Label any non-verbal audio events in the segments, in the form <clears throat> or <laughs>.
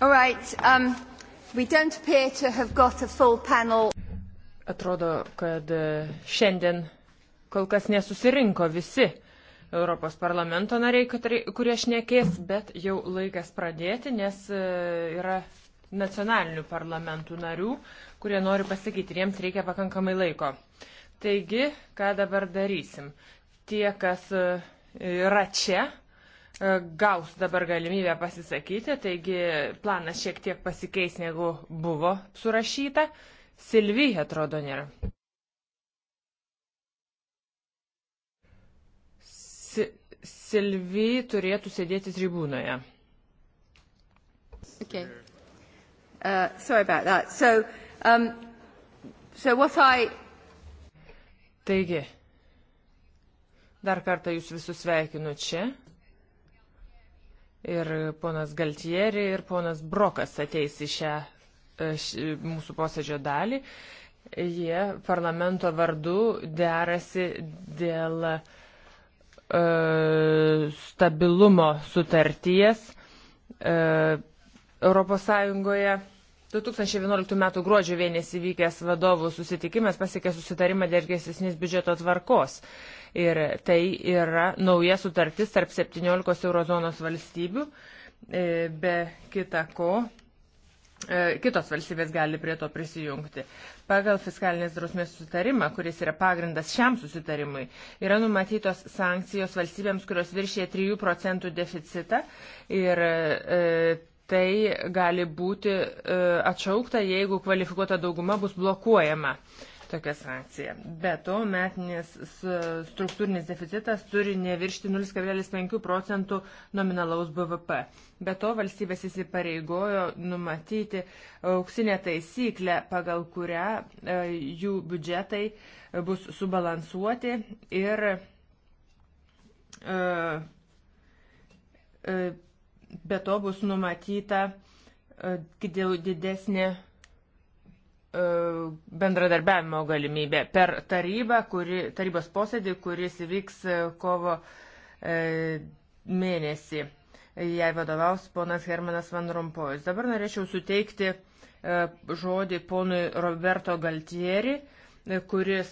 Right, um, Atrodo, kad e, šiandien kol kas nesusirinko visi Europos parlamento nariai, kurie šnekės, bet jau laikas pradėti, nes e, yra nacionalinių parlamentų narių, kurie nori pasakyti, ir jiems reikia pakankamai laiko. Taigi, ką dabar darysim? Tie, kas e, yra čia, E, gaus dabar galimybę pasisakyti, taigi planas šiek tiek pasikeis, negu buvo surašyta. Silvija atrodo nėra. Si Silvija turėtų sėdėti tribūnoje. Okay. Uh, sorry about that. So, um, so what I... Taigi, dar kartą jūs visus sveikinu čia ir ponas Galtieri, ir ponas Brokas ateis į šią e, š, mūsų posėdžio dalį. Jie parlamento vardu derasi dėl e, stabilumo sutarties e, Europos Sąjungoje. 2011 m. gruodžio mėnesį vykęs vadovų susitikimas pasiekė susitarimą dėl geresnės biudžeto tvarkos. Ir tai yra nauja sutartis tarp 17 eurozonos valstybių. E, be kita ko, e, kitos valstybės gali prie to prisijungti. Pagal fiskalinės drausmės susitarimą, kuris yra pagrindas šiam susitarimui, yra numatytos sankcijos valstybėms, kurios viršė 3 procentų deficitą ir e, tai gali būti e, atšaukta, jeigu kvalifikuota dauguma bus blokuojama tokia sankcija. Be to, metinis struktūrinis deficitas turi neviršti 0,5 procentų nominalaus BVP. Be to, valstybės įsipareigojo numatyti auksinę taisyklę, pagal kurią e, jų biudžetai bus subalansuoti ir e, Be to bus numatyta e, didesnė e, bendradarbiavimo galimybė per tarybą, kuri, tarybos posėdį, kuris įvyks e, kovo mėnesį. Jai vadovaus ponas Hermanas Van Rompojus. Dabar norėčiau suteikti žodį ponui Roberto Galtieri, kuris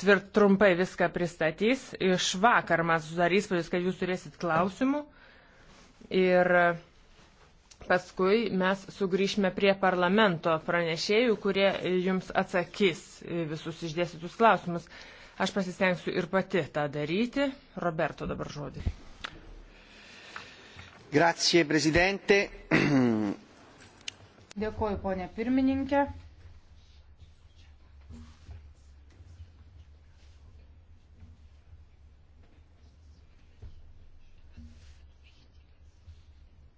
tvirt trumpai viską pristatys. Iš vakar man sudarys, kad jūs turėsit klausimų. Ir paskui mes sugrįšime prie parlamento pranešėjų, kurie jums atsakys visus išdėstytus klausimus. Aš pasistengsiu ir pati tą daryti. Roberto dabar žodį. Grazie, prezidente. <clears throat> Dėkuoju, ponė pirmininkė.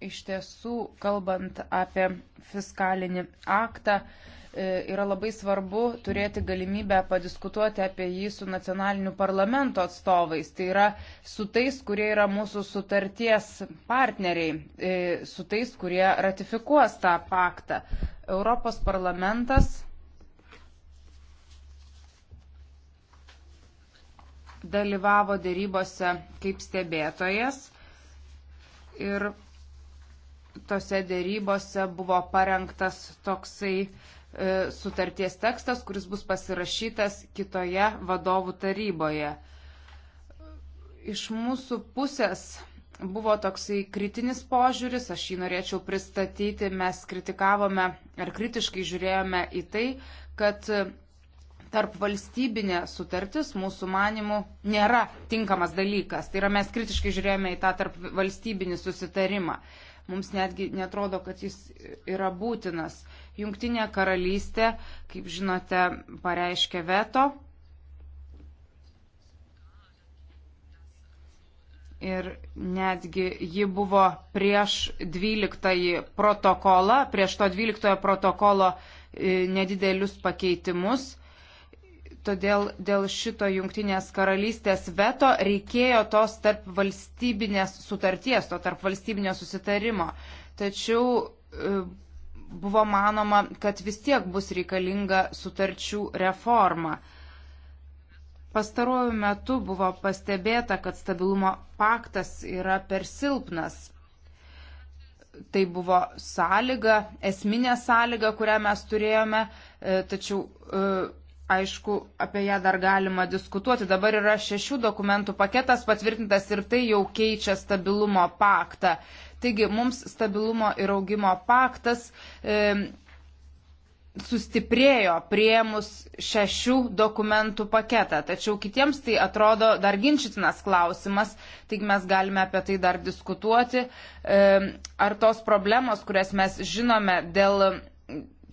Iš tiesų, kalbant apie fiskalinį aktą, e, yra labai svarbu turėti galimybę padiskutuoti apie jį su nacionaliniu parlamento atstovais. Tai yra su tais, kurie yra mūsų sutarties partneriai, e, su tais, kurie ratifikuos tą paktą. Europos parlamentas dalyvavo dėrybose kaip stebėtojas ir tose dėrybose buvo parengtas toksai e, sutarties tekstas, kuris bus pasirašytas kitoje vadovų taryboje. Iš mūsų pusės buvo toksai kritinis požiūris, aš jį norėčiau pristatyti, mes kritikavome ar kritiškai žiūrėjome į tai, kad tarp valstybinė sutartis mūsų manimų nėra tinkamas dalykas. Tai yra mes kritiškai žiūrėjome į tą tarp valstybinį susitarimą. Mums netgi netrodo, kad jis yra būtinas. Jungtinė karalystė, kaip žinote, pareiškė veto. Ir netgi ji buvo prieš 12 protokolą, prieš to 12 protokolo e, nedidelius pakeitimus Todėl dėl šito jungtinės karalystės veto reikėjo tos tarp valstybinės sutarties, to tarp valstybinio susitarimo. Tačiau e, buvo manoma, kad vis tiek bus reikalinga sutarčių reforma. Pastaruoju metu buvo pastebėta, kad stabilumo paktas yra per silpnas tai buvo sąlyga, esminė sąlyga, kurią mes turėjome, e, tačiau e, Aišku, apie ją dar galima diskutuoti. Dabar yra šešių dokumentų paketas patvirtintas ir tai jau keičia stabilumo paktą. Taigi mums stabilumo ir augimo paktas e, sustiprėjo prieimus šešių dokumentų paketą. Tačiau kitiems tai atrodo dar ginčytinas klausimas, taigi mes galime apie tai dar diskutuoti. E, ar tos problemos, kurias mes žinome dėl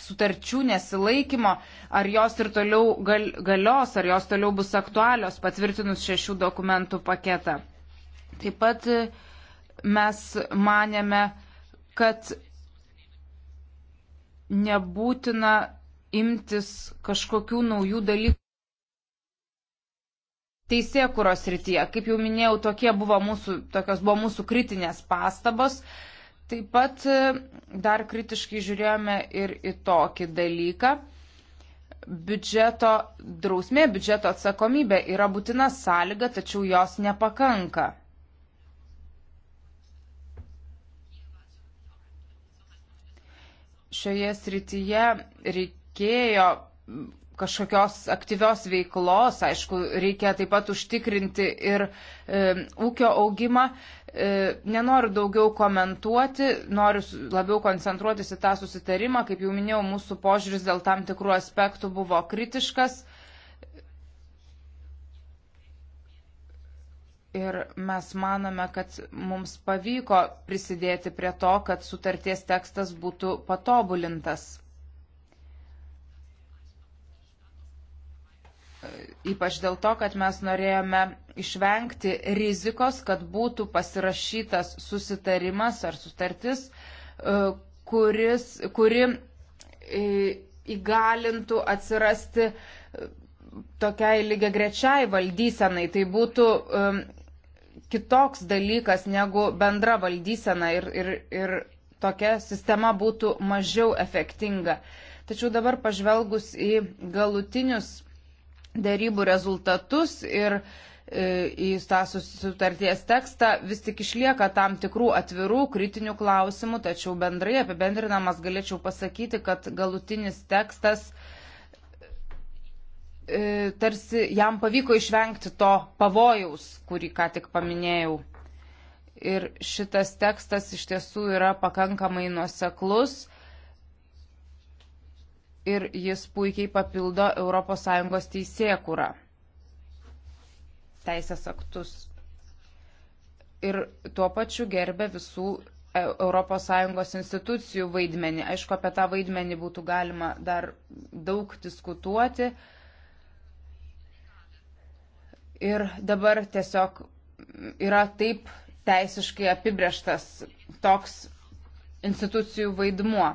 sutarčių nesilaikymo, ar jos ir toliau gal, galios, ar jos toliau bus aktualios patvirtinus šešių dokumentų paketą. Taip pat e, mes manėme, kad nebūtina imtis kažkokių naujų dalykų. Teisėkuros rytyje, kaip jau minėjau, buvo mūsų, tokios buvo mūsų kritinės pastabos. Uh, Taip pat e, dar kritiškai žiūrėjome ir į tokį dalyką. Biudžeto drausmė, biudžeto atsakomybė yra būtina sąlyga, tačiau jos nepakanka. Šioje srityje reikėjo kažkokios aktyvios veiklos, aišku, reikia taip pat užtikrinti ir e, ūkio augimą. E, E, nenoriu daugiau komentuoti, noriu labiau koncentruotis į tą susitarimą. Kaip jau minėjau, mūsų požiūris dėl tam tikrų aspektų buvo kritiškas. Ir mes manome, kad mums pavyko prisidėti prie to, kad sutarties tekstas būtų patobulintas. ypač dėl to, kad mes norėjome išvengti rizikos, kad būtų pasirašytas susitarimas ar sutartis, e, kuris, kuri e, įgalintų atsirasti e, tokiai lygiai grečiai valdysenai. Tai būtų kitoks dalykas negu bendra valdysena ir, ir, ir tokia sistema būtų mažiau efektinga. Tačiau dabar pažvelgus į galutinius darybų rezultatus ir e, į tą sutarties tekstą vis tik išlieka tam tikrų atvirų kritinių klausimų, tačiau bendrai apibendrinamas galėčiau pasakyti, kad galutinis tekstas e, tarsi jam pavyko išvengti to pavojaus, kurį ką tik paminėjau. Ir šitas tekstas iš tiesų yra pakankamai nuoseklus ir jis puikiai papildo ES teisėkurą, teisės aktus. Ir tuo pačiu gerbė visų ES institucijų vaidmenį. Aišku, apie tą vaidmenį būtų galima dar daug diskutuoti. Ir dabar tiesiog yra taip teisiškai apibrieštas toks institucijų vaidmuo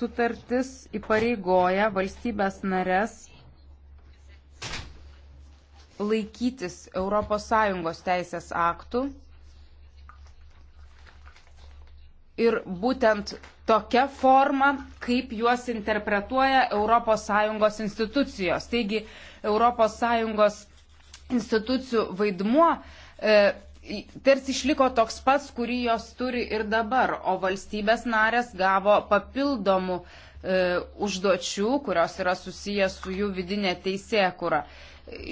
sutartis įpareigoja valstybės nares laikytis ES teisės aktų. Ir būtent tokia forma, kaip juos interpretuoja ES institucijos. Taigi ES institucijų vaidmuo e, tarsi išliko toks pats, kurį jos turi ir dabar, o valstybės narės gavo papildomų e, užduočių, kurios yra susijęs su jų vidinė teisėkura.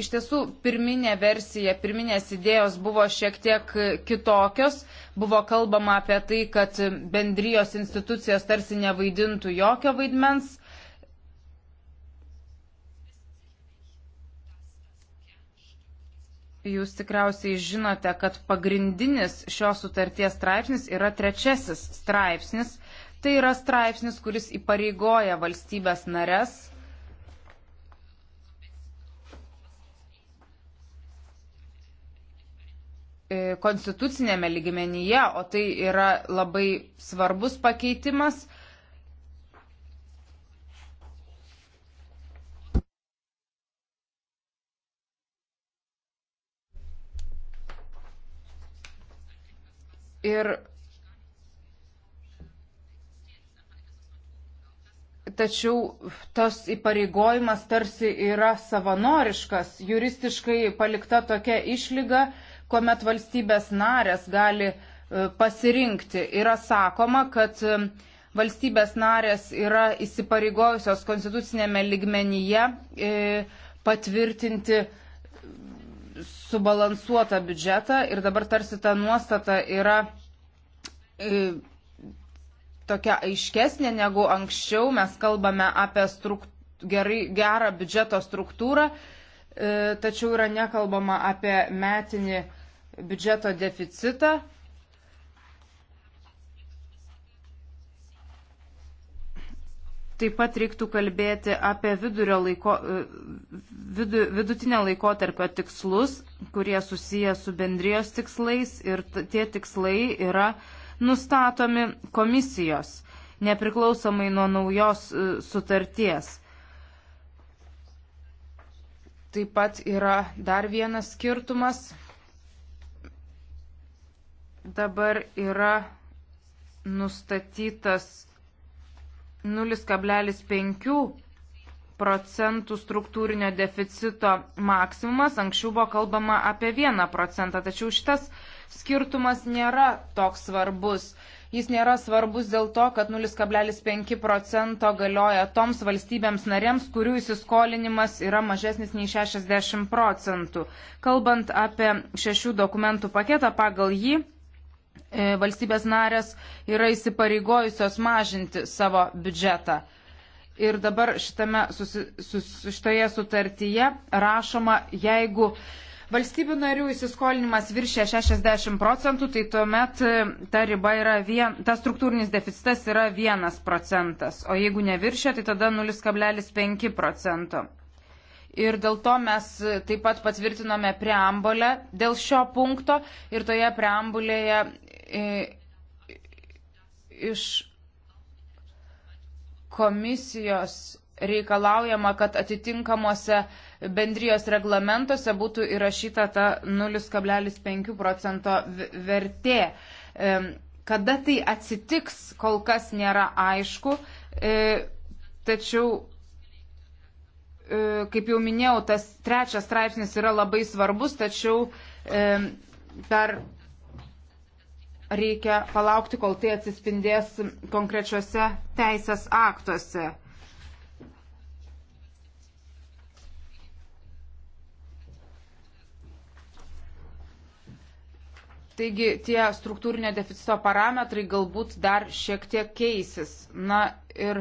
Iš tiesų, pirminė versija, pirminės idėjos buvo šiek tiek kitokios. Buvo kalbama apie tai, kad bendrijos institucijos tarsi nevaidintų jokio vaidmens, Jūs tikriausiai žinote, kad pagrindinis šios sutarties straipsnis yra trečiasis straipsnis. Tai yra straipsnis, kuris įpareigoja valstybės nares e, konstitucinėme lygmenyje, o tai yra labai svarbus pakeitimas, Ir tačiau tas įpareigojimas tarsi yra savanoriškas, juristiškai palikta tokia išlyga, kuomet valstybės narės gali e, pasirinkti. Yra sakoma, kad e, valstybės narės yra įsipareigojusios konstitucinėme ligmenyje e, patvirtinti subalansuotą biudžetą ir dabar tarsi ta nuostata yra E, tokia aiškesnė negu anksčiau. Mes kalbame apie struktūrą gerai, gerą biudžeto struktūrą, e, tačiau yra nekalbama apie metinį biudžeto deficitą. Taip pat reiktų kalbėti apie laiko, e, vidu, vidutinio laikotarpio tikslus, kurie susiję su bendrijos tikslais ir tie tikslai yra uh, nustatomi komisijos, nepriklausomai nuo naujos e, sutarties. Taip pat yra dar vienas skirtumas. Dabar yra nustatytas 0,5 procentų struktūrinio deficito maksimumas. Anksčiau buvo kalbama apie 1 procentą, tačiau šitas skirtumas nėra toks svarbus. Jis nėra svarbus dėl to, kad 0,5 procento galioja toms valstybėms narėms, kurių įsiskolinimas yra mažesnis nei 60 procentų. Kalbant apie šešių dokumentų paketą, pagal jį e, valstybės narės yra įsipareigojusios mažinti savo biudžetą. Ir dabar šitame, susi, sus, šitoje sutartyje rašoma, jeigu valstybių narių įsiskolinimas viršė 60 procentų, tai tuomet e, ta riba yra vien, tas struktūrinis deficitas yra 1 procentas, o jeigu neviršė, tai tada 0,5 procento. Ir dėl to mes e, taip pat patvirtinome preambulę dėl šio punkto ir toje preambulėje e, iš komisijos reikalaujama, kad atitinkamuose bendrijos reglamentuose būtų įrašyta ta 0,5 procento vertė. Kada tai atsitiks, kol kas nėra aišku, e, tačiau e, kaip jau minėjau, tas trečias straipsnis yra labai svarbus, tačiau e, dar reikia palaukti, kol tai atsispindės konkrečiuose teisės aktuose. Taigi tie struktūrinio deficito parametrai galbūt dar šiek tiek keisis. Na ir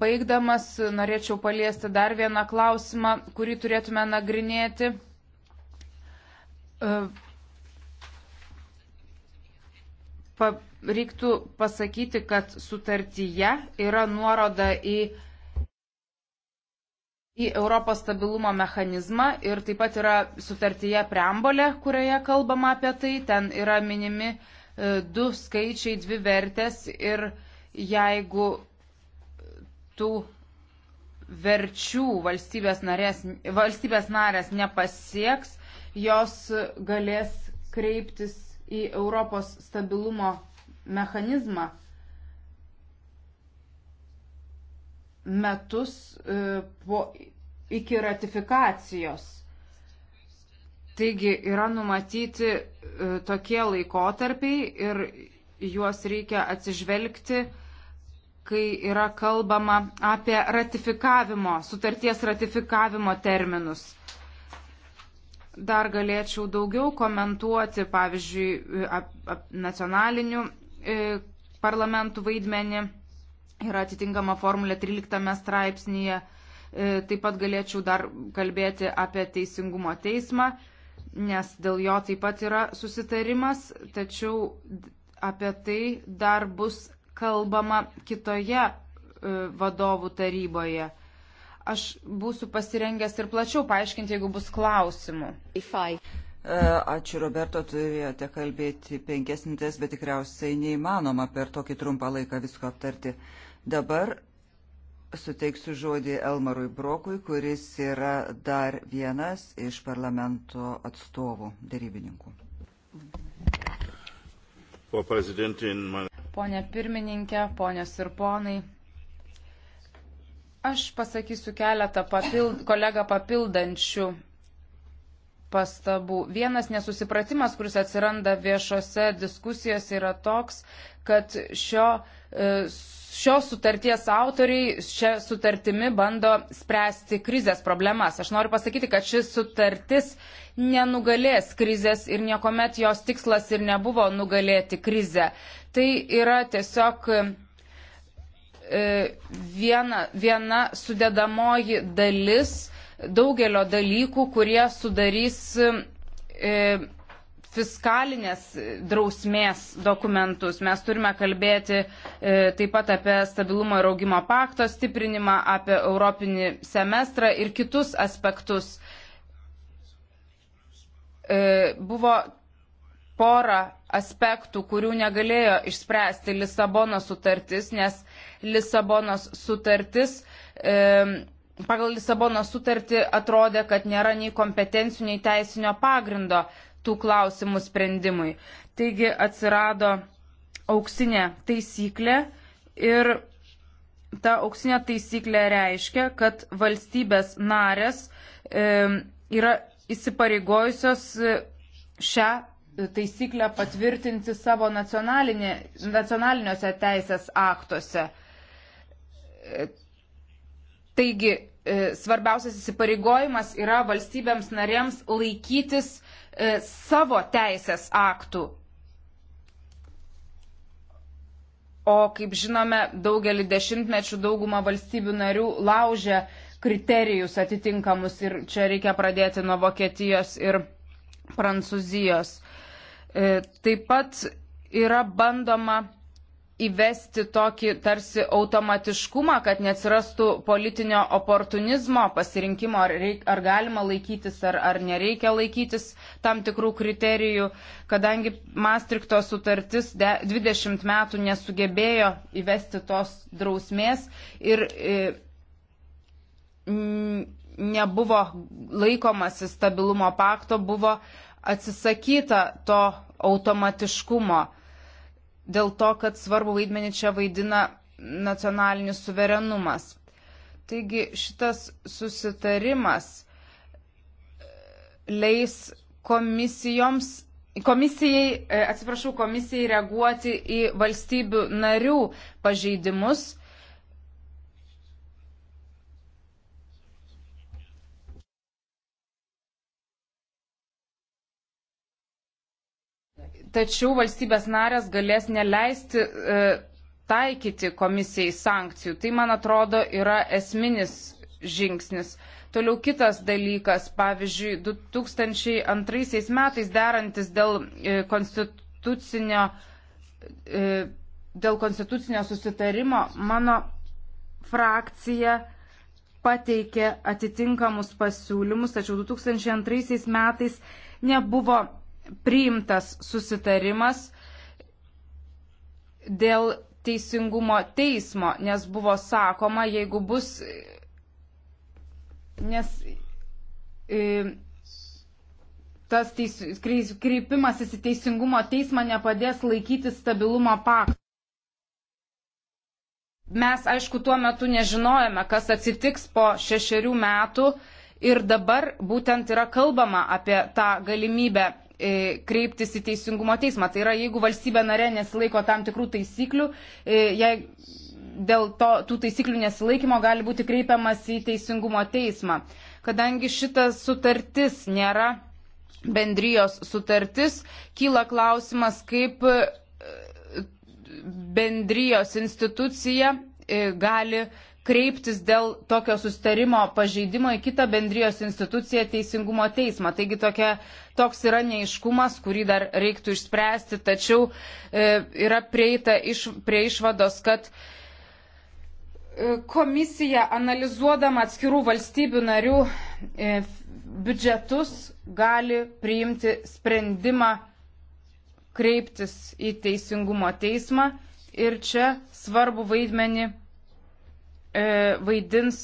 baigdamas norėčiau paliesti dar vieną klausimą, kurį turėtume nagrinėti. E, pa, reiktų pasakyti, kad sutartyje yra nuoroda į į Europos stabilumo mechanizmą ir taip pat yra sutartyje preambolė, kurioje kalbama apie tai, ten yra minimi e, du skaičiai, dvi vertės ir jeigu tų verčių valstybės, narės, valstybės narės nepasieks, jos galės kreiptis į Europos stabilumo mechanizmą metus e, po, iki ratifikacijos. Taigi yra numatyti e, tokie laikotarpiai ir juos reikia atsižvelgti, kai yra kalbama apie ratifikavimo, sutarties ratifikavimo terminus. Dar galėčiau daugiau komentuoti, pavyzdžiui, ap, ap, nacionalinių e, parlamentų vaidmenį yra atitinkama formulė 13 straipsnėje. E, taip pat galėčiau dar kalbėti apie teisingumo teismą, nes dėl jo taip pat yra susitarimas, tačiau apie tai dar bus kalbama kitoje e, vadovų taryboje. Aš būsiu pasirengęs ir plačiau paaiškinti, jeigu bus klausimų. E, ačiū, Roberto, turėjote kalbėti penkias mintes, bet tikriausiai neįmanoma per tokį trumpą laiką visko aptarti. Dabar suteiksiu žodį Elmarui Brokui, kuris yra dar vienas iš parlamento atstovų darybininkų. Pone pirmininkė, ponios ir ponai, aš pasakysiu keletą papild, kolegą papildančių pastabų. Vienas nesusipratimas, kuris atsiranda viešose diskusijose, yra toks, kad šio e, šios sutarties autoriai šią sutartimi bando spręsti krizės problemas. Aš noriu pasakyti, kad šis sutartis nenugalės krizės ir niekuomet jos tikslas ir nebuvo nugalėti krizę. Tai yra tiesiog e, viena, viena sudėdamoji dalis daugelio dalykų, kurie sudarys e, fiskalinės drausmės dokumentus. Mes turime kalbėti e, taip pat apie stabilumo ir augimo pakto stiprinimą, apie europinį semestrą ir kitus aspektus. E, buvo pora aspektų, kurių negalėjo išspręsti Lisabono sutartis, nes Lisabonos sutartis e, pagal Lisabono sutartį atrodė, kad nėra nei kompetencijų, nei teisinio pagrindo tų klausimų sprendimui. Taigi atsirado auksinė taisyklė ir ta auksinė taisyklė reiškia, kad valstybės narės e, yra įsipareigojusios e, šią taisyklę patvirtinti savo nacionaliniuose teisės aktuose. E, taigi, E, svarbiausias įsipareigojimas yra valstybėms narėms laikytis e, savo teisės aktų. O kaip žinome, daugelį dešimtmečių dauguma valstybių narių laužia kriterijus atitinkamus ir čia reikia pradėti nuo Vokietijos ir Prancūzijos. E, taip pat yra bandoma įvesti tokį tarsi automatiškumą, kad neatsirastų politinio oportunizmo pasirinkimo, ar, reik, ar galima laikytis, ar, ar nereikia laikytis tam tikrų kriterijų, kadangi Maastrichto sutartis de, 20 metų nesugebėjo įvesti tos drausmės ir e, nebuvo laikomasi stabilumo pakto, buvo atsisakyta to automatiškumo dėl to, kad svarbu vaidmenį čia vaidina nacionalinis suverenumas. Taigi šitas susitarimas e, leis komisijoms komisijai, e, atsiprašau, komisijai reaguoti į valstybių narių pažeidimus tačiau valstybės narės galės neleisti e, taikyti komisijai sankcijų. Tai, man atrodo, yra esminis žingsnis. Toliau kitas dalykas, pavyzdžiui, 2002 metais derantis dėl e, konstitucinio, e, dėl konstitucinio susitarimo, mano frakcija pateikė atitinkamus pasiūlymus, tačiau 2002 metais nebuvo priimtas susitarimas dėl teisingumo teismo, nes buvo sakoma, jeigu bus. Nes e, tas teis, kreipimasis į teisingumo teismą nepadės laikyti stabilumo pakto. Mes, aišku, tuo metu nežinojame, kas atsitiks po šešerių metų ir dabar būtent yra kalbama apie tą galimybę E, kreiptis į teisingumo teismą. Tai yra, jeigu valstybė narė nesilaiko tam tikrų taisyklių, e, jei dėl to, tų taisyklių nesilaikymo gali būti kreipiamas į teisingumo teismą. Kadangi šitas sutartis nėra bendrijos sutartis, kyla klausimas, kaip e, bendrijos institucija gali kreiptis dėl tokio sustarimo pažeidimo į kitą bendrijos instituciją teisingumo teismą. Taigi tokia, toks yra neiškumas, kurį dar reiktų išspręsti, tačiau e, yra prieita iš, prie išvados, kad e, komisija analizuodama atskirų valstybių narių e, biudžetus gali priimti sprendimą kreiptis į teisingumo teismą ir čia svarbu vaidmenį E, vaidins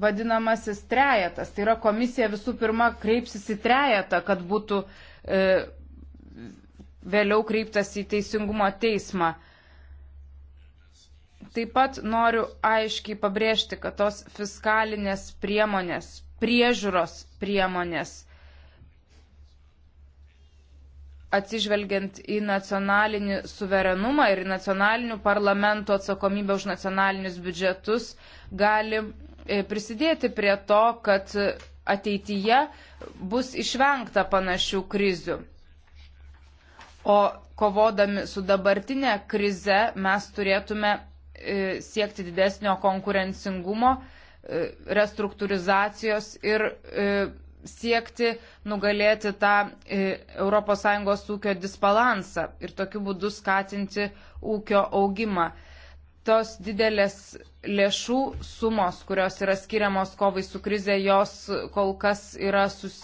vadinamasis trejetas. Tai yra komisija visų pirma kreipsis į trejetą, kad būtų e, vėliau kreiptas į teisingumo teismą. Taip pat noriu aiškiai pabrėžti, kad tos fiskalinės priemonės, priežiūros priemonės atsižvelgiant į nacionalinį suverenumą ir į nacionalinių parlamentų atsakomybę už nacionalinius biudžetus, gali e, prisidėti prie to, kad ateityje bus išvengta panašių krizių. O kovodami su dabartinė krize mes turėtume e, siekti didesnio konkurencingumo, e, restruktūrizacijos ir siekti nugalėti tą ES ūkio disbalansą ir tokiu būdu skatinti ūkio augimą. Tos didelės lėšų sumos, kurios yra skiriamos kovai su krize, jos kol kas yra sus,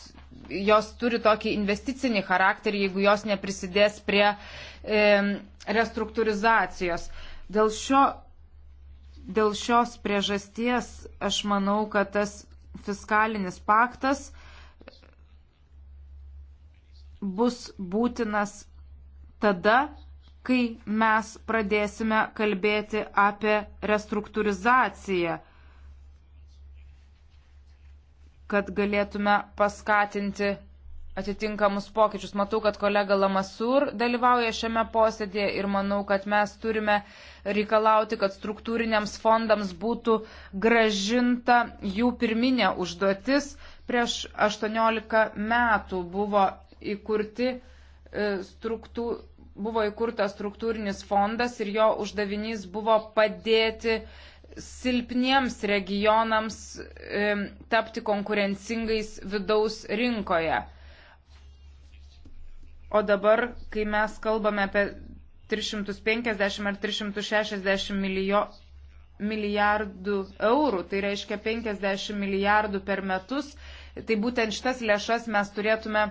jos turi tokį investicinį charakterį, jeigu jos neprisidės prie e, restruktūrizacijos. Dėl, šio, dėl šios priežasties aš manau, kad tas fiskalinis paktas bus būtinas tada, kai mes pradėsime kalbėti apie restruktūrizaciją, kad galėtume paskatinti atitinkamus pokyčius. Matau, kad kolega Lamasur dalyvauja šiame posėdėje ir manau, kad mes turime reikalauti, kad struktūriniams fondams būtų gražinta jų pirminė užduotis. Prieš 18 metų buvo įkurti e, struktū, buvo įkurtas struktūrinis fondas ir jo uždavinys buvo padėti silpniems regionams e, tapti konkurencingais vidaus rinkoje. O dabar, kai mes kalbame apie 350 ar 360 milijo, milijardų eurų, tai reiškia 50 milijardų per metus, tai būtent šitas lėšas mes turėtume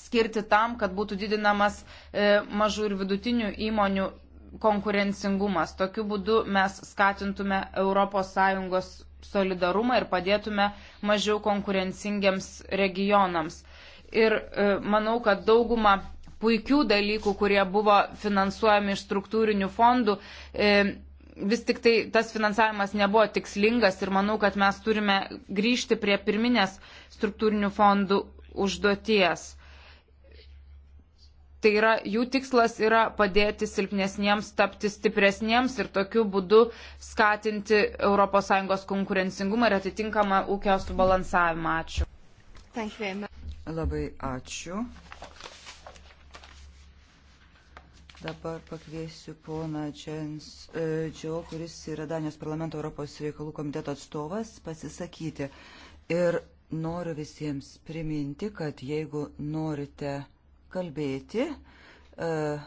skirti tam, kad būtų didinamas e, mažų ir vidutinių įmonių konkurencingumas. Tokiu būdu mes skatintume ES solidarumą ir padėtume mažiau konkurencingiams regionams. Ir e, manau, kad dauguma puikių dalykų, kurie buvo finansuojami iš struktūrinių fondų, e, vis tik tai tas finansavimas nebuvo tikslingas ir manau, kad mes turime grįžti prie pirminės struktūrinių fondų užduoties. Tai yra, jų tikslas yra padėti silpnesniems tapti stipresniems ir tokiu būdu skatinti ES konkurencingumą ir atitinkamą ūkio subalansavimą. Ačiū. Labai ačiū. Dabar pakviesiu poną Čens e, Džio, kuris yra Danijos parlamento Europos reikalų komiteto atstovas, pasisakyti. Ir noriu visiems priminti, kad jeigu norite kalbėti. Uh,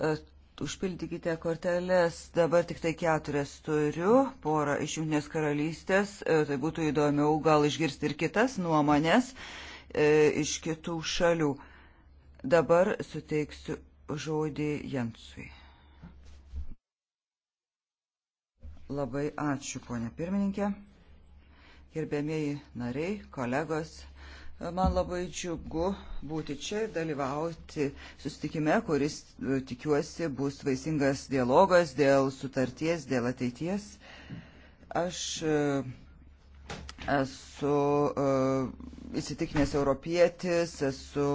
uh, užpildykite korteles. Dabar tik tai keturias turiu, porą iš Junktinės karalystės. Uh, tai būtų įdomiau gal išgirsti ir kitas nuomonės iš kitų šalių. Dabar suteiksiu žodį Jensui. Labai ačiū, ponė pirmininkė. Gerbėmieji nariai, kolegos, Man labai džiugu būti čia ir dalyvauti susitikime, kuris, e, tikiuosi, bus vaisingas dialogas dėl sutarties, dėl ateities. Aš e, esu e, įsitikinęs europietis, esu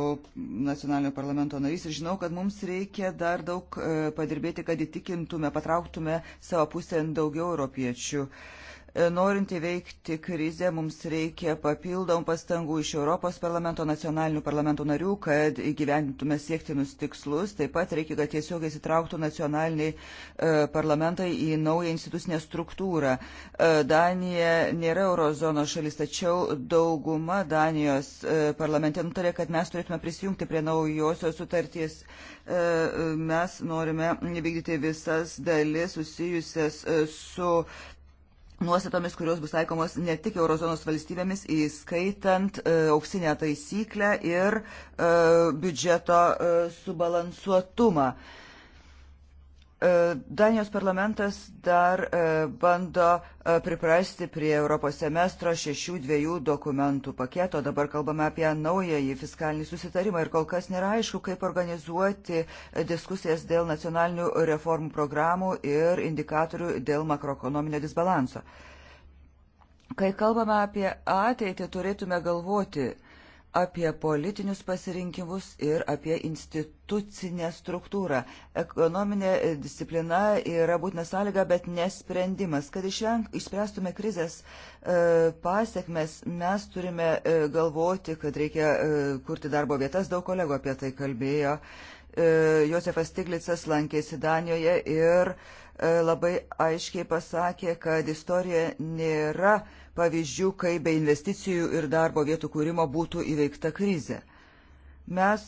nacionalinio parlamento narys ir žinau, kad mums reikia dar daug padirbėti, kad įtikintume, patrauktume savo pusę daugiau europiečių. Uh, E, norint įveikti krizę, mums reikia papildomų pastangų iš Europos parlamento, nacionalinių parlamentų narių, kad įgyvendintume siektinus tikslus. Taip pat reikia, kad tiesiog įsitrauktų nacionaliniai e, parlamentai į naują institucinę struktūrą. E, Danija nėra eurozono šalis, tačiau dauguma Danijos parlamente nutarė, kad mes turėtume prisijungti prie naujosios sutarties mes norime vykdyti visas dalis susijusias su nuostatomis, kurios bus taikomos ne tik eurozonos valstybėmis, įskaitant e, auksinę taisyklę ir e, biudžeto e, subalansuotumą. E, E, Danijos parlamentas dar e, bando e, priprasti prie Europos semestro šešių dviejų dokumentų paketo. Dabar kalbame apie naująjį fiskalinį susitarimą ir kol kas nėra aišku, kaip organizuoti diskusijas dėl nacionalinių reformų programų ir indikatorių dėl makroekonominio disbalanso. Kai kalbame apie ateitį, turėtume galvoti, apie politinius pasirinkimus ir apie institucinę struktūrą. Ekonominė disciplina yra būtina sąlyga, bet nesprendimas. Kad išvenk, išspręstume krizės e, pasiekmes, mes turime e, galvoti, kad reikia e, kurti darbo vietas. Daug kolegų apie tai kalbėjo. E, Josefas Stiglicas lankėsi Danijoje ir e, labai aiškiai pasakė, kad istorija nėra e, pavyzdžių, kai be investicijų ir darbo vietų kūrimo būtų įveikta krizė. Mes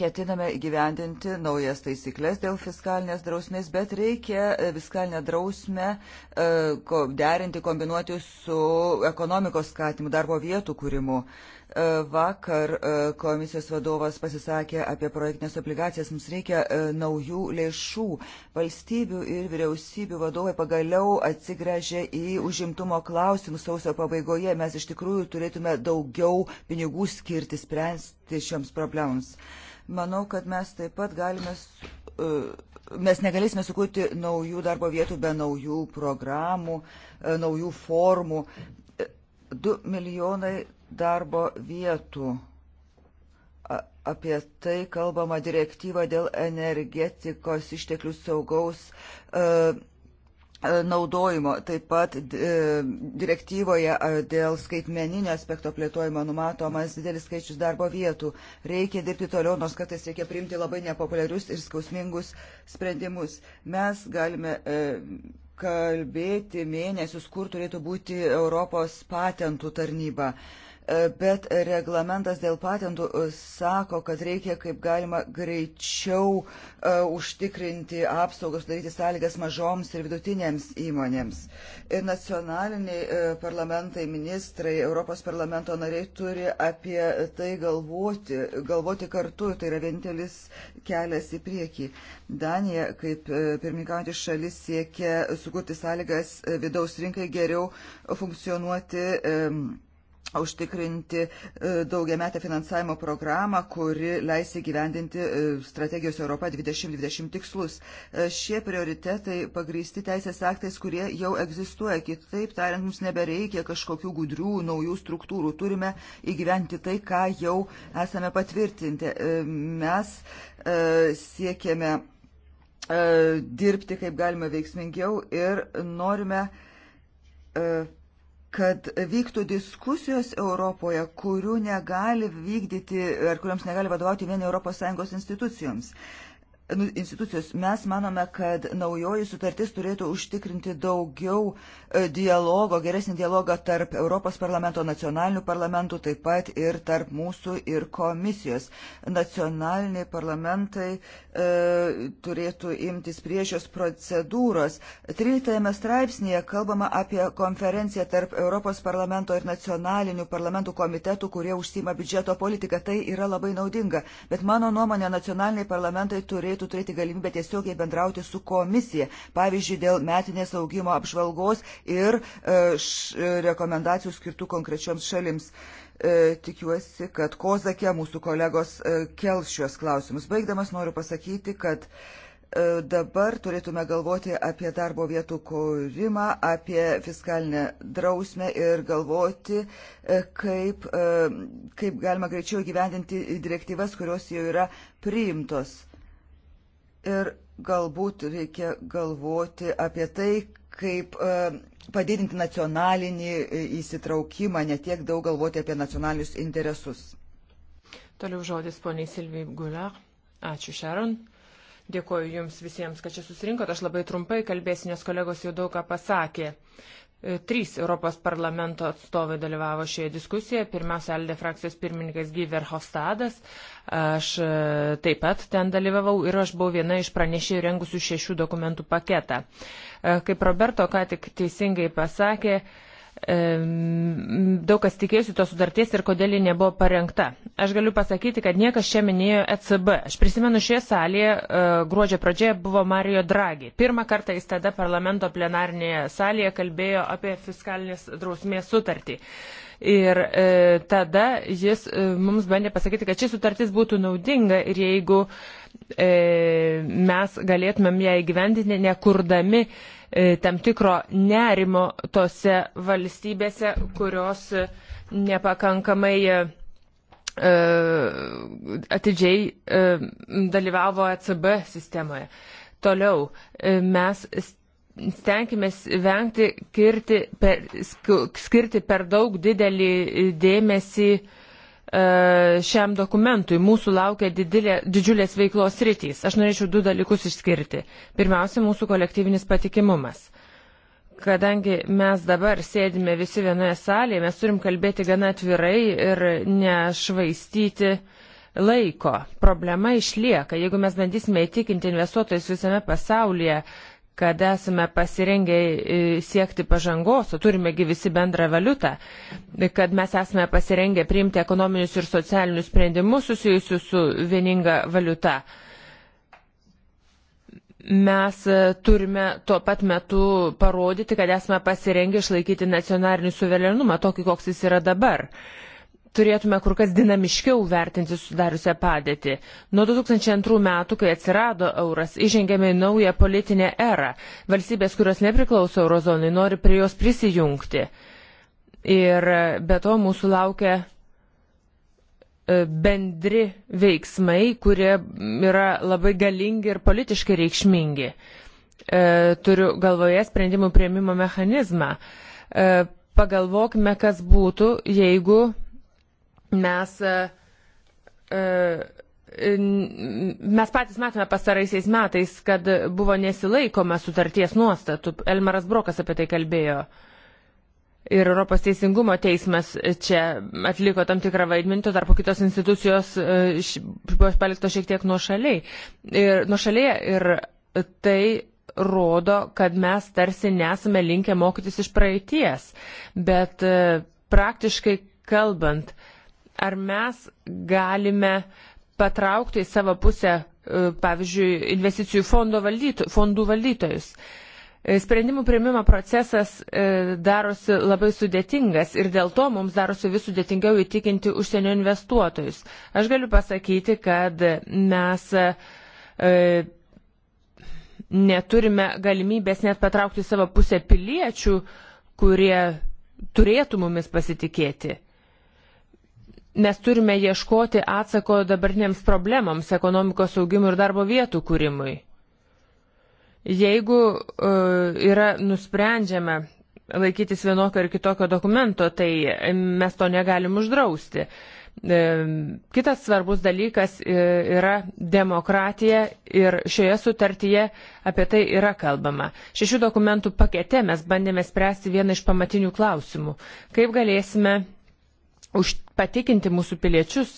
ketiname įgyvendinti naujas taisyklės dėl fiskalinės drausmės, bet reikia e, fiskalinę drausmę e, derinti, kombinuoti su ekonomikos skatimu, darbo vietų kūrimu. Vakar e, komisijos vadovas pasisakė apie projektinės obligacijas. Mums reikia e, naujų lėšų. Valstybių ir vyriausybių vadovai pagaliau atsigręžė į užimtumo klausimus sausio pabaigoje. Mes iš tikrųjų turėtume daugiau pinigų skirti spręsti šioms problemams. Manau, kad mes taip pat galime. E, mes negalėsime sukurti naujų darbo vietų be naujų programų, naujų formų. 2 milijonai darbo vietų. Apie tai kalbama direktyva dėl energetikos išteklių saugaus e, e naudojimo. Taip pat e, direktyvoje dėl skaitmeninio aspekto plėtojimo numatomas didelis skaičius darbo vietų. Reikia dirbti toliau, nors kartais reikia priimti labai nepopuliarius ir skausmingus sprendimus. Mes galime. E, kalbėti mėnesius, kur turėtų būti Europos patentų tarnyba bet reglamentas dėl patentų e, sako, kad reikia kaip galima greičiau e, užtikrinti apsaugos, daryti sąlygas mažoms ir vidutinėms įmonėms. Ir nacionaliniai e, parlamentai, ministrai, Europos parlamento nariai turi apie tai galvoti, galvoti kartu, tai yra vienintelis kelias į priekį. Danija, kaip pirmininkaujantis šalis, siekia sukurti sąlygas vidaus rinkai geriau funkcionuoti užtikrinti e, daugiametę finansavimo programą, kuri leis įgyvendinti e, strategijos Europa 2020 tikslus. E, šie prioritetai pagrįsti teisės aktais, kurie jau egzistuoja. Kitaip tariant, mums nebereikia kažkokių gudrių naujų struktūrų. Turime įgyventi tai, ką jau esame patvirtinti. Mes siekiame dirbti kaip galima veiksmingiau ir norime kad vyktų diskusijos Europoje, kurių negali vykdyti ar kuriams negali vadovauti vien ES institucijoms. Nu, institucijos. Mes manome, kad naujoji sutartis turėtų užtikrinti daugiau e, dialogo, geresnį dialogą tarp Europos parlamento, nacionalinių parlamentų, taip pat ir tarp mūsų ir komisijos. Nacionaliniai parlamentai e, turėtų imtis priešios procedūros. 13 straipsnėje kalbama apie konferenciją tarp Europos parlamento ir nacionalinių parlamentų komitetų, kurie užsima biudžeto politiką. Tai yra labai naudinga. Bet mano nuomonė, nacionaliniai parlamentai turėtų turėtų turėti galimybę tiesiogiai bendrauti su komisija, pavyzdžiui, dėl metinės augimo apžvalgos ir e, e, rekomendacijų skirtų konkrečioms šalims. E, tikiuosi, kad Kozakė, mūsų kolegos, kels šios klausimus. Baigdamas noriu pasakyti, kad dabar turėtume galvoti apie darbo vietų kūrimą, apie fiskalinę drausmę ir galvoti, kaip, kaip galima greičiau gyvendinti direktyvas, kurios jau yra priimtos. Ir galbūt reikia galvoti apie tai, kaip e, padidinti nacionalinį e, įsitraukimą, netiek daug galvoti apie nacionalinius interesus. Toliau žodis poniai Silvijai Guliar. Ačiū Šaron. Dėkuoju Jums visiems, kad čia susirinkote. Aš labai trumpai kalbėsiu, nes kolegos jau daug ką pasakė. E, trys Europos parlamento atstovai dalyvavo šioje diskusijoje. Pirmiausia, Aldė frakcijos pirmininkas Gyver Hostadas. Aš e, taip pat ten dalyvavau ir aš buvau viena iš pranešėjų rengusių šešių dokumentų paketą. E, kaip Roberto ką tik teisingai pasakė, daug kas tikėjusi tos sutarties ir kodėl ji nebuvo parengta. Aš galiu pasakyti, kad niekas čia minėjo ECB. Aš prisimenu, šioje salėje e, gruodžio pradžioje buvo Mario Draghi. Pirmą kartą jis tada parlamento plenarinėje salėje kalbėjo apie fiskalinės drausmės sutartį. Ir e, tada jis e, mums bandė pasakyti, kad ši sutartis būtų naudinga ir jeigu e, mes galėtumėm ją įgyvendinti, nekurdami e, E, tam tikro nerimo tose valstybėse, kurios nepakankamai e, e, atidžiai dalyvavo ECB sistemoje. Toliau mes stenkimės vengti kirti per, skirti per daug didelį dėmesį uh, E, šiam dokumentui. Mūsų laukia didilė, didžiulės veiklos rytys. Aš norėčiau du dalykus išskirti. Pirmiausia, mūsų kolektyvinis patikimumas. Kadangi mes dabar sėdime visi vienoje salėje, mes turim kalbėti gana atvirai ir nešvaistyti laiko. Problema išlieka. Jeigu mes bandysime įtikinti investuotojus visame pasaulyje, kad esame pasirengę e, siekti pažangos, o turimegi visi bendrą valiutą, kad mes esame pasirengę priimti ekonominius ir socialinius sprendimus susijusius su vieninga valiuta. Mes e, turime tuo pat metu parodyti, kad esame pasirengę išlaikyti nacionalinį suverenumą, tokį koks jis yra dabar. Uh, turėtume kur kas dinamiškiau vertinti sudariusią padėtį. Nuo 2002 metų, kai atsirado euras, įžengėme į naują politinę erą. Valstybės, kurios nepriklauso eurozonai, nori prie jos prisijungti. Ir e, be to mūsų laukia e, bendri veiksmai, kurie yra labai galingi ir politiškai reikšmingi. E, turiu galvoje sprendimų prieimimo mechanizmą. Pagalvokime, kas būtų, jeigu mes. Uh, mes patys matome pastaraisiais metais, kad buvo nesilaikoma sutarties nuostatų. Elmaras Brokas apie tai kalbėjo. Ir Europos Teisingumo teismas čia atliko tam tikrą vaidmenį, tuo tarpu kitos institucijos e, buvo palikto šiek tiek nuošaliai. Ir, nuošaliai ir tai rodo, kad mes tarsi nesame linkę mokytis iš praeities. Bet praktiškai kalbant, uh, Ar mes galime patraukti į savo pusę, e, pavyzdžiui, investicijų valdytų, fondų valdytojus? E, sprendimų prieimimo procesas e, darosi labai sudėtingas ir dėl to mums darosi vis sudėtingiau įtikinti užsienio investuotojus. Aš galiu pasakyti, kad mes neturime galimybės net patraukti savo pusę piliečių, kurie turėtų mumis pasitikėti. Mes turime ieškoti atsako dabartiniams problemams - ekonomikos augimui ir darbo vietų kūrimui. Jeigu uh, yra nusprendžiama laikytis vienokio ar kitokio dokumento, tai e, mes to negalim uždrausti. E, kitas svarbus dalykas yra demokratija ir šioje sutartyje apie tai yra kalbama. Šešių dokumentų pakete mes bandėme spręsti vieną iš pamatinių klausimų. Kaip galėsime už patikinti mūsų piliečius,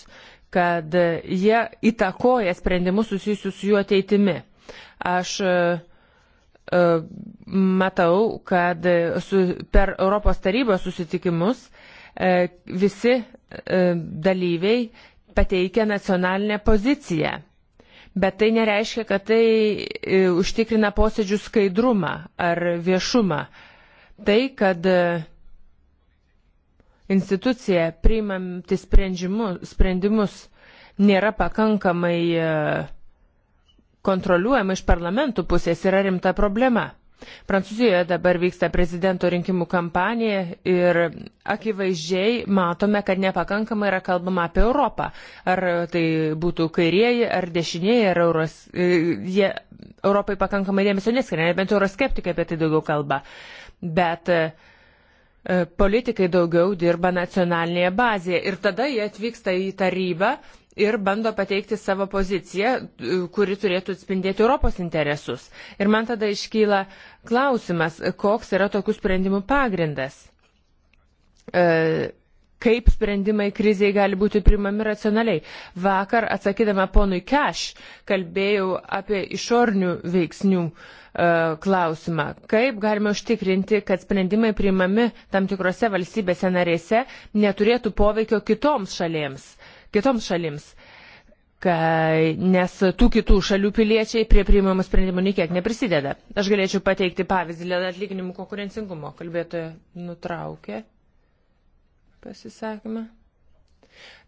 kad jie įtakoja sprendimus susijusius su jų ateitimi. Aš e, e, matau, kad su, per Europos tarybos susitikimus e, visi dalyviai pateikia nacionalinę poziciją. Bet tai nereiškia, kad tai užtikrina posėdžių skaidrumą ar viešumą. Tai, kad institucija priimanti sprendimus, sprendimus nėra pakankamai e, kontroliuojama iš parlamentų pusės yra rimta problema. Prancūzijoje dabar vyksta prezidento rinkimų kampanija ir akivaizdžiai matome, kad nepakankamai yra kalbama apie Europą. Ar tai būtų kairieji, ar dešinieji, ar euros, e, jie Europai pakankamai dėmesio neskiria, bent euroskeptikai apie tai daugiau kalba. Bet uh, E, politikai daugiau dirba nacionalinėje bazėje ir tada jie atvyksta į tarybą ir bando pateikti savo poziciją, e, kuri turėtų atspindėti Europos interesus. Ir man tada iškyla klausimas, koks yra tokių sprendimų pagrindas. E, kaip sprendimai kriziai gali būti primami racionaliai. Vakar atsakydama ponui Keš kalbėjau apie išornių veiksnių e, klausimą. Kaip galime užtikrinti, kad sprendimai primami tam tikrose valstybėse narėse neturėtų poveikio kitoms šalėms, kitoms šalims. Kai, nes tų kitų šalių piliečiai prie priimamų sprendimų niekiek neprisideda. Aš galėčiau pateikti pavyzdį dėl atlyginimų konkurencingumo. Kalbėtoja nutraukė pasisakymą.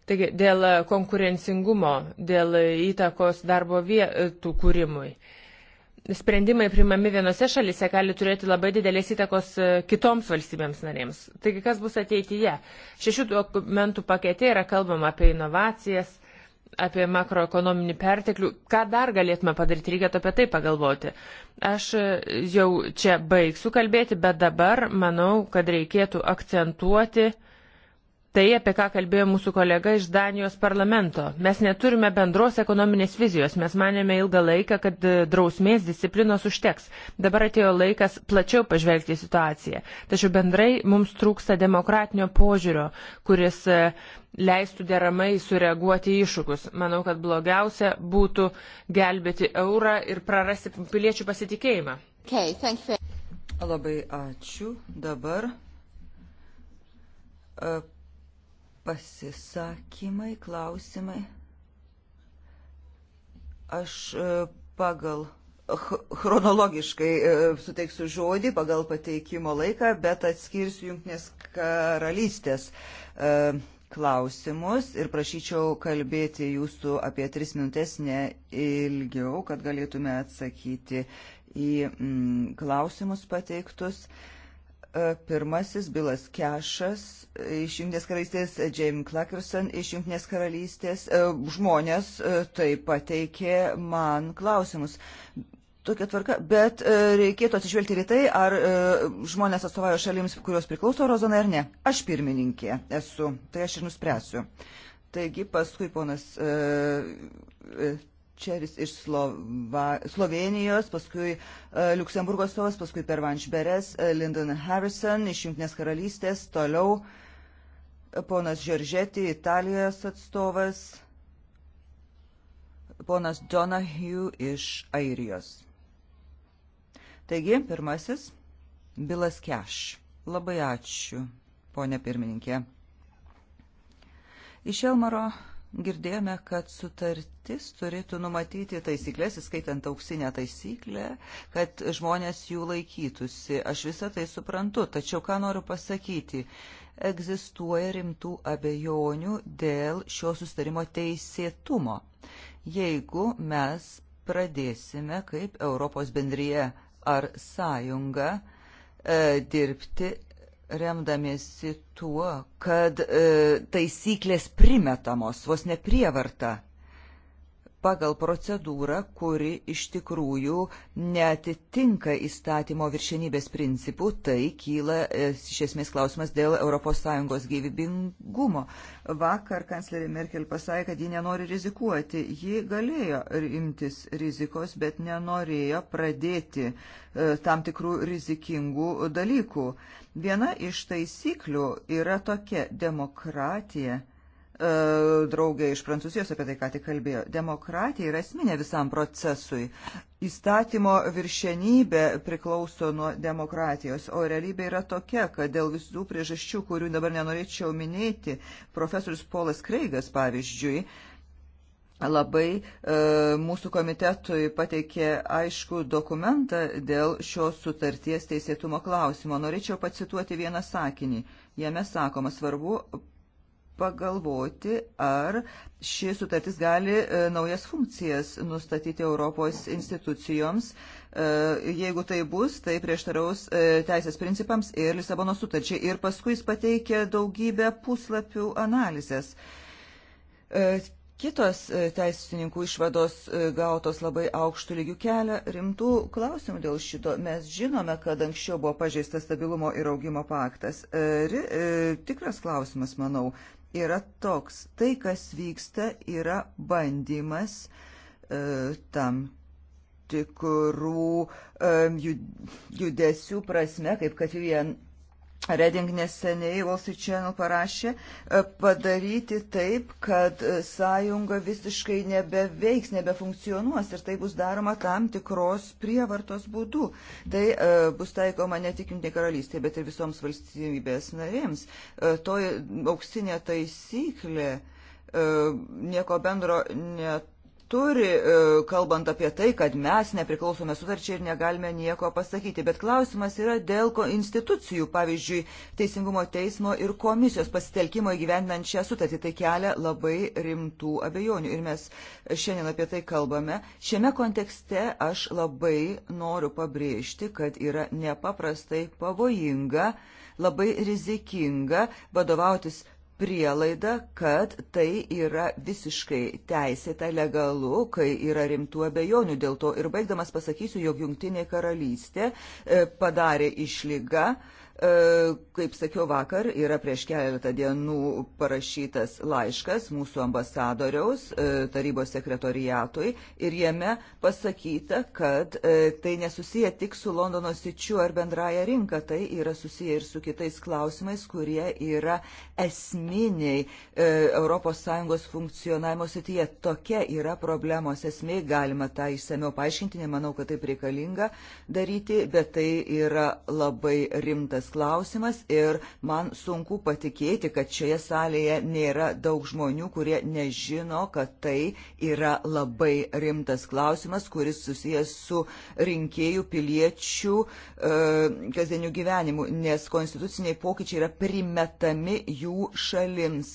Taigi, dėl e, konkurencingumo, dėl e, įtakos darbo vietų kūrimui. Sprendimai primami vienose šalise gali turėti labai didelės įtakos e, kitoms valstybėms narėms. Taigi, kas bus ateityje? Šešių dokumentų pakete yra kalbama apie inovacijas, apie makroekonominį perteklių. Ką dar galėtume padaryti, reikėtų apie tai pagalvoti. Aš jau čia baigsiu kalbėti, bet dabar manau, kad reikėtų akcentuoti uh, tai, apie ką kalbėjo mūsų kolega iš Danijos parlamento. Mes neturime bendros ekonominės vizijos, mes manėme ilgą laiką, kad e, drausmės disciplinos užteks. Dabar atėjo laikas plačiau pažvelgti į situaciją. Tačiau bendrai mums trūksta demokratinio požiūrio, kuris e, leistų deramai sureaguoti į iššūkius. Manau, kad blogiausia būtų gelbėti eurą ir prarasti piliečių pasitikėjimą. Okay, Labai ačiū. Dabar e, pasisakymai, klausimai. Aš e, pagal chronologiškai e, suteiksiu žodį pagal pateikimo laiką, bet atskirsiu Junktinės karalystės e, klausimus ir prašyčiau kalbėti jūsų apie tris minutės, ne ilgiau, kad galėtume atsakyti į mm, klausimus pateiktus. E, pirmasis Bilas Kešas e, iš Junktinės karalystės, e, Jamie Clackerson iš Junktinės karalystės. Žmonės taip pateikė man klausimus. Tokia tvarka, bet reikėtų atsižvelgti ir tai, ar žmonės atstovauja šalims, kurios priklauso Eurozonai ar ne. Aš pirmininkė esu, tai aš ir nuspręsiu. Taigi paskui ponas Čeris iš Slova, Slovenijos, paskui uh, Luksemburgo stovas, paskui Pervanš Beres, uh, Lyndon Harrison iš Junktinės karalystės, toliau uh, ponas Žeržeti, Italijos atstovas, ponas Donahue iš Airijos. Taigi, pirmasis, Bilas Keš. Labai ačiū, ponė pirmininkė. Iš Elmaro girdėjome, kad sutartis turėtų numatyti taisyklės, įskaitant auksinę taisyklę, kad žmonės jų laikytųsi. Aš visą tai suprantu, tačiau ką noriu pasakyti, egzistuoja rimtų abejonių dėl šio sustarimo teisėtumo. Jeigu mes pradėsime kaip Europos bendryje ar sąjunga e, dirbti remdamiesi tuo, kad e, taisyklės primetamos, vos ne prievarta pagal procedūrą, kuri iš tikrųjų netitinka įstatymo viršenybės principų, tai kyla e, iš esmės klausimas dėl ES gyvybingumo. Vakar kanclerė Merkel pasakė, kad ji nenori rizikuoti. Ji galėjo imtis rizikos, bet nenorėjo pradėti e, tam tikrų rizikingų dalykų. Viena iš taisyklių yra tokia demokratija E, draugė iš Prancūzijos apie tai ką tik kalbėjo. Demokratija yra esminė visam procesui. Įstatymo viršenybė priklauso nuo demokratijos, o realybė yra tokia, kad dėl visų priežasčių, kurių dabar nenorėčiau minėti, profesorius Polas Kreigas, pavyzdžiui, labai e, mūsų komitetui pateikė aišku dokumentą dėl šios sutarties teisėtumo klausimo. Norėčiau pacituoti vieną sakinį. Jame sakoma, svarbu pagalvoti, ar ši sutartis gali e, naujas funkcijas nustatyti Europos institucijoms. E, jeigu tai bus, tai prieštaraus e, teisės principams ir Lisabono sutarčiai. Ir paskui jis pateikė daugybę puslapių analizės. Kitos teisininkų išvados gautos labai aukštų lygių kelia rimtų klausimų dėl šito. Mes žinome, kad anksčiau buvo pažeistas stabilumo ir augimo paktas. Tikras klausimas, manau, yra toks. Tai, kas vyksta, yra bandymas e, tam tikrų e, judesių prasme, kaip kad vien Reding neseniai Wall Street Channel parašė e, padaryti taip, kad e, sąjunga visiškai nebeveiks, nebefunkcionuos ir tai bus daroma tam tikros prievartos būdu. Tai uh, bus taikoma ne tik Junktinė karalystė, bet ir visoms valstybės narėms. Uh, to auksinė taisyklė uh, nieko bendro net turi, e, kalbant apie tai, kad mes nepriklausome sutarčiai ir negalime nieko pasakyti. Bet klausimas yra dėl institucijų, pavyzdžiui, Teisingumo teismo ir komisijos pasitelkimo įgyvendinant šią sutartį. Tai kelia labai rimtų abejonių. Ir mes šiandien apie tai kalbame. Šiame kontekste aš labai noriu pabrėžti, kad yra nepaprastai pavojinga labai rizikinga vadovautis prielaida, kad tai yra visiškai teisėta legalu, kai yra rimtų abejonių dėl to. Ir baigdamas pasakysiu, jog Junktinė karalystė e, padarė išlygą E, kaip sakiau vakar, yra prieš keletą dienų parašytas laiškas mūsų ambasadoriaus e, tarybos sekretoriatui ir jame pasakyta, kad e, tai nesusiję tik su Londono sičiu ar bendraja rinka, tai yra susiję ir su kitais klausimais, kurie yra esminiai ES funkcionavimo sityje. Tokia yra problemos esmė, galima tą išsameu paaiškinti, nemanau, kad taip reikalinga daryti, bet tai yra labai rimtas sudėtingas klausimas ir man sunku patikėti, kad šioje salėje nėra daug žmonių, kurie nežino, kad tai yra labai rimtas klausimas, kuris susijęs su rinkėjų piliečių e, kasdieniu gyvenimu, nes konstituciniai pokyčiai yra primetami jų šalims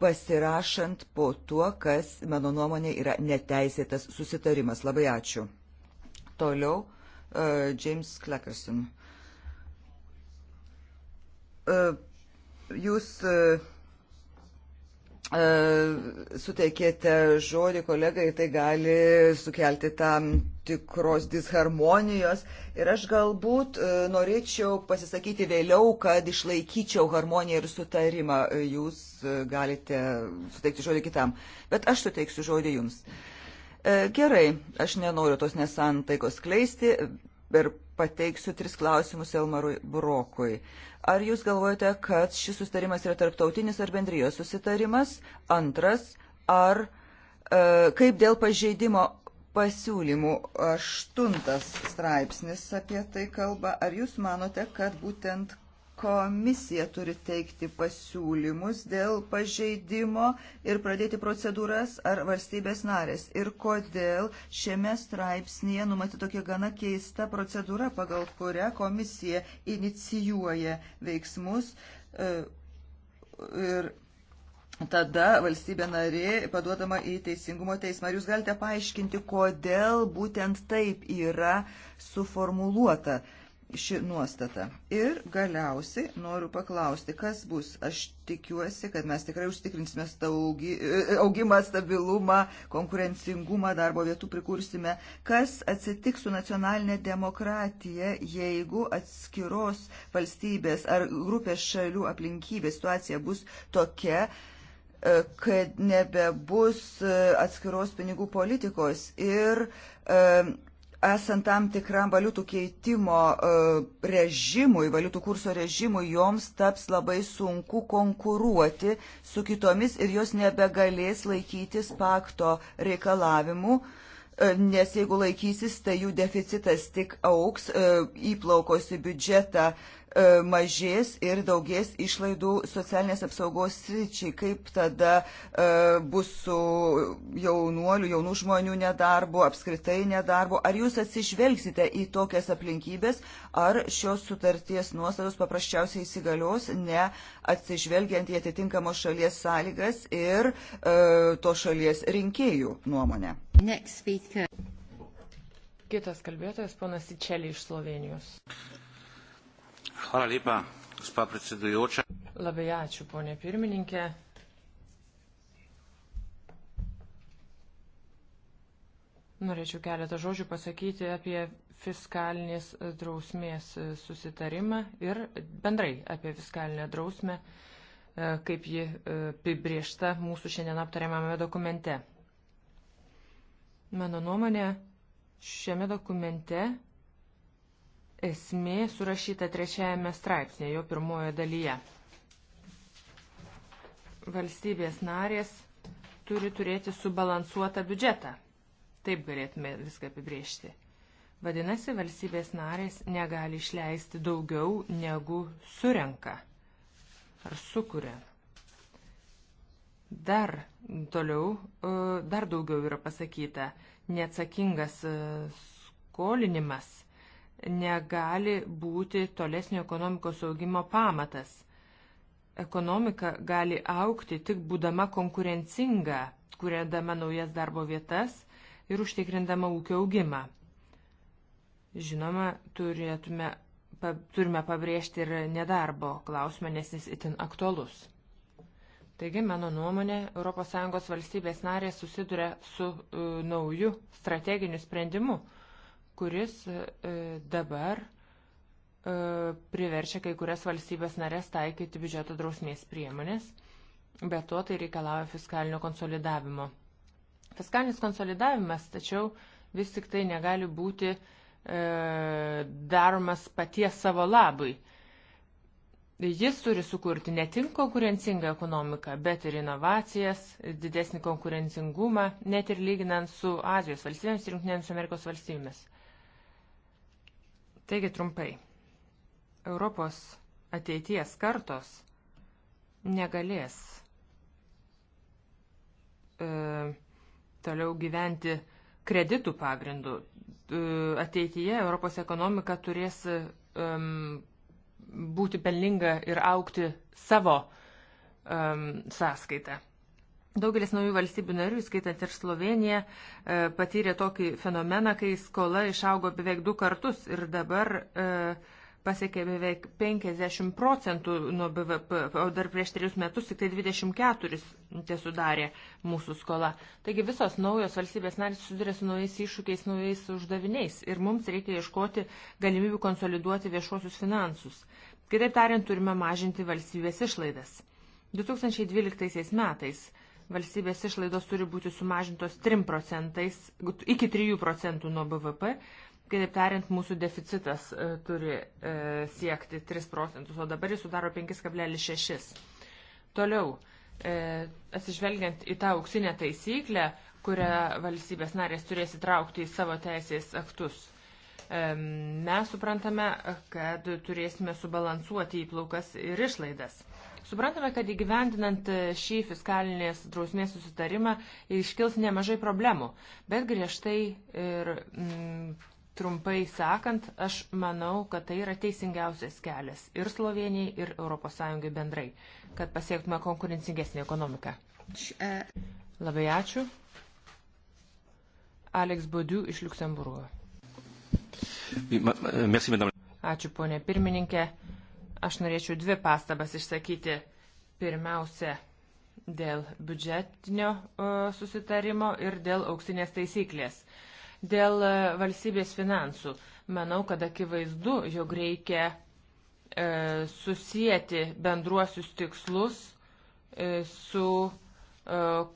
pasirašant po tuo, kas, mano nuomonė, yra neteisėtas susitarimas. Labai ačiū. Toliau uh, James Clackerson. E, jūs e, e, suteikėte žodį kolegai, tai gali sukelti tam tikros disharmonijos. Ir aš galbūt norėčiau pasisakyti vėliau, kad išlaikyčiau harmoniją ir sutarimą. Jūs galite suteikti žodį kitam. Bet aš suteiksiu žodį jums. Gerai, aš nenoriu tos nesantaikos kleisti ir pateiksiu tris klausimus Elmarui Brokui. Ar jūs galvojate, kad šis susitarimas yra tarptautinis ar bendrijos susitarimas? Antras, ar e, kaip dėl pažeidimo pasiūlymų aštuntas straipsnis apie tai kalba, ar jūs manote, kad būtent Komisija turi teikti pasiūlymus dėl pažeidimo ir pradėti procedūras ar valstybės narės. Ir kodėl šiame straipsnėje numatyti tokia gana keista procedūra, pagal kurią komisija inicijuoja veiksmus e, ir tada valstybė narė paduodama į teisingumo teismą. Ar jūs galite paaiškinti, kodėl būtent taip yra suformuluota ši nuostata. Ir galiausiai noriu paklausti, kas bus. Aš tikiuosi, kad mes tikrai užtikrinsime staugi, e, augimą, stabilumą, konkurencingumą, darbo vietų prikursime. Kas atsitiks su nacionalinė demokratija, jeigu atskiros valstybės ar grupės šalių aplinkybė situacija bus tokia, e, kad nebebus e, atskiros pinigų politikos ir esant tam tikram valiutų keitimo e, režimui, valiutų kurso režimui, joms taps labai sunku konkuruoti su kitomis ir jos nebegalės laikytis pakto reikalavimų. E, nes jeigu laikysis, tai jų deficitas tik auks, e, įplaukos į biudžetą uh, E, mažės ir daugės išlaidų socialinės apsaugos sričiai. Kaip tada e, bus su jaunuoliu, jaunų žmonių nedarbu, apskritai nedarbu? Ar jūs atsižvelgsite į tokias aplinkybės, ar šios sutarties nuostatos paprasčiausiai įsigalios, ne atsižvelgiant į atitinkamos šalies sąlygas ir e, to šalies rinkėjų nuomonę? Kitas kalbėtojas, panas Ičelė iš Slovenijos. Hvala lepa, gospa predsedujoča. Labai ačiū, ponė pirmininkė. Norėčiau keletą žodžių pasakyti apie fiskalinės drausmės susitarimą ir bendrai apie fiskalinę drausmę, e, kaip ji e, apibriešta mūsų šiandien aptariamame dokumente. Mano nuomonė, šiame dokumente esmė surašyta trečiajame straipsnėje, jo pirmojo dalyje. Valstybės narės turi turėti subalansuotą biudžetą. Taip galėtume viską apibriežti. Vadinasi, valstybės narės negali išleisti daugiau, negu surenka ar sukuria. Dar toliau, e, dar daugiau yra pasakyta, neatsakingas e, skolinimas – negali būti tolesnio ekonomikos augimo pamatas. Ekonomika gali aukti tik būdama konkurencinga, kuriandama naujas darbo vietas ir užtikrindama ūkio augimą. Žinoma, turėtume, pa, turime pabrėžti ir nedarbo klausimą, nes jis itin aktualus. Taigi, mano nuomonė, ES valstybės narės susiduria su uh, nauju strateginiu sprendimu. Uh, kuris e, dabar e, priverčia kai kurias valstybės narės taikyti biudžeto drausmės priemonės, bet to tai reikalauja fiskalinio konsolidavimo. Fiskalinis konsolidavimas, tačiau vis tik tai negali būti e, daromas paties savo labui. Jis turi sukurti ne tik konkurencingą ekonomiką, bet ir inovacijas, didesnį konkurencingumą, net ir lyginant su Azijos valstybėms ir Junktinėms Amerikos valstybėmis. Taigi trumpai. Europos ateities kartos negalės e, toliau gyventi kreditų pagrindų. E, ateityje Europos ekonomika turės e, būti pelninga ir aukti savo e, sąskaitą. Daugelis naujų valstybių narių, skaitant ir Sloveniją, e, patyrė tokį fenomeną, kai skola išaugo beveik du kartus ir dabar e, pasiekė beveik 50 procentų nuo BVP, o dar prieš trejus metus tik tai 24 tie sudarė mūsų skola. Taigi visos naujos valstybės narys susiduria su naujais iššūkiais, naujais uždaviniais ir mums reikia ieškoti galimybių konsoliduoti viešuosius finansus. Kitaip tariant, turime mažinti valstybės išlaidas. 2012 metais valstybės išlaidos turi būti sumažintos 3 procentais, iki 3 procentų nuo BVP. Kitaip tariant, mūsų deficitas e, turi e, siekti 3 procentus, o dabar jis sudaro 5,6. Toliau, e, atsižvelgiant į tą auksinę taisyklę, kurią valstybės narės turės įtraukti į savo teisės aktus mes suprantame, kad turėsime subalansuoti įplaukas ir išlaidas. Suprantame, kad įgyvendinant šį fiskalinės drausmės susitarimą iškils nemažai problemų, bet griežtai ir mm, trumpai sakant, aš manau, kad tai yra teisingiausias kelias ir Slovenijai, ir ES bendrai, kad pasiektume konkurencingesnį ekonomiką. Labai ačiū. Alex Bodiu iš Luksemburgo. Ačiū, ponė pirmininkė. Aš norėčiau dvi pastabas išsakyti. Pirmiausia, dėl biudžetinio e, susitarimo ir dėl auksinės taisyklės. Dėl e, valstybės finansų. Manau, kad akivaizdu, jog reikia e, susijęti bendruosius tikslus e, su e,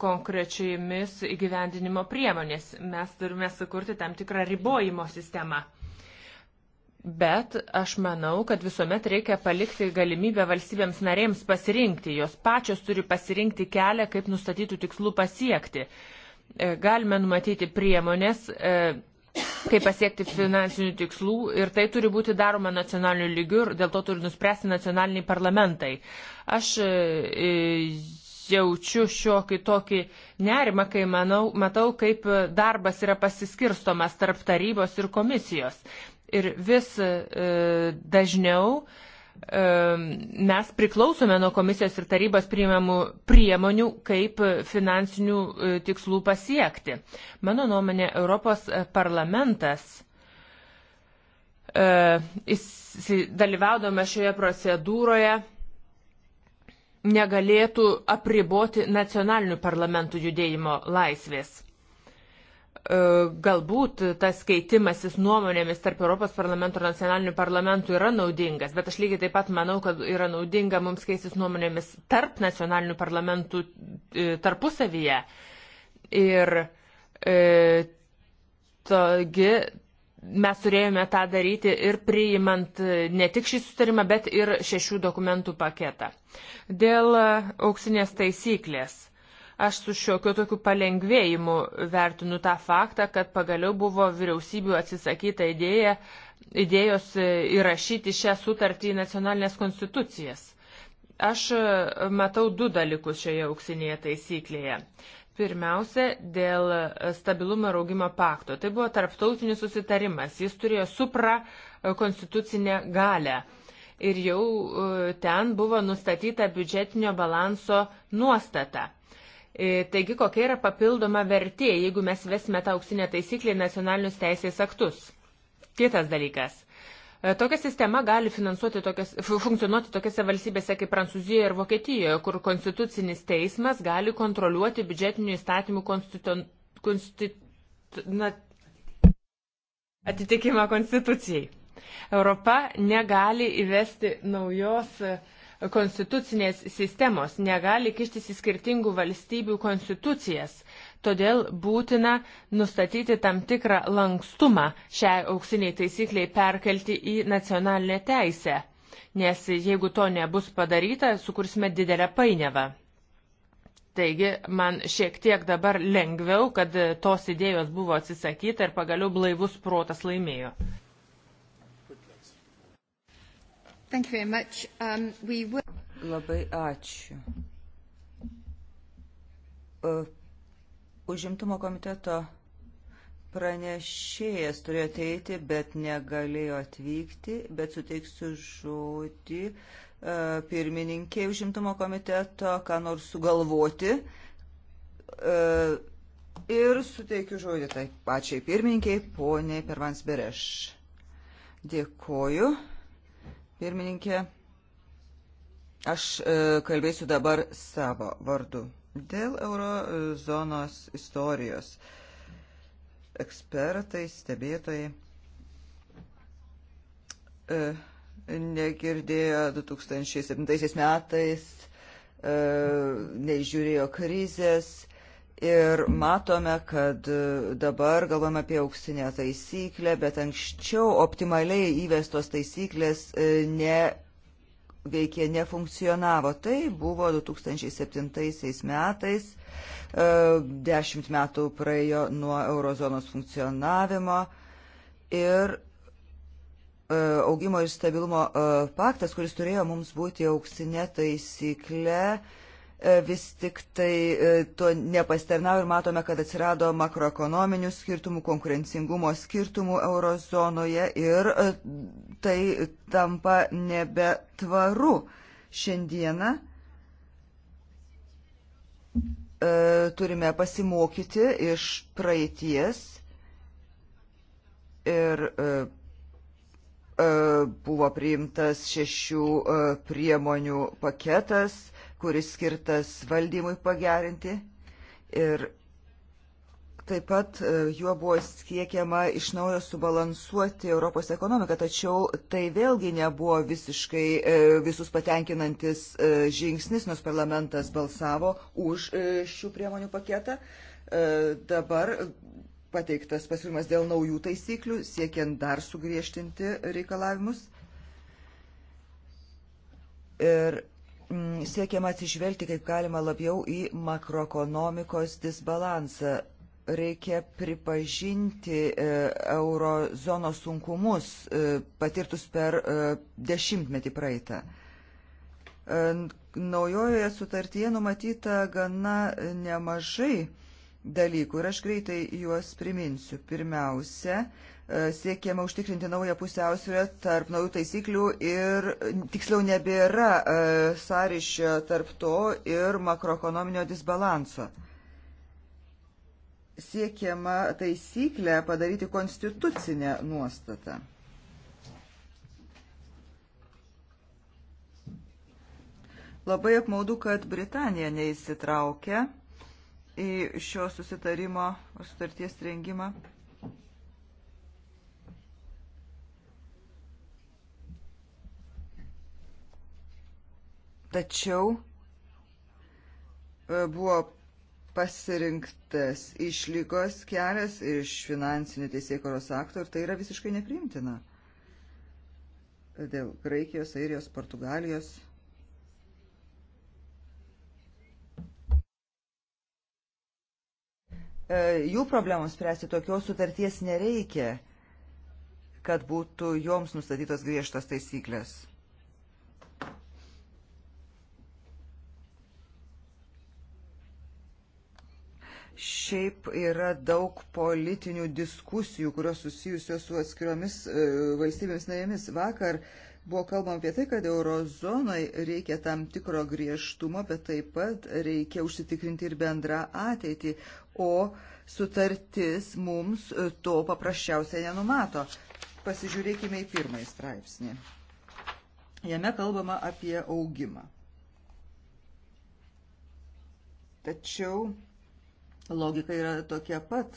konkrečiamis įgyvendinimo priemonės. Mes turime sukurti tam tikrą ribojimo sistemą. Bet aš manau, kad visuomet reikia palikti galimybę valstybėms narėms pasirinkti. Jos pačios turi pasirinkti kelią, kaip nustatytų tikslų pasiekti. E, galime numatyti priemonės, e, kaip pasiekti finansinių tikslų ir tai turi būti daroma nacionaliniu lygiu ir dėl to turi nuspręsti nacionaliniai parlamentai. Aš e, jaučiu šiokį tokį nerimą, kai manau, matau, kaip darbas yra pasiskirstomas tarp tarybos ir komisijos ir vis e, dažniau e, mes priklausome nuo komisijos ir tarybos priimamų priemonių, kaip finansinių e, tikslų pasiekti. Mano nuomonė, Europos parlamentas dalyvaudama šioje procedūroje negalėtų apriboti nacionalinių parlamentų judėjimo laisvės. E, galbūt tas keitimasis nuomonėmis tarp Europos parlamento ir nacionalinių parlamentų yra naudingas, bet aš lygiai taip pat manau, kad yra naudinga mums keistis nuomonėmis tarp nacionalinių parlamentų e, tarpusavyje. Ir e, togi mes turėjome tą daryti ir priimant ne tik šį sustarimą, bet ir šešių dokumentų paketą. Dėl auksinės taisyklės Aš su šiokiu tokiu palengvėjimu vertinu tą faktą, kad pagaliau buvo vyriausybių atsisakyta idėja, idėjos e, įrašyti šią sutartį į nacionalinės konstitucijas. Aš e, matau du dalykus šioje auksinėje taisyklėje. Pirmiausia, dėl e, stabilumo ir augimo pakto. Tai buvo tarptautinis susitarimas. Jis turėjo supra konstitucinę galę. Ir jau ten buvo nustatyta biudžetinio balanso nuostata. E, taigi, kokia yra papildoma vertė, jeigu mes vesime tą auksinę taisyklę į nacionalinius teisės aktus? Kitas dalykas. E, tokia sistema gali tokias, funkcionuoti tokiose valstybėse kaip Prancūzijoje ir Vokietijoje, kur konstitucinis teismas gali kontroliuoti biudžetinių įstatymų konstitu, konstitu, na, atitikimą konstitucijai. Europa negali įvesti naujos uh, konstitucinės sistemos, negali kištis į skirtingų valstybių konstitucijas. Todėl būtina nustatyti tam tikrą lankstumą šiai auksiniai taisykliai perkelti į nacionalinę teisę, nes jeigu to nebus padaryta, sukursime didelę painiavą. Taigi man šiek tiek dabar lengviau, kad tos idėjos buvo atsisakyta ir pagaliau blaivus protas laimėjo. Thank you very much. Um, we will... Labai ačiū. Užimtumo komiteto pranešėjas turėjo ateiti, bet negalėjo atvykti, bet suteiksiu žodį e, pirmininkė užimtumo komiteto, ką nors sugalvoti. E, ir suteikiu žodį tai pačiai pirmininkiai, poniai Pervans Bereš. Dėkoju pirmininkė. Aš e, kalbėsiu dabar savo vardu. Dėl eurozonos istorijos ekspertai, stebėtojai e, negirdėjo 2007 metais, e, neižiūrėjo krizės Ir matome, kad e, dabar galvojame apie auksinę taisyklę, bet anksčiau optimaliai įvestos taisyklės e, ne veikė, nefunkcionavo. Tai buvo 2007 metais, e, dešimt metų praėjo nuo eurozonos funkcionavimo ir augimo ir stabilumo paktas, kuris turėjo mums būti auksinė taisyklė, E, vis tik tai e, to nepasternau ir matome, kad atsirado makroekonominių skirtumų, konkurencingumo skirtumų eurozonoje ir e, tai tampa nebetvaru šiandieną. Turime pasimokyti iš praeities ir buvo priimtas šešių priemonių paketas – kuris skirtas valdymui pagerinti. Ir taip pat e, juo buvo siekiama iš naujo subalansuoti Europos ekonomiką, tačiau tai vėlgi nebuvo visiškai e, visus patenkinantis e, žingsnis, nors parlamentas balsavo už šių priemonių paketą. Dabar pateiktas pasiūlymas dėl naujų taisyklių, siekiant dar sugriežtinti reikalavimus. Ir Mm, siekiama atsižvelgti kaip galima labiau į makroekonomikos disbalansą. Reikia pripažinti e, eurozonos sunkumus e, patirtus per e, dešimtmetį praeitą. Naujojoje sutartyje numatyta gana nemažai dalykų ir aš greitai juos priminsiu. Pirmiausia, E, siekiama užtikrinti naują pusiausvyrę tarp naujų taisyklių ir tiksliau nebėra e, sąryšio tarp to ir makroekonominio disbalanso. Siekiama taisyklę padaryti konstitucinę nuostatą. Labai apmaudu, kad Britanija neįsitraukia į šio susitarimo ar sutarties rengimą. Tačiau e, buvo pasirinktas išlygos kelias iš finansinių teisėkoros aktų ir tai yra visiškai nepriimtina. Dėl Graikijos, Airijos, Portugalijos. E, jų problemams spręsti tokios sutarties nereikia, kad būtų joms nustatytos griežtas taisyklės. Šiaip yra daug politinių diskusijų, kurios susijusios su atskiromis e, valstybėmis narėmis. Vakar buvo kalbama apie tai, kad eurozonai reikia tam tikro griežtumo, bet taip pat reikia užsitikrinti ir bendrą ateitį, o sutartis mums e, to paprasčiausiai nenumato. Pasižiūrėkime į pirmąjį straipsnį. Jame kalbama apie augimą. Tačiau Logika yra tokia pat.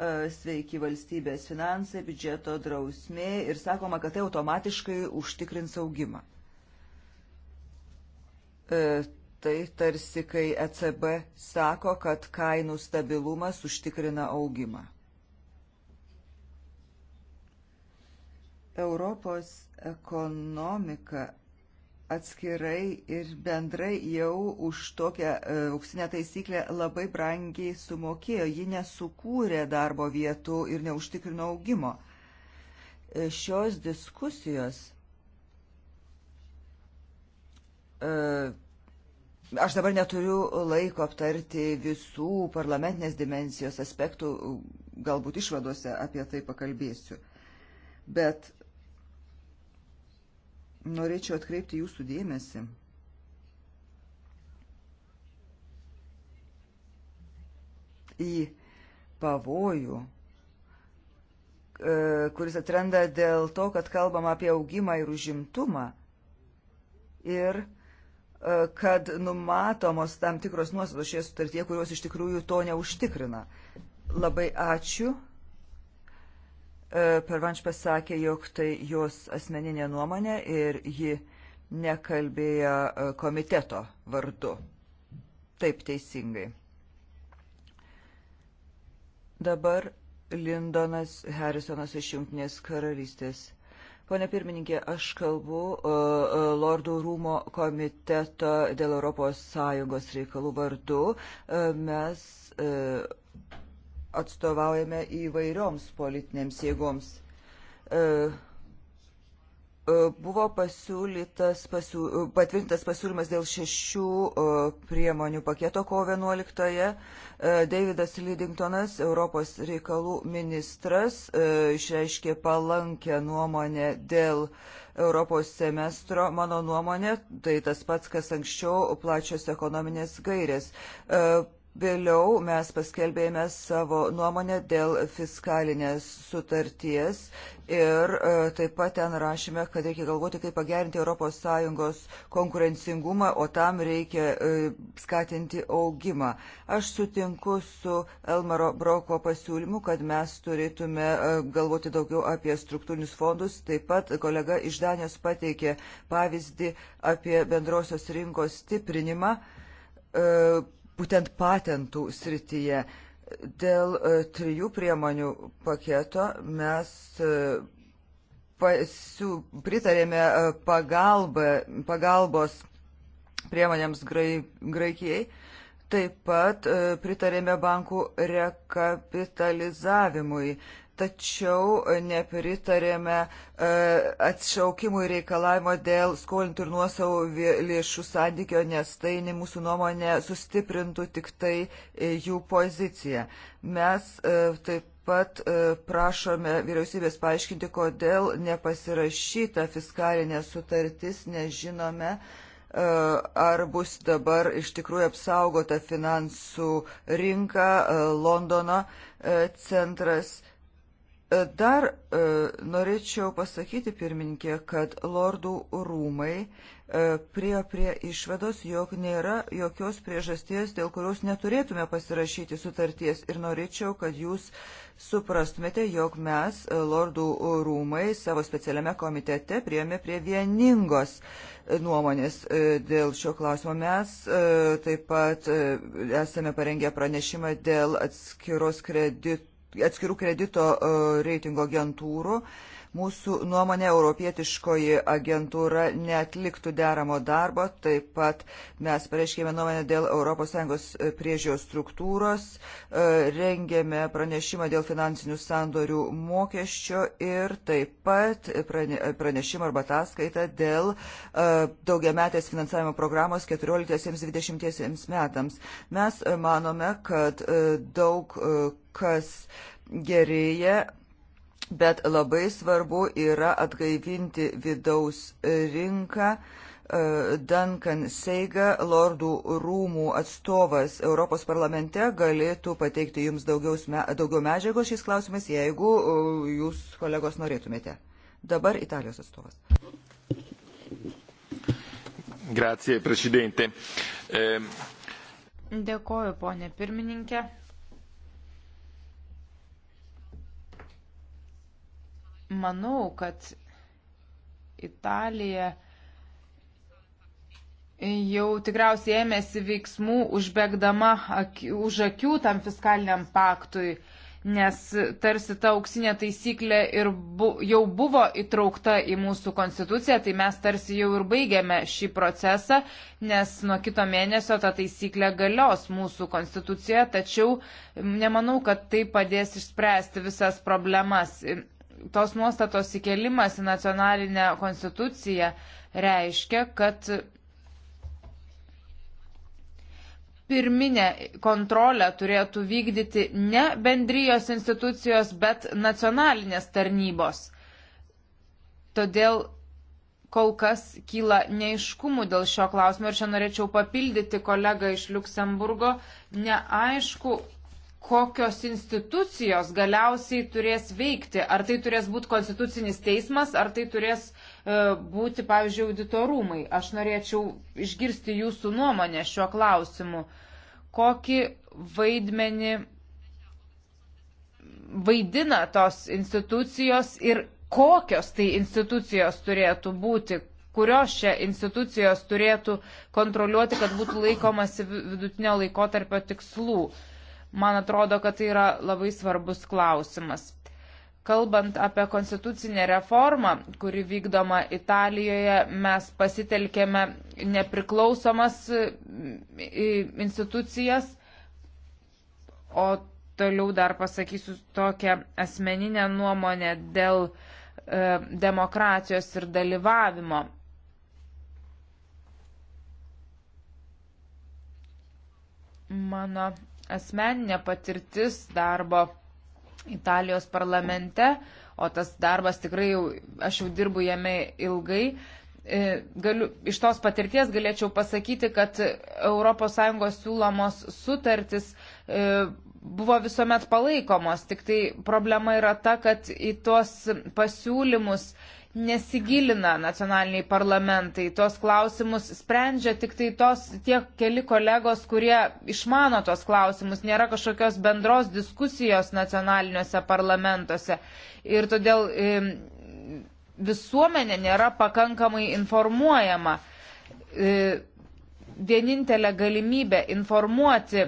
E, sveiki valstybės finansai, biudžeto drausmė ir sakoma, kad tai automatiškai užtikrins augimą. E, tai tarsi, kai ECB sako, kad kainų stabilumas užtikrina augimą. Europos ekonomika atskirai ir bendrai jau už tokią e, auksinę taisyklę labai brangiai sumokėjo. Ji nesukūrė darbo vietų ir neužtikrino augimo. E, šios diskusijos. E, aš dabar neturiu laiko aptarti visų parlamentinės dimensijos aspektų, galbūt išvadose apie tai pakalbėsiu. Bet norėčiau atkreipti jūsų dėmesį. Į pavojų, e, kuris atranda dėl to, kad kalbam apie augimą ir užimtumą ir e, kad numatomos tam tikros nuostatos šioje sutartyje, kurios iš tikrųjų to neužtikrina. Labai ačiū. Pervanš pasakė, jog tai jos asmeninė nuomonė ir ji nekalbėjo e, komiteto vardu. Taip teisingai. Dabar Lindonas Harrisonas iš Junktinės karalystės. Pone pirmininkė, aš kalbu uh, Lordų rūmo komiteto dėl Europos Sąjungos reikalų vardu. Uh, mes uh, atstovaujame įvairioms politinėms jėgoms. E, e, buvo pasiūlytas, pasiū, patvirtintas pasiūlymas dėl šešių e, priemonių paketo kovo 11. Davidas Lidingtonas, Europos reikalų ministras, išreiškė palankę nuomonę dėl Europos semestro, mano nuomonė, tai tas pats, kas anksčiau plačios ekonominės gairės. Vėliau mes paskelbėjome savo nuomonę dėl fiskalinės sutarties ir e, taip pat ten rašėme, kad reikia galvoti, kaip pagerinti ES konkurencingumą, o tam reikia e, skatinti augimą. Aš sutinku su Elmaro Broko pasiūlymu, kad mes turėtume e, galvoti daugiau apie struktūrinius fondus. Taip pat kolega iš Danijos pateikė pavyzdį apie bendrosios rinkos stiprinimą būtent patentų srityje. Dėl e, trijų priemonių paketo mes e, pasiū, pritarėme e, pagalbą, pagalbos priemonėms Graikijai. Taip pat pritarėme bankų rekapitalizavimui tačiau nepritarėme e, atšaukimui reikalavimo dėl skolintų ir nuosavų lėšų santykio, nes tai mūsų nuomonė sustiprintų tik tai e, jų poziciją. Mes e, taip pat prašome vyriausybės paaiškinti, kodėl nepasirašyta fiskalinė sutartis, nežinome, ar bus dabar iš tikrųjų apsaugota finansų rinka, Londono centras Dar e, norėčiau pasakyti, pirmininkė, kad lordų rūmai e, prie prie išvados, jog nėra jokios priežasties, dėl kurios neturėtume pasirašyti sutarties. Ir norėčiau, kad jūs suprastumėte, jog mes, e, lordų rūmai, savo specialiame komitete priėmė prie vieningos nuomonės dėl šio klausimo. Mes taip pat esame parengę pranešimą dėl atskiros kreditų atskirų kredito e, reitingo agentūrų. Uh, Mūsų nuomonė europietiškoji agentūra netliktų deramo darbo, taip pat mes pareiškėme nuomonę dėl ES priežios struktūros, e, rengėme pranešimą dėl finansinių sandorių mokesčio ir taip pat pranešimą arba ataskaitą dėl e, daugiametės finansavimo programos 14-20 metams. Mes manome, kad e, daug kas gerėja bet labai svarbu yra atgaivinti vidaus rinką. E, Duncan Seiga, lordų rūmų atstovas Europos parlamente, galėtų pateikti jums daugiau, daugiau medžiagos šiais klausimais, jeigu e, jūs, kolegos, norėtumėte. Dabar Italijos atstovas. Grazie, prezidente. E... Ehm, Dėkoju, ponė pirmininkė. Manau, kad Italija jau tikriausiai ėmėsi veiksmų užbėgdama aki, už akių tam fiskaliniam paktui, nes tarsi ta auksinė taisyklė ir bu, jau buvo įtraukta į mūsų konstituciją, tai mes tarsi jau ir baigėme šį procesą, nes nuo kito mėnesio ta taisyklė galios mūsų konstitucijoje, tačiau nemanau, kad tai padės išspręsti visas problemas. Ir tos nuostatos įkelimas į nacionalinę konstituciją reiškia, kad pirminę kontrolę turėtų vykdyti ne bendrijos institucijos, bet nacionalinės tarnybos. Todėl kol kas kyla neiškumų dėl šio klausimo ir čia norėčiau papildyti kolegą iš Luksemburgo. Neaišku, kokios institucijos galiausiai turės veikti. Ar tai turės būti konstitucinis teismas, ar tai turės e, būti, pavyzdžiui, auditorumai. Aš norėčiau išgirsti jūsų nuomonę šiuo klausimu. Kokį vaidmenį vaidina tos institucijos ir kokios tai institucijos turėtų būti, kurios čia institucijos turėtų kontroliuoti, kad būtų laikomasi vidutinio laikotarpio tikslų. Man atrodo, kad tai yra labai svarbus klausimas. Kalbant apie konstitucinę reformą, kuri vykdoma Italijoje, mes pasitelkėme nepriklausomas e, institucijas, o toliau dar pasakysiu tokią asmeninę nuomonę dėl e, demokratijos ir dalyvavimo. Mano asmeninė patirtis darbo Italijos parlamente, o tas darbas tikrai jau, aš jau dirbu jame ilgai. E, galiu, iš tos patirties galėčiau pasakyti, kad ES siūlomos sutartis e, buvo visuomet palaikomos, tik tai problema yra ta, kad į tuos pasiūlymus nesigilina nacionaliniai parlamentai. Tos klausimus sprendžia tik tai tos tie keli kolegos, kurie išmano tos klausimus. Nėra kažkokios bendros diskusijos nacionaliniuose parlamentuose. Ir todėl visuomenė nėra pakankamai informuojama. E, vienintelė galimybė informuoti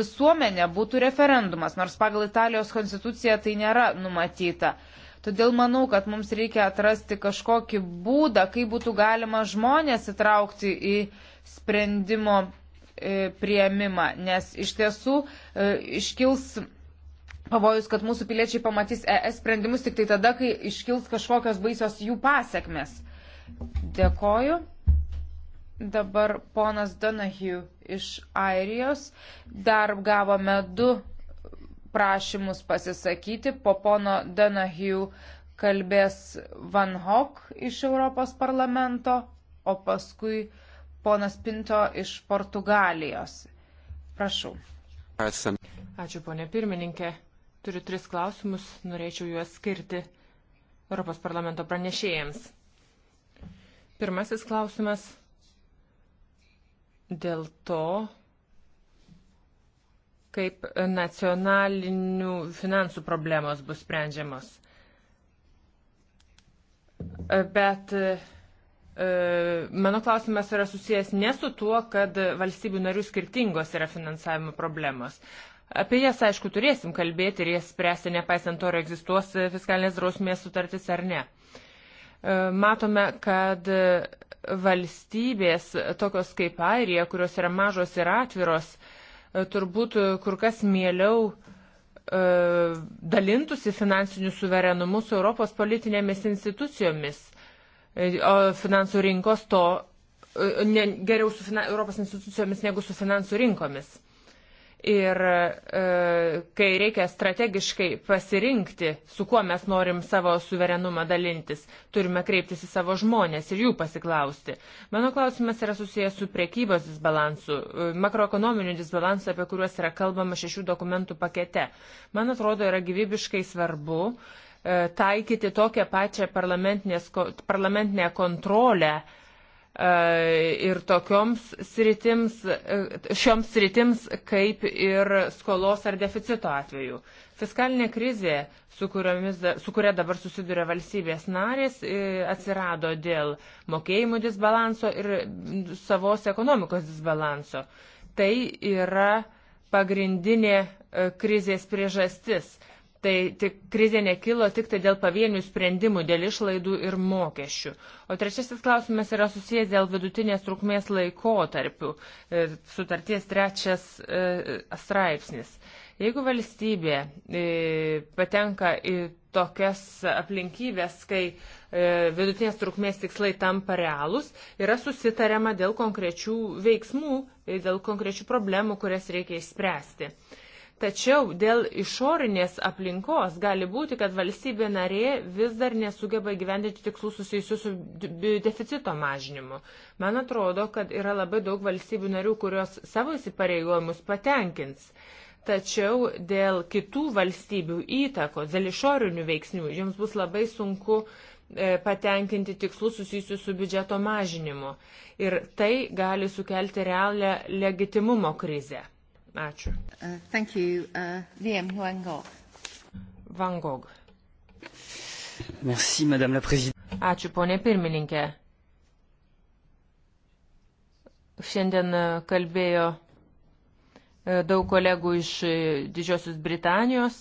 visuomenė būtų referendumas, nors pagal Italijos konstituciją tai nėra numatyta. Todėl manau, kad mums reikia atrasti kažkokį būdą, kaip būtų galima žmonės įtraukti į sprendimo e, prieimimą, nes iš tiesų e, iškils pavojus, kad mūsų piliečiai pamatys ES sprendimus tik tai tada, kai iškils kažkokios baisios jų pasiekmes. Dėkoju. Dabar ponas Donahue iš Airijos. Dar gavome du prašymus pasisakyti. Po pono Danahiu kalbės Van Hok iš Europos parlamento, o paskui ponas Pinto iš Portugalijos. Prašau. Ačiū, ponė pirmininkė. Turiu tris klausimus, norėčiau juos skirti Europos parlamento pranešėjams. Pirmasis klausimas dėl to, kaip nacionalinių finansų problemos bus sprendžiamos. Bet e, mano klausimas yra susijęs ne su tuo, kad valstybių narių skirtingos yra finansavimo problemos. Apie jas, aišku, turėsim kalbėti ir jas spręsti, nepaisant to, ar egzistuos fiskalinės drausmės sutartis ar ne. E, matome, kad valstybės, tokios kaip Airija, kurios yra mažos ir atviros, E, turbūt e, kur kas mieliau e, dalintųsi finansiniu suverenumu su Europos politinėmis institucijomis, o finansų rinkos to ne, geriau su fina, Europos institucijomis negu su finansų rinkomis. Ir e, kai reikia strategiškai pasirinkti, su kuo mes norim savo suverenumą dalintis, turime kreiptis į savo žmonės ir jų pasiklausti. Mano klausimas yra susijęs su priekybos disbalansu, e, makroekonominiu disbalansu, apie kuriuos yra kalbama šešių dokumentų pakete. Man atrodo, yra gyvybiškai svarbu e, taikyti tokią pačią parlamentinę kontrolę E, ir tokioms sritims, e, šioms sritims, kaip ir skolos ar deficito atveju. Fiskalinė krizė, su, kuriomis, su kuria dabar susiduria valstybės narės, e, atsirado dėl mokėjimų disbalanso ir savos ekonomikos disbalanso. Tai yra pagrindinė krizės priežastis. Tai tik krizė nekilo tik tai dėl pavienių sprendimų, dėl išlaidų ir mokesčių. O trečiasis klausimas yra susijęs dėl vidutinės trukmės laikotarpių. E, sutarties trečias e, straipsnis. Jeigu valstybė e, patenka į tokias aplinkybės, kai e, vidutinės trukmės tikslai tampa realūs, yra susitariama dėl konkrečių veiksmų, dėl konkrečių problemų, kurias reikia išspręsti. E, Tačiau dėl išorinės aplinkos gali būti, kad valstybė narė vis dar nesugeba gyvendinti tikslų susijusių su deficito mažinimu. Man atrodo, kad yra labai daug valstybių narių, kurios savo įsipareigojimus patenkins. Tačiau dėl kitų valstybių įtakos, dėl išorinių veiksnių, jums bus labai sunku e, patenkinti tikslus susijusius su biudžeto mažinimu. Ir tai gali sukelti realią legitimumo krizę. Ačiū. Uh, thank you, uh, Liam Van Gogh. Van Gogh. Merci, Madame la Présidente. Ačiū, ponė pirmininkė. Šiandien uh, kalbėjo uh, daug kolegų iš uh, Didžiosios Britanijos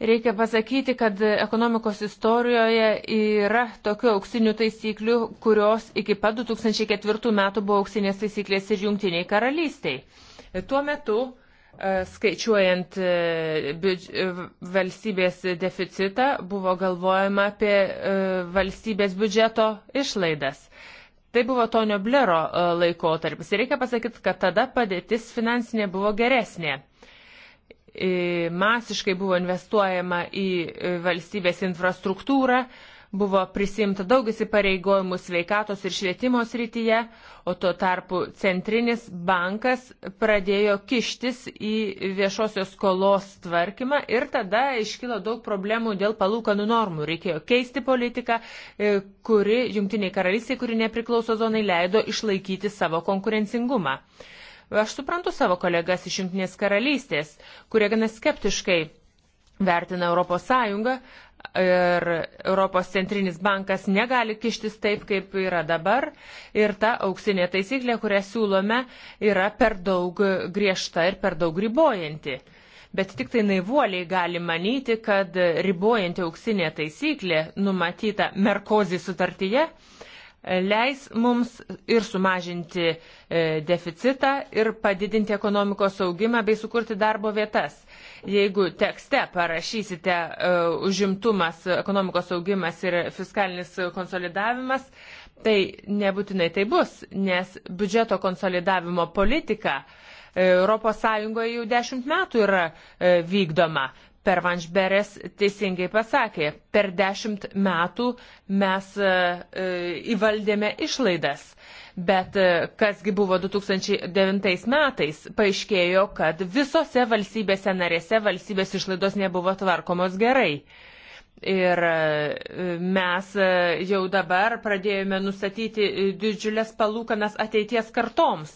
Reikia pasakyti, kad ekonomikos istorijoje yra tokių auksinių taisyklių, kurios iki pat 2004 metų buvo auksinės taisyklės ir jungtiniai karalystiai. Tuo metu, e, skaičiuojant e, e, valstybės deficitą, buvo galvojama apie valstybės biudžeto išlaidas. Tai buvo Tonio Blero laikotarpis. Ir reikia pasakyti, kad tada padėtis finansinė buvo geresnė masiškai buvo investuojama į e, valstybės infrastruktūrą, buvo prisimta daug įsipareigojimų sveikatos ir švietimo srityje, o tuo tarpu centrinis bankas pradėjo kištis į viešosios skolos tvarkymą ir tada iškilo daug problemų dėl palūkanų normų. Reikėjo keisti politiką, e, kuri jungtiniai karalystiai, kuri nepriklauso zonai, leido išlaikyti savo konkurencingumą. Aš suprantu savo kolegas iš Junktinės karalystės, kurie gana skeptiškai vertina Europos Sąjungą ir Europos centrinis bankas negali kištis taip, kaip yra dabar. Ir ta auksinė taisyklė, kurią siūlome, yra per daug griežta ir per daug ribojanti. Bet tik tai naivuoliai gali manyti, kad ribojanti auksinė taisyklė numatyta Merkozi sutartyje leis mums ir sumažinti e, deficitą, ir padidinti ekonomikos augimą bei sukurti darbo vietas. Jeigu tekste parašysite e, užimtumas, ekonomikos augimas ir fiskalinis konsolidavimas, tai nebūtinai tai bus, nes biudžeto konsolidavimo politika ES jau dešimt metų yra e, vykdoma. Pervanšberes teisingai pasakė, per dešimt metų mes e, e, įvaldėme išlaidas. Bet e, kasgi buvo 2009 metais, paaiškėjo, kad visose valstybėse narėse valstybės išlaidos nebuvo tvarkomos gerai. Ir mes jau dabar pradėjome nustatyti didžiulės palūkanas ateities kartoms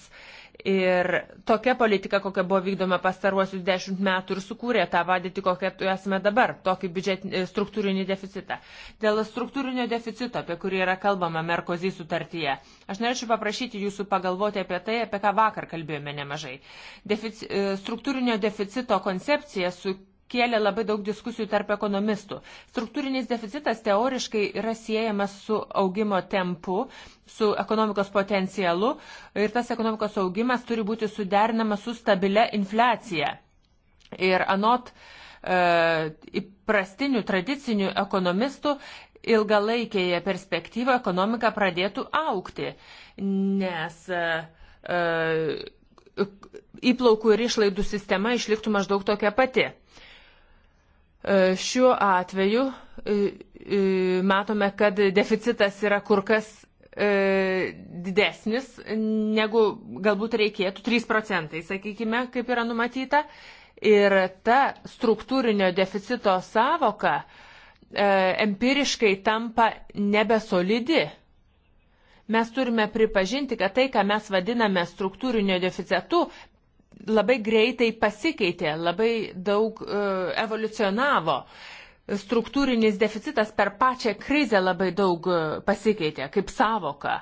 Ir tokia politika, kokia buvo vykdoma pastaruosius dešimt metų ir sukūrė tą vadėtį, kokią esame dabar, tokį biudžet, e, struktūrinį deficitą. Dėl struktūrinio deficito, apie kurį yra kalbama Merkozy sutartyje, aš norėčiau paprašyti jūsų pagalvoti apie tai, apie ką vakar kalbėjome nemažai. Defici, e, struktūrinio deficito koncepcija su kėlė labai daug diskusijų tarp ekonomistų. Struktūrinis deficitas teoriškai yra siejamas su augimo tempu, su ekonomikos potencialu ir tas ekonomikos augimas turi būti suderinamas su stabilia infliacija. Ir anot e, įprastinių tradicinių ekonomistų ilgalaikėje perspektyvoje ekonomika pradėtų aukti, nes e, e įplaukų ir išlaidų sistema išliktų maždaug tokia pati. E, šiuo atveju e, e, matome, kad deficitas yra kur kas didesnis negu galbūt reikėtų, 3 procentai, sakykime, kaip yra numatyta. Ir ta struktūrinio deficito savoka empiriškai tampa nebesolidi. Mes turime pripažinti, kad tai, ką mes vadiname struktūrinio deficitu, labai greitai pasikeitė, labai daug e, evoliucionavo. Struktūrinis deficitas per pačią krizę labai daug e, pasikeitė kaip savoka.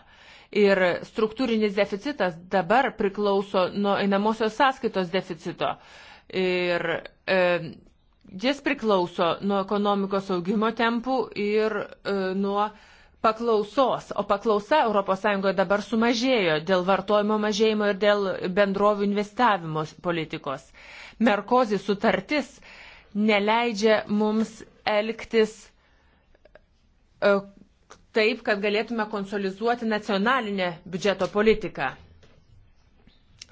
Ir struktūrinis deficitas dabar priklauso nuo einamosios sąskaitos deficito. Ir e, jis priklauso nuo ekonomikos augimo tempų ir e, nuo e, paklausos, o paklausa ES dabar sumažėjo dėl vartojimo mažėjimo ir dėl bendrovių investavimo politikos. Merkozi sutartis neleidžia mums elgtis e, taip, kad galėtume konsolizuoti nacionalinę biudžeto politiką.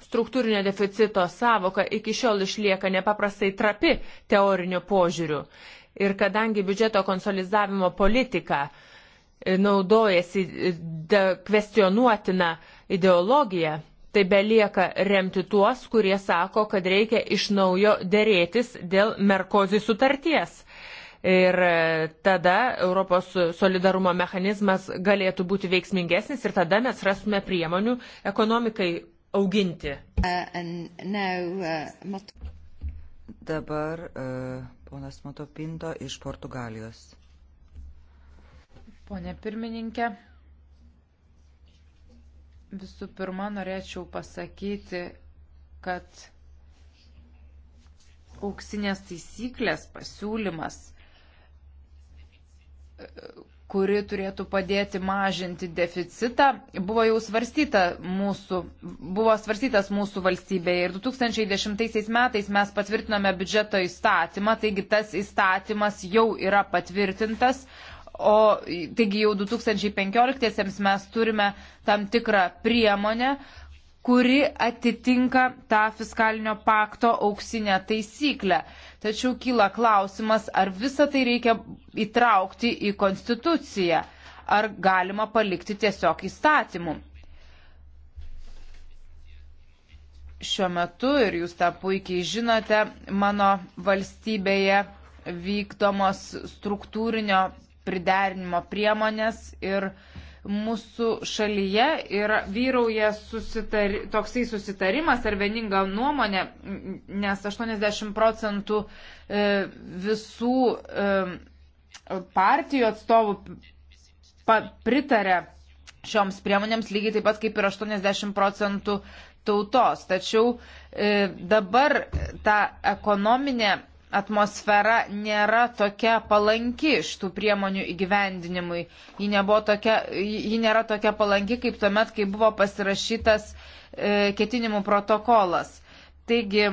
Struktūrinio deficito savoka iki šiol išlieka nepaprastai trapi teoriniu požiūriu. Ir kadangi biudžeto konsolidavimo politika uh, naudojasi e, kvestionuotina ideologija, tai belieka remti tuos, kurie sako, kad reikia iš naujo dėrėtis dėl Merkozi sutarties. Ir e, tada Europos solidarumo mechanizmas galėtų būti veiksmingesnis ir tada mes rastume priemonių ekonomikai auginti. Uh, now, uh, mot... Dabar uh, ponas Matopinto iš Portugalijos. Pone pirmininkė, visų pirma norėčiau pasakyti, kad auksinės taisyklės pasiūlymas, kuri turėtų padėti mažinti deficitą, buvo jau svarstyta mūsų, buvo svarstytas mūsų valstybėje ir 2010 metais mes patvirtinome biudžeto įstatymą, taigi tas įstatymas jau yra patvirtintas, O taigi jau 2015 mes turime tam tikrą priemonę, kuri atitinka tą fiskalinio pakto auksinę taisyklę. Tačiau kyla klausimas, ar visą tai reikia įtraukti į konstituciją, ar galima palikti tiesiog įstatymu. Šiuo metu, ir jūs tą puikiai žinote, mano valstybėje vykdomos struktūrinio priderinimo priemonės ir mūsų šalyje yra vyrauja susitari, toksai susitarimas ar vieninga nuomonė, nes 80 procentų e, visų e, partijų atstovų pritarė šioms priemonėms lygiai taip pat kaip ir 80 procentų tautos. Tačiau e, dabar ta ekonominė atmosfera nėra tokia palanki šitų priemonių įgyvendinimui. Ji, tokia, ji nėra tokia palanki, kaip tuomet, kai buvo pasirašytas e, ketinimų protokolas. Taigi,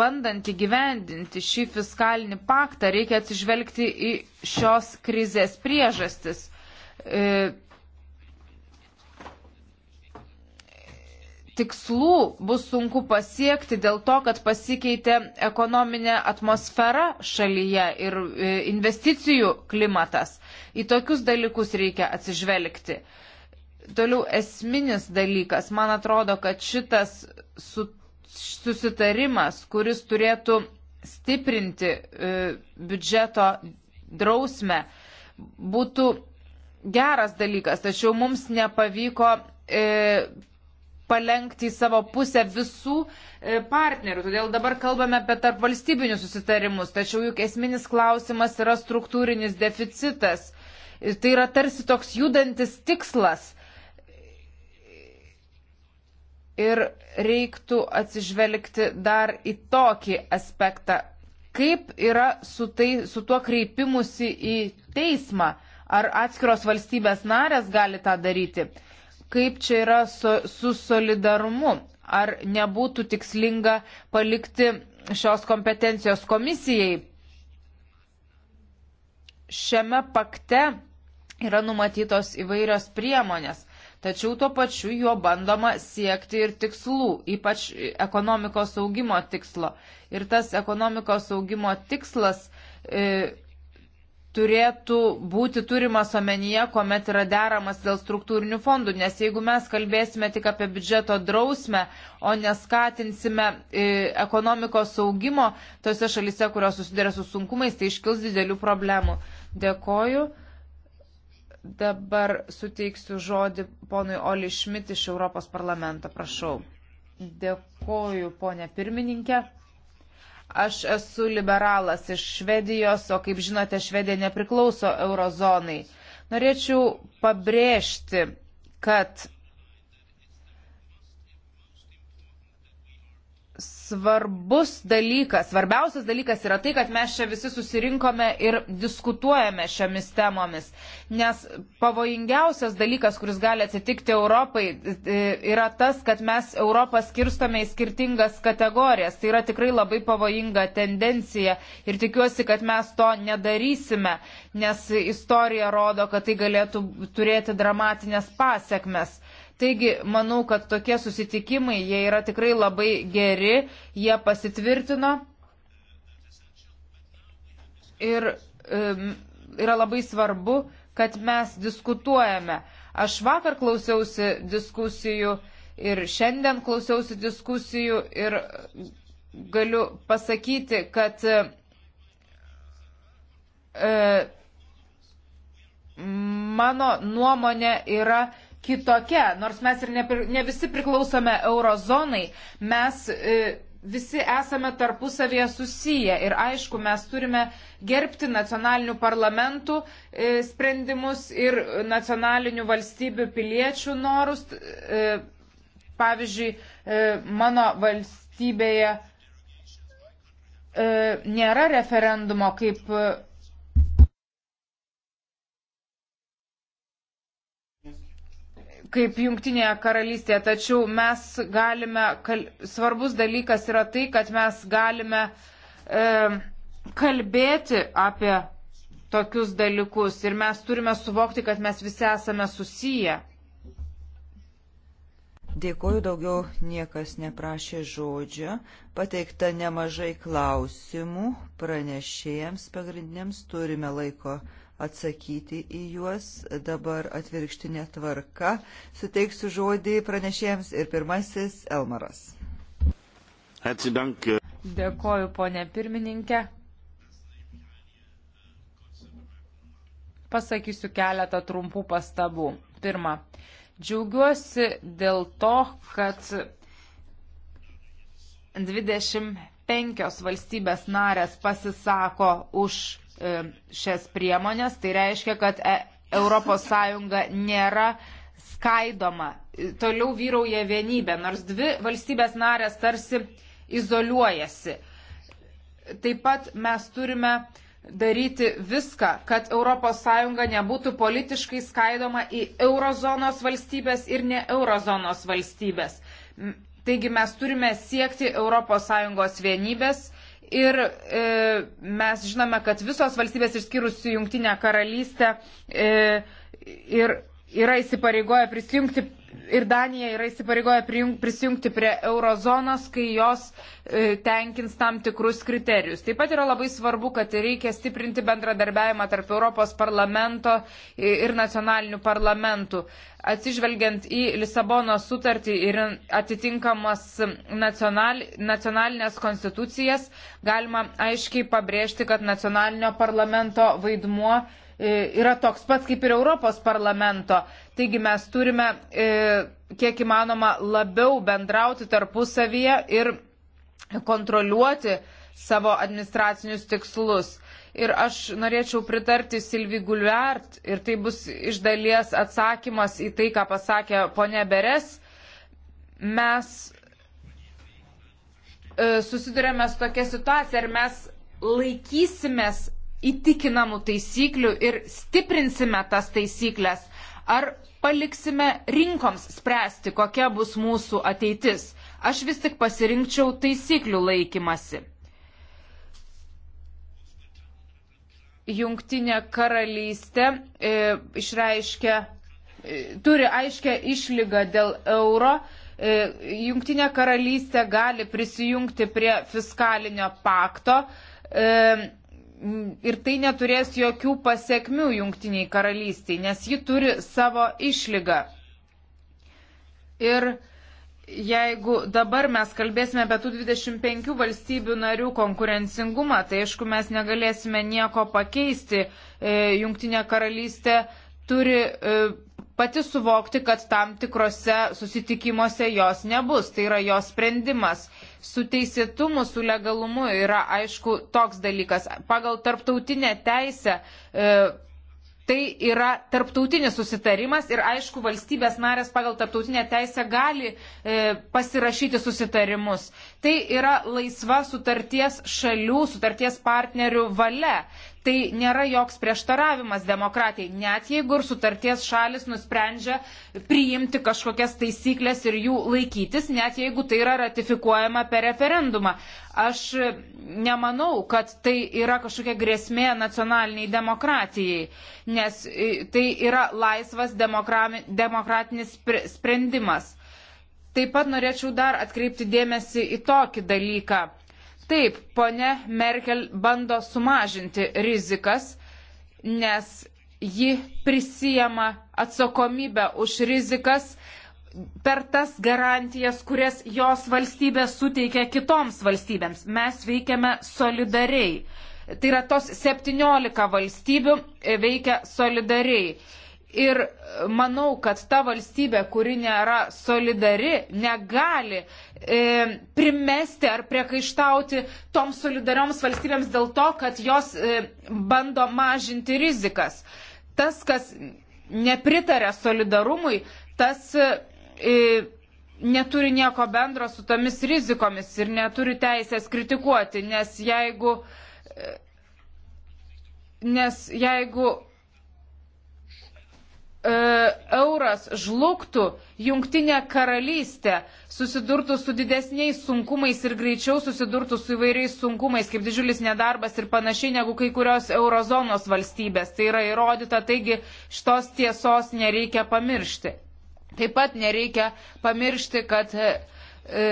bandant įgyvendinti šį fiskalinį paktą, reikia atsižvelgti į šios krizės priežastis. E, tikslų bus sunku pasiekti dėl to, kad pasikeitė ekonominė atmosfera šalyje ir e, investicijų klimatas. Į tokius dalykus reikia atsižvelgti. Toliau esminis dalykas, man atrodo, kad šitas susitarimas, kuris turėtų stiprinti e, biudžeto drausmę, būtų geras dalykas, tačiau mums nepavyko e, palenkti į savo pusę visų e, partnerių. Todėl dabar kalbame apie tarp valstybinius susitarimus, tačiau juk esminis klausimas yra struktūrinis deficitas. Tai yra tarsi toks judantis tikslas. Ir reiktų atsižvelgti dar į tokį aspektą, kaip yra su, tai, su tuo kreipimusi į teismą. Ar atskiros valstybės narės gali tą daryti? kaip čia yra su, su solidarumu. Ar nebūtų tikslinga palikti šios kompetencijos komisijai? Šiame pakte yra numatytos įvairios priemonės, tačiau tuo pačiu juo bandoma siekti ir tikslų, ypač ekonomikos augimo tikslo. Ir tas ekonomikos augimo tikslas e, turėtų būti turimas omenyje, kuomet yra deramas dėl struktūrinių fondų, nes jeigu mes kalbėsime tik apie biudžeto drausmę, o neskatinsime e, ekonomikos augimo tose šalise, kurios susiduria su sunkumais, tai iškils didelių problemų. Dėkoju. Dabar suteiksiu žodį ponui Oli Šmit iš Europos parlamento, prašau. Dėkoju, ponė pirmininkė. Aš esu liberalas iš Švedijos, o kaip žinote, Švedija nepriklauso eurozonai. Norėčiau pabrėžti, kad svarbus dalykas, svarbiausias dalykas yra tai, kad mes čia visi susirinkome ir diskutuojame šiomis temomis. Nes pavojingiausias dalykas, kuris gali atsitikti Europai, e, yra tas, kad mes Europą skirstome į skirtingas kategorijas. Tai yra tikrai labai pavojinga tendencija ir tikiuosi, kad mes to nedarysime, nes istorija rodo, kad tai galėtų turėti dramatinės pasiekmes. Taigi, manau, kad tokie susitikimai, jie yra tikrai labai geri, jie pasitvirtino. Ir um, yra labai svarbu, kad mes diskutuojame. Aš vakar klausiausi diskusijų ir šiandien klausiausi diskusijų ir galiu pasakyti, kad e, mano nuomonė yra kitokia. Nors mes ir ne, ne visi priklausome eurozonai, mes e, visi esame tarpusavėje susiję ir aišku, mes turime gerbti nacionalinių parlamentų e, sprendimus ir nacionalinių valstybių piliečių norus. E, pavyzdžiui, mano valstybėje nėra referendumo kaip kaip Junktinėje karalystėje, tačiau mes galime, kal, svarbus dalykas yra tai, kad mes galime e, kalbėti apie tokius dalykus ir mes turime suvokti, kad mes visi esame susiję. Dėkoju, daugiau niekas neprašė žodžio. Pateikta nemažai klausimų pranešėjams pagrindiniams, turime laiko atsakyti į juos. Dabar atvirkštinė tvarka. Suteiksiu žodį pranešėjams ir pirmasis Elmaras. Atsidank. Dėkoju, ponė pirmininkė. Pasakysiu keletą trumpų pastabų. Pirma, džiaugiuosi dėl to, kad 25 valstybės narės pasisako už E, šias priemonės, tai reiškia, kad ES nėra skaidoma. Toliau vyrauja vienybė, nors dvi valstybės narės tarsi izoliuojasi. Taip pat mes turime daryti viską, kad ES nebūtų politiškai skaidoma į eurozonos valstybės ir ne eurozonos valstybės. Taigi mes turime siekti ES vienybės Ir e, mes žinome, kad visos valstybės išskyrus Jungtinę karalystę e, ir yra įsipareigoję prisijungti ir Danija yra įsipareigoję prisijungti prie eurozonos, kai jos e, tenkins tam tikrus kriterijus. Taip pat yra labai svarbu, kad reikia stiprinti bendradarbiavimą tarp Europos parlamento ir nacionalinių parlamentų. Atsižvelgiant į Lisabono sutartį ir atitinkamas nacional, nacionalinės konstitucijas, galima aiškiai pabrėžti, kad nacionalinio parlamento vaidmuo E, yra toks pats kaip ir Europos parlamento. Taigi mes turime e, kiek įmanoma labiau bendrauti tarpusavyje ir kontroliuoti savo administracinius tikslus. Ir aš norėčiau pritarti Silvi Gulvert, ir tai bus iš dalies atsakymas į tai, ką pasakė ponė Beres. Mes e, susidurėme su tokia situacija, ar mes laikysimės įtikinamų taisyklių ir stiprinsime tas taisyklės, ar paliksime rinkoms spręsti, kokia bus mūsų ateitis. Aš vis tik pasirinkčiau taisyklių laikymasi. Jungtinė karalystė e, išreiškia, e, turi aiškę išlygą dėl euro. E, Jungtinė karalystė gali prisijungti prie fiskalinio pakto. E, ir tai neturės jokių pasiekmių jungtiniai karalystiai, nes ji turi savo išlygą. Ir jeigu dabar mes kalbėsime apie tų 25 valstybių narių konkurencingumą, tai aišku, mes negalėsime nieko pakeisti. E, Jungtinė karalystė turi e, pati suvokti, kad tam tikrose susitikimuose jos nebus. Tai yra jos sprendimas. Su teisėtumu, su legalumu yra aišku toks dalykas. Pagal tarptautinę teisę e, tai yra tarptautinis susitarimas ir aišku valstybės narės pagal tarptautinę teisę gali e, pasirašyti susitarimus. Tai yra laisva sutarties šalių, sutarties partnerių valia tai nėra joks prieštaravimas demokratijai, net jeigu ir sutarties šalis nusprendžia priimti kažkokias taisyklės ir jų laikytis, net jeigu tai yra ratifikuojama per referendumą. Aš nemanau, kad tai yra kažkokia grėsmė nacionaliniai demokratijai, nes e, tai yra laisvas demokratinis sprendimas. Taip pat norėčiau dar atkreipti dėmesį į tokį dalyką Taip, ponė Merkel bando sumažinti rizikas, nes ji prisijama atsakomybę už rizikas per tas garantijas, kurias jos valstybė suteikia kitoms valstybėms. Mes veikiame solidariai. Tai yra tos 17 valstybių veikia solidariai. Ir manau, kad ta valstybė, kuri nėra solidari, negali e, primesti ar priekaištauti toms solidarioms valstybėms dėl to, kad jos e, bando mažinti rizikas. Tas, kas nepritarė solidarumui, tas e, e, neturi nieko bendro su tomis rizikomis ir neturi teisės kritikuoti, nes jeigu, e, nes jeigu E, euras žlugtų, jungtinė karalystė susidurtų su didesniais sunkumais ir greičiau susidurtų su įvairiais sunkumais, kaip didžiulis nedarbas ir panašiai, negu kai kurios eurozonos valstybės. Tai yra įrodyta, taigi šitos tiesos nereikia pamiršti. Taip pat nereikia pamiršti, kad e, e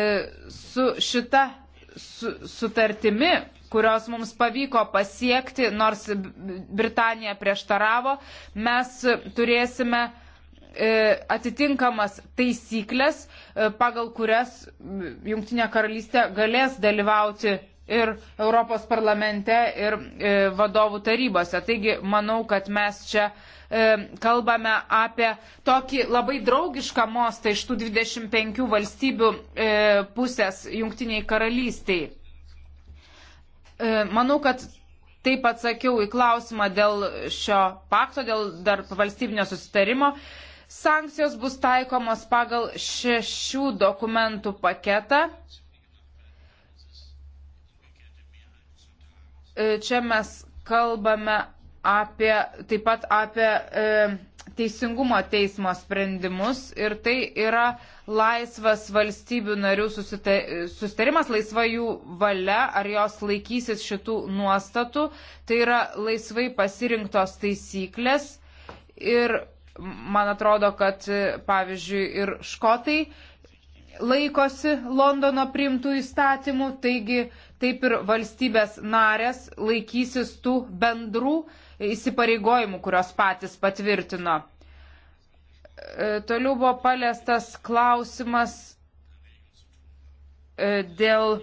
su šita su, sutartimi kurios mums pavyko pasiekti, nors Britanija prieštaravo, mes turėsime e, atitinkamas taisyklės, e, pagal kurias Junktinė karalystė galės dalyvauti ir Europos parlamente, ir e, vadovų tarybose. Taigi, manau, kad mes čia kalbame apie tokį labai draugišką mostą iš tų 25 valstybių pusės Junktiniai karalystiai. E, manau, kad taip atsakiau į klausimą dėl šio pakto, dėl tarp valstybinio susitarimo. Sankcijos bus taikomos pagal šešių dokumentų paketą. E, čia mes kalbame apie, taip pat apie e, teisingumo teismo sprendimus ir tai yra laisvas valstybių narių susitarimas, laisva jų valia, ar jos laikysis šitų nuostatų, tai yra laisvai pasirinktos taisyklės ir man atrodo, kad pavyzdžiui ir škotai laikosi Londono priimtų įstatymų, taigi taip ir valstybės narės laikysis tų bendrų įstatymų įsipareigojimų, kurios patys patvirtino. E, toliau buvo paliestas klausimas e, dėl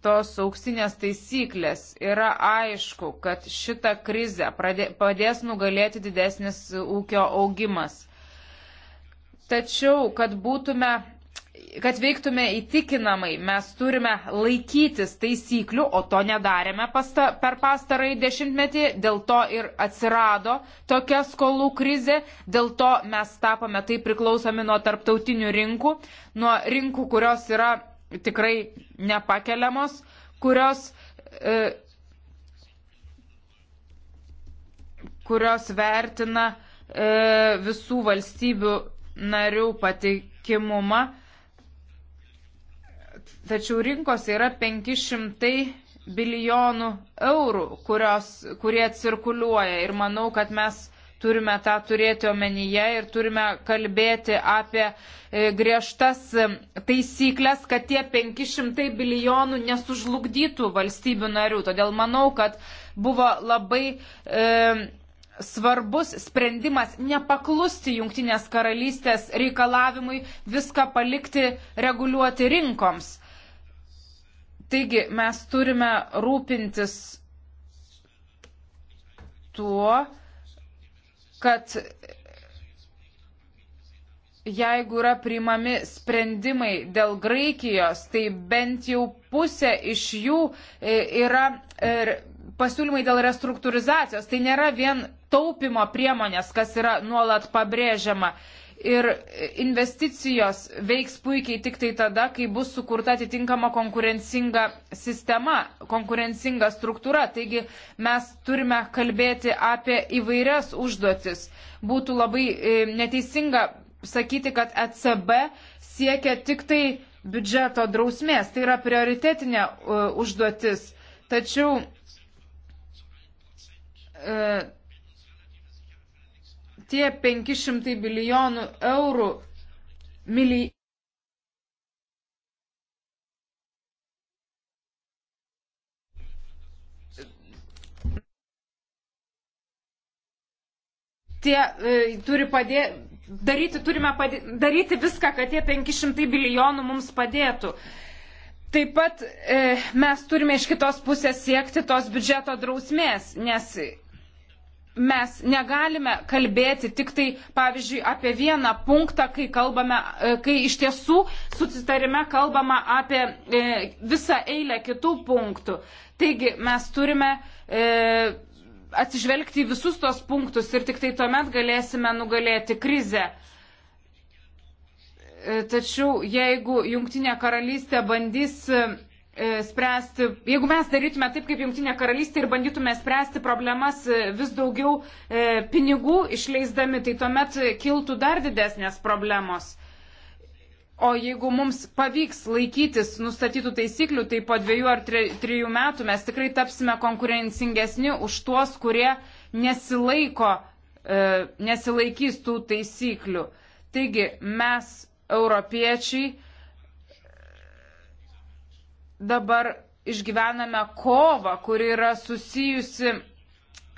tos auksinės taisyklės yra aišku, kad šitą krizę pradė, padės nugalėti didesnis ūkio augimas. Tačiau, kad būtume kad veiktume įtikinamai, mes turime laikytis taisyklių, o to nedarėme pasta, per pastarąjį dešimtmetį, dėl to ir atsirado tokia skolų krizė, dėl to mes tapome taip priklausomi nuo tarptautinių rinkų, nuo rinkų, kurios yra tikrai nepakeliamos, kurios, e, kurios vertina e, visų valstybių narių patikimumą tačiau rinkose yra 500 bilijonų eurų, kurios, kurie cirkuliuoja. Ir manau, kad mes turime tą turėti omenyje ir turime kalbėti apie e, griežtas e, taisyklės, kad tie 500 bilijonų nesužlugdytų valstybių narių. Todėl manau, kad buvo labai e, svarbus sprendimas nepaklusti Junktinės karalystės reikalavimui viską palikti reguliuoti rinkoms. Taigi mes turime rūpintis tuo, kad jeigu yra priimami sprendimai dėl Graikijos, tai bent jau pusė iš jų e, yra e, pasiūlymai dėl restruktūrizacijos. Tai nėra vien taupimo priemonės, kas yra nuolat pabrėžiama. Ir investicijos veiks puikiai tik tai tada, kai bus sukurta atitinkama konkurencinga sistema, konkurencinga struktūra. Taigi mes turime kalbėti apie įvairias užduotis. Būtų labai e, neteisinga sakyti, kad ECB siekia tik tai biudžeto drausmės. Tai yra prioritetinė e, užduotis. Tačiau E, tie 500 milijonų eurų mili... Tie e, turi padėti, daryti, turime padė, daryti viską, kad tie 500 milijonų mums padėtų. Taip pat e, mes turime iš kitos pusės siekti tos biudžeto drausmės, nes mes negalime kalbėti tik tai, pavyzdžiui, apie vieną punktą, kai, kalbame, e, kai iš tiesų susitarime kalbama apie e, visą eilę kitų punktų. Taigi mes turime e, atsižvelgti į visus tos punktus ir tik tai tuomet galėsime nugalėti krizę. E, tačiau jeigu Junktinė karalystė bandys. E, E, spręsti, jeigu mes darytume taip kaip Junktinė karalystė ir bandytume spręsti problemas e, vis daugiau e, pinigų išleisdami, tai tuomet kiltų dar didesnės problemos. O jeigu mums pavyks laikytis nustatytų taisyklių, tai po dviejų ar tre, trijų metų mes tikrai tapsime konkurencingesni už tuos, kurie nesilaiko, e, nesilaikys tų taisyklių. Taigi mes, europiečiai, dabar išgyvename kovą, kuri yra susijusi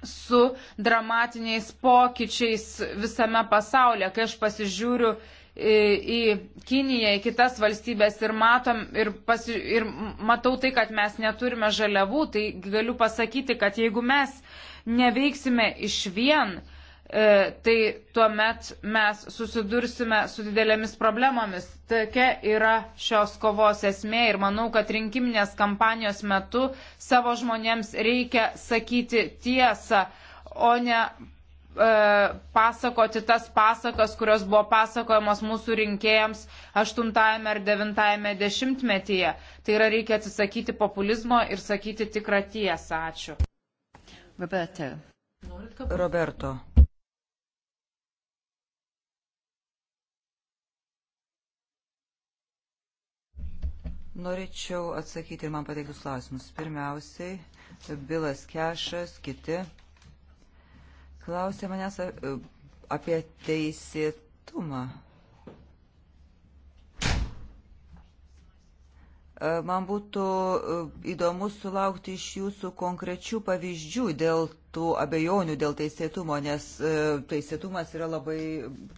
su dramatiniais pokyčiais visame pasaulyje. Kai aš pasižiūriu į Kiniją, į kitas valstybės ir, matom, ir, pasi, ir matau tai, kad mes neturime žaliavų, tai galiu pasakyti, kad jeigu mes neveiksime iš vien, E, tai tuomet mes susidursime su didelėmis problemomis. Tokia yra šios kovos esmė ir manau, kad rinkiminės kampanijos metu savo žmonėms reikia sakyti tiesą, o ne e, pasakoti tas pasakas, kurios buvo pasakojamos mūsų rinkėjams 8 ar 9 dešimtmetyje. Tai yra reikia atsisakyti populizmo ir sakyti tikrą tiesą. Ačiū. Roberto. Roberto. Norėčiau atsakyti ir man pateiktus klausimus. Pirmiausiai, Bilas Kešas, kiti klausė manęs apie teisėtumą. Man būtų įdomu sulaukti iš jūsų konkrečių pavyzdžių dėl tų abejonių, dėl teisėtumo, nes teisėtumas yra labai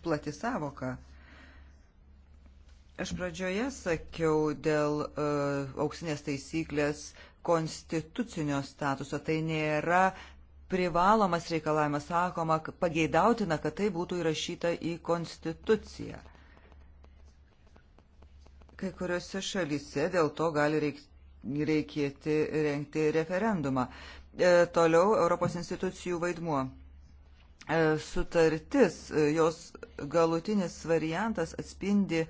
plati savoka. Aš pradžioje sakiau dėl uh, auksinės taisyklės konstitucinio statuso. Tai nėra privalomas reikalavimas, sakoma, pageidautina, kad tai būtų įrašyta į konstituciją. Kai kuriuose šalyse dėl to gali reik, reikėti renkti referendumą. E, toliau Europos institucijų vaidmuo e, sutartis, e, jos galutinis variantas atspindi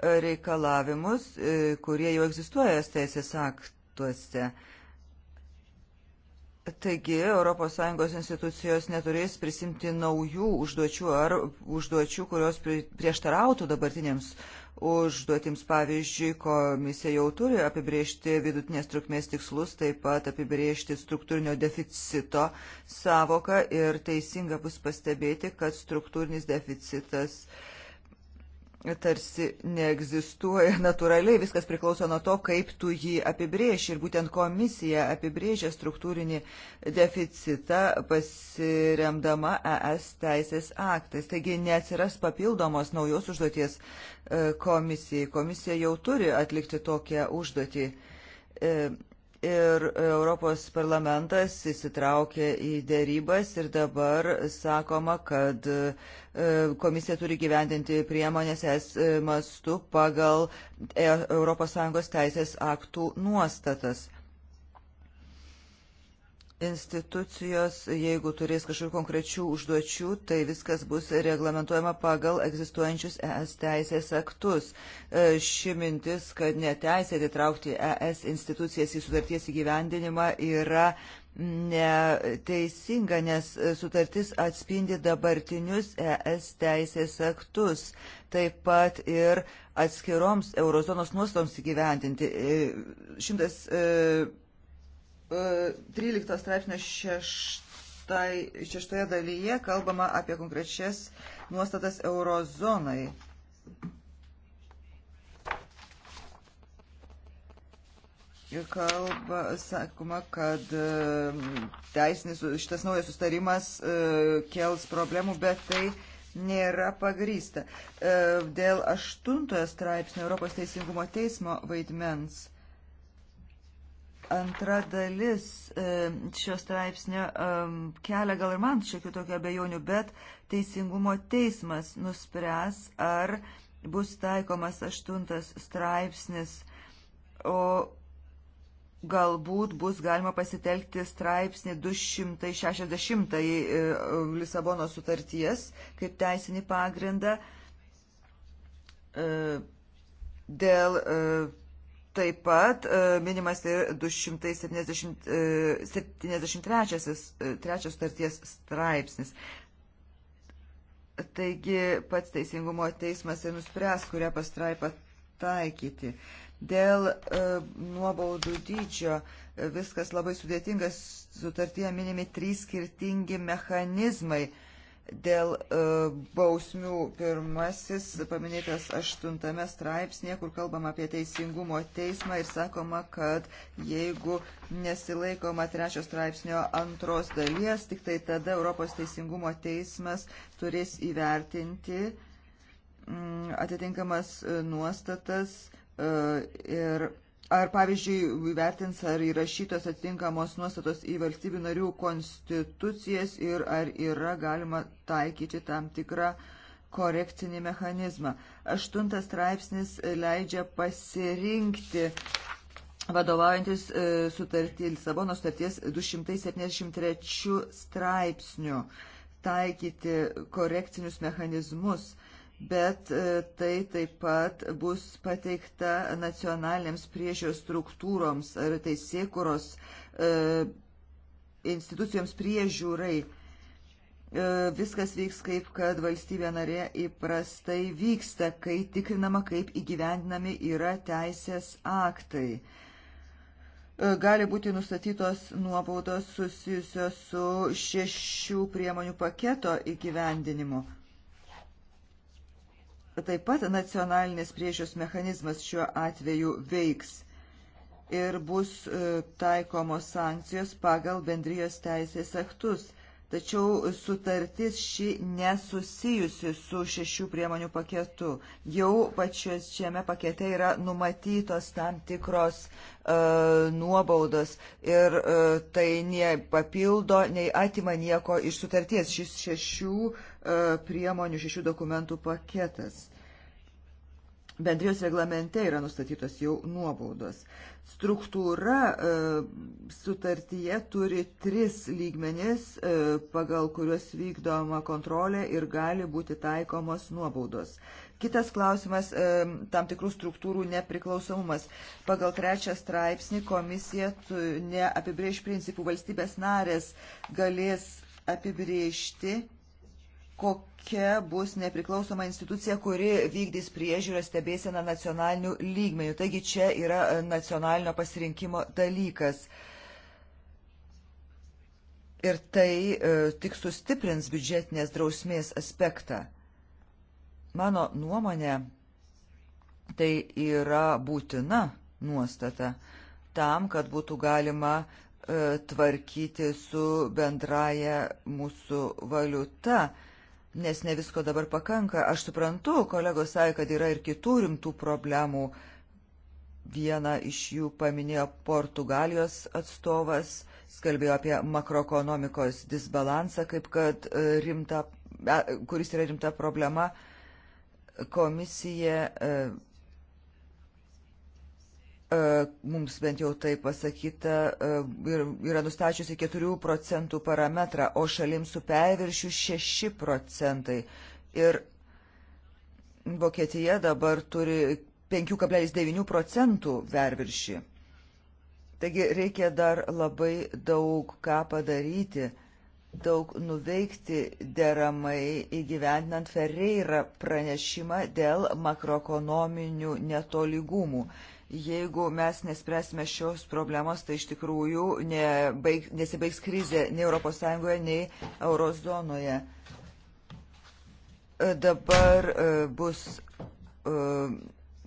reikalavimus, e, kurie jau egzistuoja teisės aktuose. Taigi ES institucijos neturės prisimti naujų užduočių ar užduočių, kurios prieštarautų dabartiniams užduotims. Pavyzdžiui, komisija jau turi apibriežti vidutinės trukmės tikslus, taip pat apibriežti struktūrinio deficito savoką ir teisinga bus pastebėti, kad struktūrinis deficitas uh, tarsi neegzistuoja <laughs> natūraliai, viskas priklauso nuo to, kaip tu jį apibrėži. Ir būtent komisija apibrėžia struktūrinį deficitą pasiremdama ES teisės aktais. Taigi neatsiras papildomos naujos užduoties e, komisijai. Komisija jau turi atlikti tokią užduotį. E, ir Europos parlamentas įsitraukė į dėrybas ir dabar sakoma, kad e, komisija turi gyvendinti priemonės es e, mastu pagal ES teisės aktų nuostatas institucijos, jeigu turės kažkokių konkrečių užduočių, tai viskas bus reglamentuojama pagal egzistuojančius ES teisės aktus. E, ši mintis, kad neteisė įtraukti ES institucijas į sutarties įgyvendinimą yra neteisinga, nes sutartis atspindi dabartinius ES teisės aktus, taip pat ir atskiroms eurozonos nuostoms įgyvendinti. 100 e, 13 straipsnio 6 dalyje kalbama apie konkrečias nuostatas eurozonai. Ir kalba, sakoma, kad e, teisinis šitas naujas sustarimas e, kels problemų, bet tai nėra pagrysta. E, dėl aštuntojo straipsnio Europos teisingumo teismo vaidmens antra dalis e, šio straipsnio e, kelia gal ir man šiokių tokio abejonių, bet teisingumo teismas nuspręs, ar bus taikomas aštuntas straipsnis, o galbūt bus galima pasitelkti straipsnį 260 e, Lisabono sutarties kaip teisinį pagrindą dėl Taip pat e, minimas ir 273 starties e, e, straipsnis. Taigi pats Teisingumo teismas ir nuspręs, kurią pastraipą taikyti. Dėl e, nuobaudų dydžio viskas labai sudėtingas, sutartyje minimi trys skirtingi mechanizmai. E, Dėl e, bausmių pirmasis paminėtas aštuntame straipsnėje, kur kalbam apie teisingumo teismą ir sakoma, kad jeigu nesilaikoma trečio straipsnio antros dalies, tik tai tada Europos teisingumo teismas turės įvertinti mm, atitinkamas e, nuostatas e, ir Ar, pavyzdžiui, vertins, ar įrašytos atitinkamos nuostatos į valstybių narių konstitucijas ir ar yra galima taikyti tam tikrą korekcinį mechanizmą. Aštuntas straipsnis leidžia pasirinkti vadovaujantis e, sutartį Lisabono sutarties 273 straipsnių taikyti korekcinius mechanizmus bet e, tai taip pat bus pateikta nacionalinėms priežios struktūroms ar teisėkuros e, institucijoms priežiūrai e, viskas vyks kaip, kad valstybė narė įprastai vyksta, kai tikrinama, kaip įgyvendinami yra teisės aktai. Gali būti nustatytos nuobaudos susijusios su šešių priemonių paketo įgyvendinimu. Taip pat nacionalinės priešios mechanizmas šiuo atveju veiks ir bus e, taikomos sankcijos pagal bendrijos teisės aktus – Tačiau sutartis ši nesusijusi su šešių priemonių paketu. Jau pačios šiame pakete yra numatytos tam tikros uh, nuobaudos ir uh, tai nie papildo, nei atima nieko iš sutarties šis šešių uh, priemonių, šešių dokumentų paketas. Bendrijos reglamente yra nustatytos jau nuobaudos. Struktūra e, sutartyje turi tris lygmenis, e, pagal kuriuos vykdoma kontrolė ir gali būti taikomos nuobaudos. Kitas klausimas e, - tam tikrų struktūrų nepriklausomumas. Pagal trečią straipsnį komisija neapibrėž principų valstybės narės galės apibrėžti kokia bus nepriklausoma institucija, kuri vykdys priežiūrą stebėseną nacionalinių lygmenių. Taigi čia yra e, nacionalinio pasirinkimo dalykas. Ir tai e, tik sustiprins biudžetinės drausmės aspektą. Mano nuomonė, tai yra būtina nuostata tam, kad būtų galima e, tvarkyti su bendraja mūsų valiuta. E, nes ne visko dabar pakanka. Aš suprantu, kolegos sakė, kad yra ir kitų rimtų problemų. Vieną iš jų paminėjo Portugalijos atstovas, skalbėjo apie makroekonomikos disbalansą, kaip kad e, rimta, e, kuris yra rimta problema. Komisija e, E, mums bent jau tai pasakyta, e, yra nustačiusi 4 procentų parametrą, o šalims su perviršiu 6 procentai. Ir Vokietija dabar turi 5,9 procentų perviršį. Taigi reikia dar labai daug ką padaryti, daug nuveikti deramai įgyvendinant Ferreira pranešimą dėl makroekonominių netolygumų Jeigu mes nespręsime šios problemos, tai iš tikrųjų nebaig, nesibaigs krizė nei ES, nei eurozonoje. E, dabar e, bus e,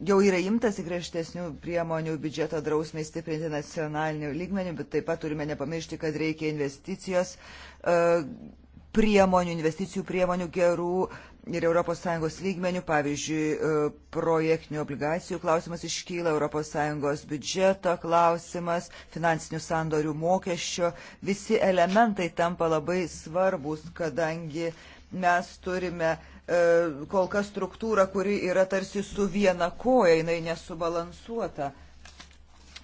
jau yra imtasi griežtesnių priemonių biudžeto drausmiai stiprinti nacionalinių lygmenių, bet taip pat turime nepamiršti, kad reikia investicijos priemonių, investicijų priemonių gerų ir ES lygmenių, pavyzdžiui, e, projektinių obligacijų klausimas iškyla, ES biudžeto klausimas, finansinių sandorių mokesčio, visi elementai tampa labai svarbus, kadangi mes turime e, kol kas struktūrą, kuri yra tarsi su viena koja, jinai nesubalansuota.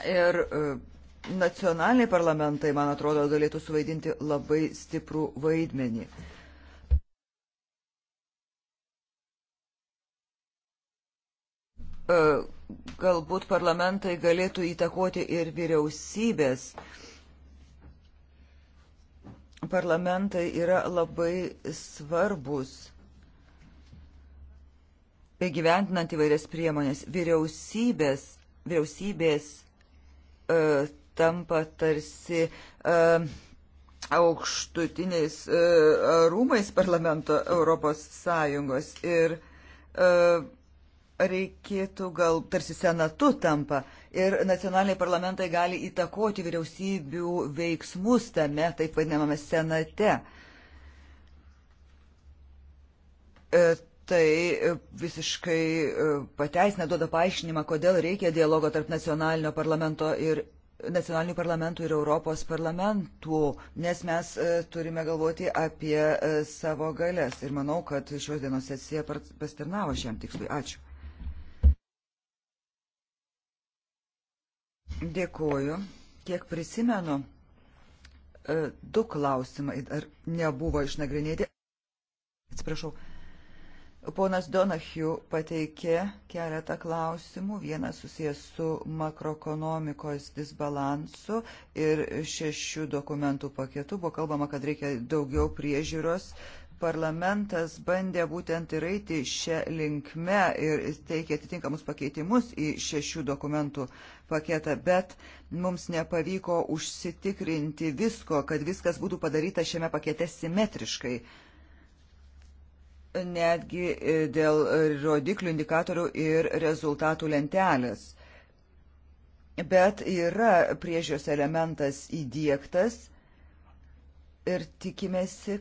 Ir e, nacionaliniai parlamentai, man atrodo, galėtų suvaidinti labai stiprų vaidmenį. E, galbūt parlamentai galėtų įtakoti ir vyriausybės. Parlamentai yra labai svarbus įgyventinant įvairias priemonės. Vyriausybės, vyriausybės e, tampa tarsi e, aukštutiniais e, rūmais parlamento Europos Sąjungos ir e, reikėtų gal tarsi senatu tampa ir nacionaliniai parlamentai gali įtakoti vyriausybių veiksmus tame taip vadinamame senate. E, tai visiškai e, pateisina, duoda paaiškinimą, kodėl reikia dialogo tarp nacionalinio parlamento ir nacionalinių parlamentų ir Europos parlamentų, nes mes e, turime galvoti apie savo galės. Ir manau, kad šios dienos sesija pastarnavo šiam tikslui. Ačiū. Dėkuoju. Kiek prisimenu, e, du klausimai dar nebuvo išnagrinėti. Atsiprašau. Ponas Donahue pateikė keletą klausimų, vienas susijęs su makroekonomikos disbalansu ir šešių dokumentų paketu. Buvo kalbama, kad reikia daugiau priežiūros parlamentas bandė būtent ir eiti šią linkme ir teikė atitinkamus pakeitimus į šešių dokumentų paketą, bet mums nepavyko užsitikrinti visko, kad viskas būtų padaryta šiame pakete simetriškai. Netgi e, dėl rodiklių, indikatorių ir rezultatų lentelės. Bet yra priežios elementas įdėktas ir tikimėsi,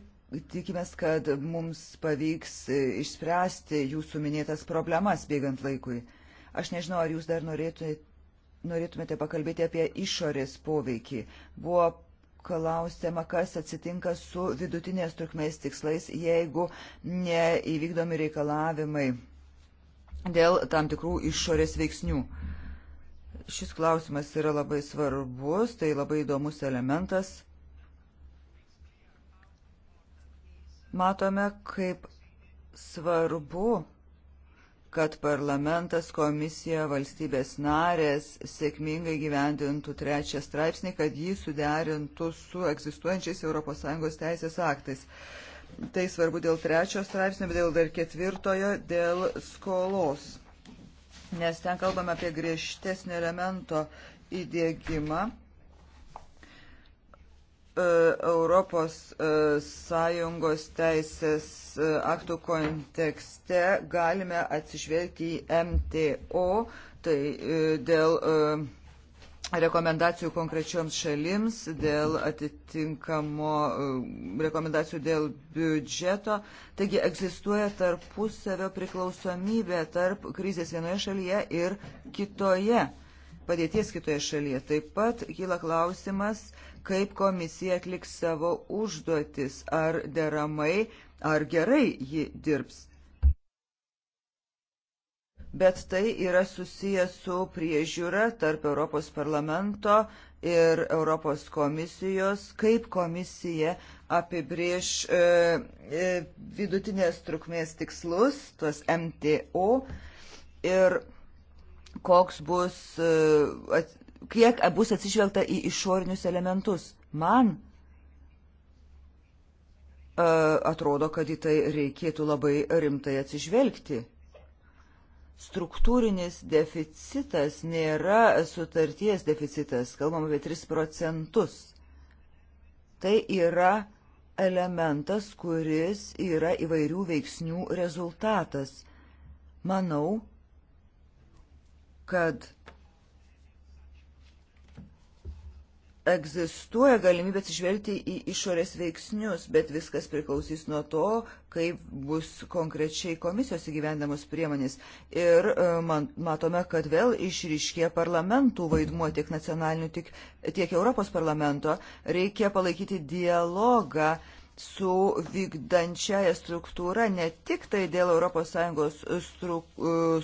tikimės, kad mums pavyks išspręsti jūsų minėtas problemas bėgant laikui. Aš nežinau, ar jūs dar norėtumėte, norėtumėte pakalbėti apie išorės poveikį. Buvo klausėma, kas atsitinka su vidutinės trukmės tikslais, jeigu neįvykdomi reikalavimai dėl tam tikrų išorės veiksnių. Šis klausimas yra labai svarbus, tai labai įdomus elementas Matome, kaip svarbu, kad parlamentas, komisija, valstybės narės sėkmingai gyvendintų trečią straipsnį, kad jį suderintų su egzistuojančiais ES teisės aktais. Tai svarbu dėl trečio straipsnio, bet dėl dar ketvirtojo, dėl skolos. Nes ten kalbame apie griežtesnio elemento įdėgymą E, Europos e, Sąjungos teisės e, aktų kontekste galime atsižvelgti į MTO, tai dėl rekomendacijų konkrečioms šalims, dėl atitinkamo rekomendacijų dėl biudžeto. Taigi egzistuoja tarpusavio priklausomybė tarp krizės vienoje šalyje ir kitoje padėties kitoje šalyje. Taip pat kyla klausimas, kaip komisija atliks savo užduotis, ar deramai, ar gerai ji dirbs. Bet tai yra susijęs su priežiūra tarp Europos parlamento ir Europos komisijos, kaip komisija apibrieš e, e, vidutinės trukmės tikslus, tuos MTO. Ir koks bus, e, kiek bus atsižvelgta į išorinius elementus. Man e, atrodo, kad į tai reikėtų labai rimtai atsižvelgti. Struktūrinis deficitas nėra sutarties deficitas, kalbam apie 3 procentus. Tai yra elementas, kuris yra įvairių veiksnių rezultatas. Manau, kad egzistuoja galimybė atsižvelgti į išorės veiksnius, bet viskas priklausys nuo to, kaip bus konkrečiai komisijos įgyvendamos priemonės. Ir e, man, matome, kad vėl išryškė parlamentų vaidmuo tiek nacionalinių, tiek, tiek Europos parlamento. Reikia palaikyti dialogą su vykdančiaja struktūra ne tik tai dėl ES e,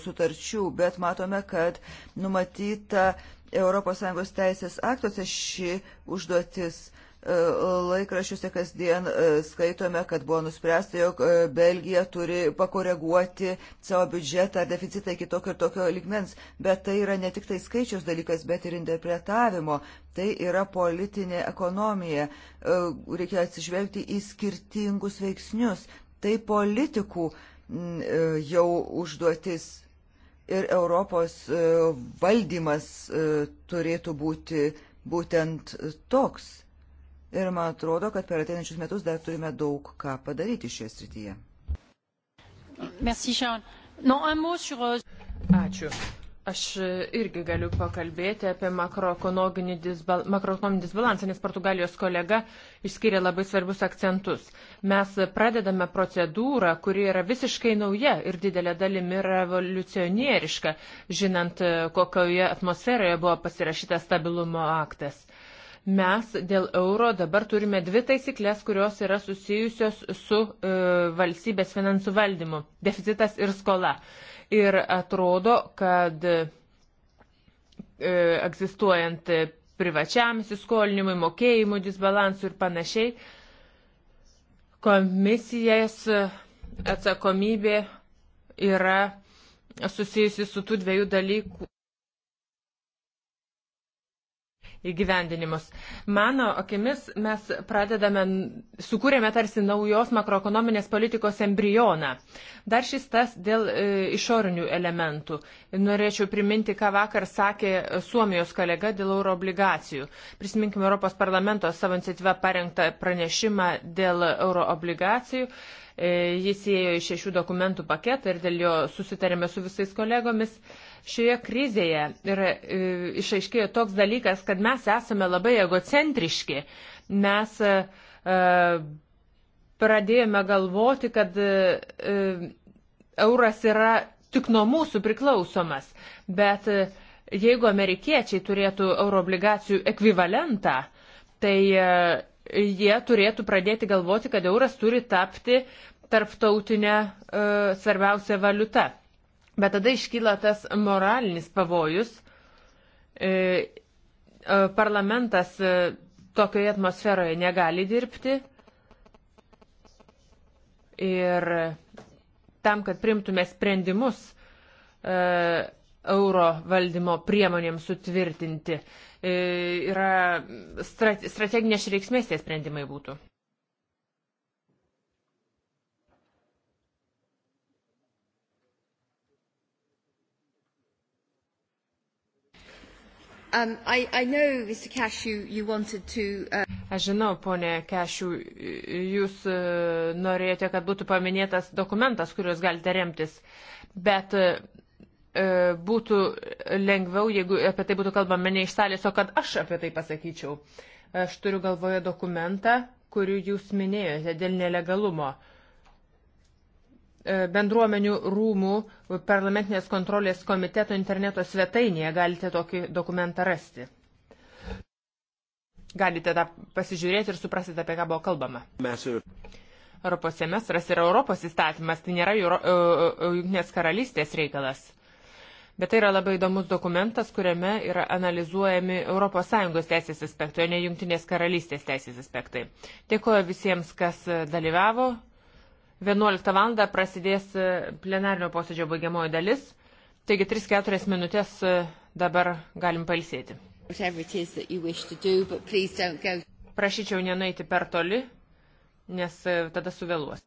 sutarčių, bet matome, kad numatyta ES teisės aktuose ši užduotis laikrašiuose kasdien e, skaitome, kad buvo nuspręsta, jog e, Belgija turi pakoreguoti savo biudžetą ar deficitą iki tokio ir tokio ligmens. Bet tai yra ne tik tai skaičius dalykas, bet ir interpretavimo. Tai yra politinė ekonomija. E, reikia atsižvelgti į skirtingus veiksnius. Tai politikų jau užduotis ir Europos valdymas turėtų būti būtent toks ir man atrodo, kad per ateinančius metus dar turime daug ką padaryti šioje srityje. Merci, non, sur... Euh, Ačiū. Aš e, irgi galiu pakalbėti apie makroekonominį disbal disbalansą, nes Portugalijos kolega išskiria labai svarbus akcentus. Mes pradedame procedūrą, kuri yra visiškai nauja ir didelė dalimi revoliucionieriška, žinant, e, kokioje atmosferoje buvo pasirašytas stabilumo aktas mes dėl euro dabar turime dvi taisyklės, kurios yra susijusios su e, valstybės finansų valdymu - deficitas ir skola. Ir atrodo, kad e, egzistuojant privačiam įsiskolinimui, mokėjimų disbalansų ir panašiai, komisijas atsakomybė yra susijusi su tų dviejų dalykų įgyvendinimus. Mano akimis mes pradedame, sukūrėme tarsi naujos makroekonominės politikos embrioną. Dar šis tas dėl e, išorinių elementų. Norėčiau priminti, ką vakar sakė Suomijos kolega dėl euro obligacijų. Prisiminkime Europos parlamento savo iniciatyvą parengtą pranešimą dėl euro obligacijų. E, jis įėjo į šešių dokumentų paketą ir dėl jo susitarėme su visais kolegomis. E, Šioje krizėje yra e, išaiškėjo toks dalykas, kad mes esame labai egocentriški. Mes e, e, pradėjome galvoti, kad euras yra tik nuo mūsų priklausomas, bet jeigu amerikiečiai turėtų euroobligacijų ekvivalentą, tai jie turėtų pradėti galvoti, kad euras turi tapti tarptautinę e, svarbiausią valiutą. Bet tada iškyla tas moralinis pavojus. E, e, parlamentas e, tokioje atmosferoje negali dirbti. Ir tam, kad primtume sprendimus euro valdymo priemonėms sutvirtinti, yra strateginės reikšmės tie sprendimai būtų. Um, I, I know, Mr. Cash, you, you wanted to... Uh... Aš žinau, ponė Kešių, jūs uh, norėjote, kad būtų paminėtas dokumentas, kuriuos galite remtis, bet e, būtų lengviau, jeigu apie tai būtų kalbama ne iš salės, o kad aš apie tai pasakyčiau. Aš turiu galvoje dokumentą, kurį jūs minėjote dėl nelegalumo. E, E, bendruomenių rūmų parlamentinės kontrolės komiteto interneto svetainėje galite tokį dokumentą rasti. Galite tą pasižiūrėti ir suprasite, apie ką buvo kalbama. Mes ir. Europos semestras yra Europos įstatymas, tai nėra e, e, Junktinės karalystės reikalas. Bet tai yra labai įdomus dokumentas, kuriame yra analizuojami ES teisės aspektai, o ne Junktinės karalystės teisės aspektai. Dėkuoju visiems, kas dalyvavo. 11 val. prasidės e, plenarinio posėdžio baigiamoji dalis, taigi 3-4 minutės e, dabar galim pailsėti. Prašyčiau nenueiti per toli, nes e, tada suvėluos.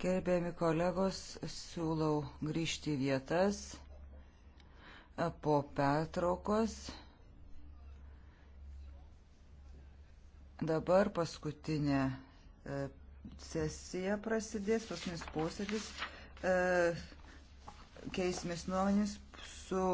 Gerbėmi kolegos, siūlau grįžti į vietas po pertraukos. Dabar paskutinė e, sesija prasidės, paskutinis posėdis. E, Keismės nuomonės su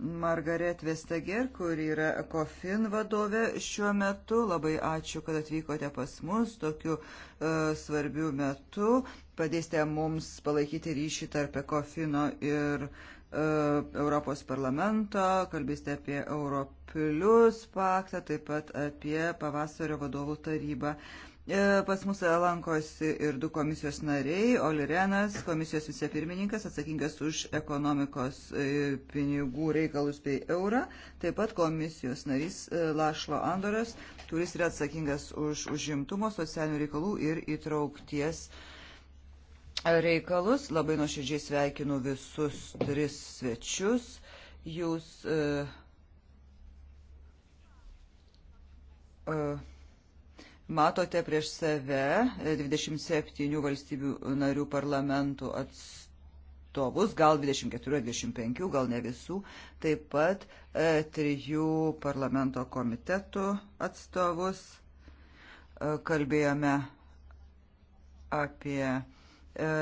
Margaret Vestager, kur yra COFIN vadovė šiuo metu. Labai ačiū, kad atvykote pas mus tokiu uh, svarbiu metu. Padėsite mums palaikyti ryšį tarp COFINO ir uh, Europos parlamento, kalbėsite apie Europilius paktą, taip pat apie pavasario vadovų tarybą. Uh, E, pas mus lankosi ir du komisijos nariai, Olirenas, komisijos vicepirmininkas, atsakingas už ekonomikos pinigų reikalus bei eurą, taip pat komisijos narys e, Lašlo Andoras, kuris yra atsakingas už užimtumo, socialinių reikalų ir įtraukties reikalus. Labai nuoširdžiai sveikinu visus tris svečius. Jūs. Uh, uh, Matote prieš save 27 valstybių narių parlamentų atstovus, gal 24-25, gal ne visų, taip pat e, trijų parlamento komitetų atstovus. E, kalbėjome apie e,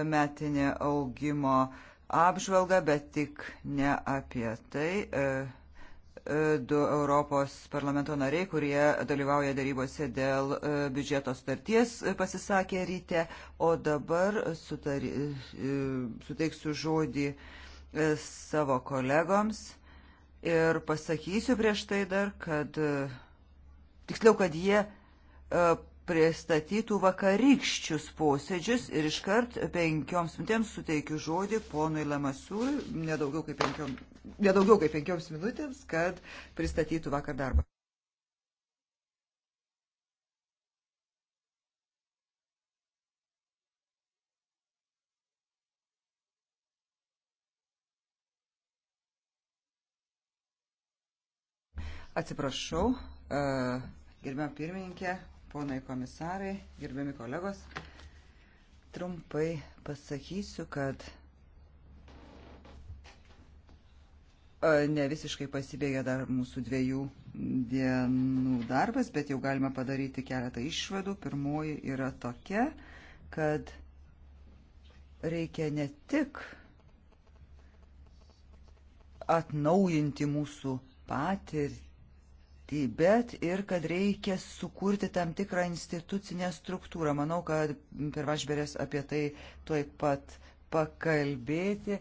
metinę augimo apžvalgą, bet tik ne apie tai. E, E, du Europos parlamento nariai, kurie dalyvauja darybose dėl e, biudžeto starties, e, pasisakė ryte, o dabar sutari, suteiksiu žodį savo kolegoms ir pasakysiu prieš tai dar, kad tiksliau, kad jie pristatytų vakarykščius posėdžius ir iškart penkioms minutėms suteikiu žodį ponui Lamasūrui, nedaugiau kaip, penkiom, nedaugiau kaip penkioms minutėms, kad pristatytų vakar darbą. Atsiprašau, uh, e, gerbėm pirmininkę, ponai komisarai, gerbiami kolegos. Trumpai pasakysiu, kad e, ne visiškai pasibėgė dar mūsų dviejų dienų darbas, bet jau galima padaryti keletą išvadų. Pirmoji yra tokia, kad reikia ne tik atnaujinti mūsų patirtį, bet ir kad reikia sukurti tam tikrą institucinę struktūrą. Manau, kad per vašberės apie tai tuoj pat pakalbėti.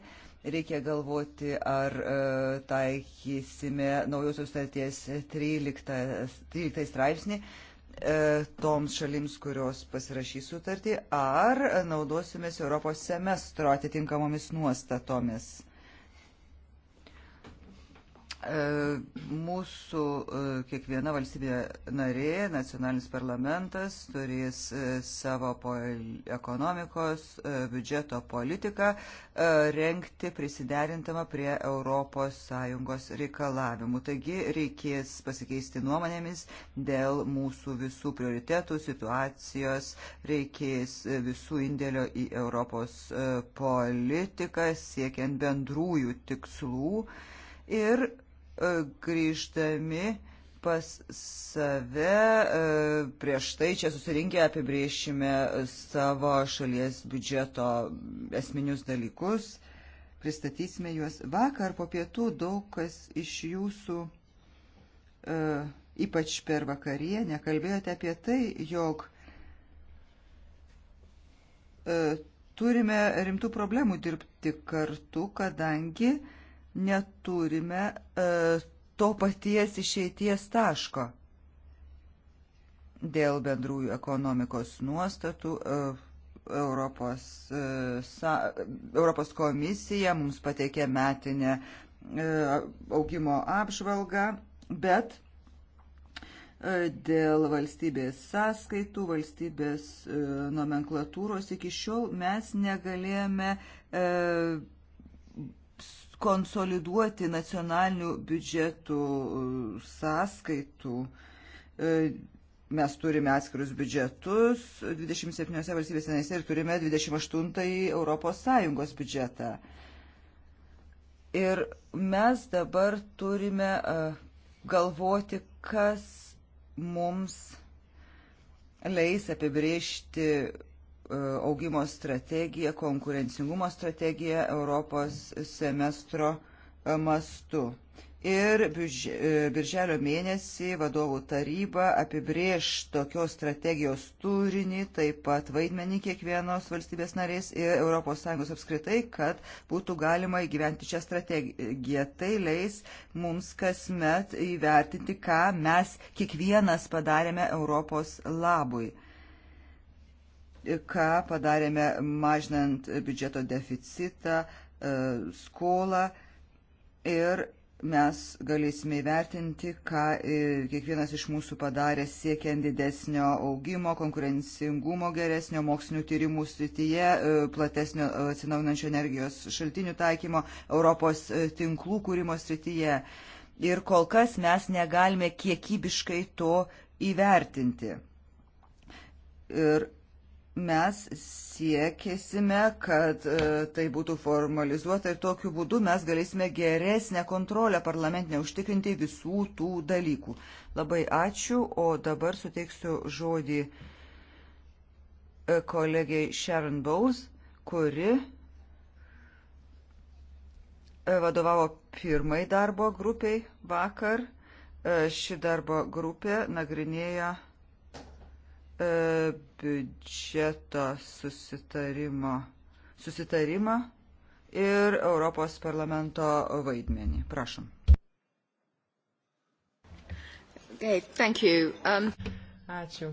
Reikia galvoti, ar e, taikysime naujosios starties 13, 13 straipsnį e, toms šalims, kurios pasirašys sutartį, ar naudosimės Europos semestro atitinkamomis nuostatomis. E, mūsų e, kiekviena valstybė narė, nacionalinis parlamentas turės e, savo ekonomikos biudžeto politiką renkti prisiderintamą prie ES reikalavimų. Taigi reikės pasikeisti nuomonėmis dėl mūsų visų prioritetų, situacijos, reikės visų indėlio į Europos politiką siekiant bendrųjų tikslų. Ir E, grįždami pas save, e, prieš tai čia susirinkę apibriešime savo šalies biudžeto esminius dalykus, pristatysime juos. Vakar po pietų daug kas iš jūsų, e, ypač per vakarienę, kalbėjote apie tai, jog turime rimtų problemų dirbti kartu, kadangi uh, neturime e, to paties išeities taško dėl bendrųjų ekonomikos nuostatų. E, Europos, e, Europos komisija mums pateikė metinę augimo apžvalgą, bet dėl valstybės sąskaitų, valstybės nomenklatūros iki šiol mes negalėjome konsoliduoti nacionalinių biudžetų uh, sąskaitų. Uh, mes turime atskirus biudžetus 27 valstybės senėse ir turime 28 ES biudžetą. Ir mes dabar turime uh, galvoti, kas mums leis apibriežti E, augimo strategiją, konkurencingumo strategiją Europos semestro e, mastu. Ir e, birželio mėnesį vadovų taryba apibrėž tokios strategijos turinį, taip pat vaidmenį kiekvienos valstybės narės ir ES apskritai, kad būtų galima įgyventi šią strategiją. Tai leis mums kasmet įvertinti, ką mes kiekvienas padarėme Europos labui ką padarėme mažinant biudžeto deficitą, e, skolą ir mes galėsime įvertinti, ką e, kiekvienas iš mūsų padarė siekiant didesnio augimo, konkurencingumo geresnio, mokslinių tyrimų srityje, e, platesnio atsinaujinančio energijos šaltinių taikymo, Europos tinklų kūrimo srityje. Ir kol kas mes negalime kiekybiškai to įvertinti. Ir mes siekėsime, kad e, tai būtų formalizuota ir tokiu būdu mes galėsime geresnę kontrolę parlamentinę užtikrinti visų tų dalykų. Labai ačiū, o dabar suteiksiu žodį e, kolegiai Sharon Bowes, kuri e, vadovavo pirmai darbo grupiai vakar. Ši darbo grupė nagrinėjo E, biudžeto susitarimo, susitarimą ir Europos parlamento vaidmenį. Prašom. Okay, thank you. Um... Ačiū.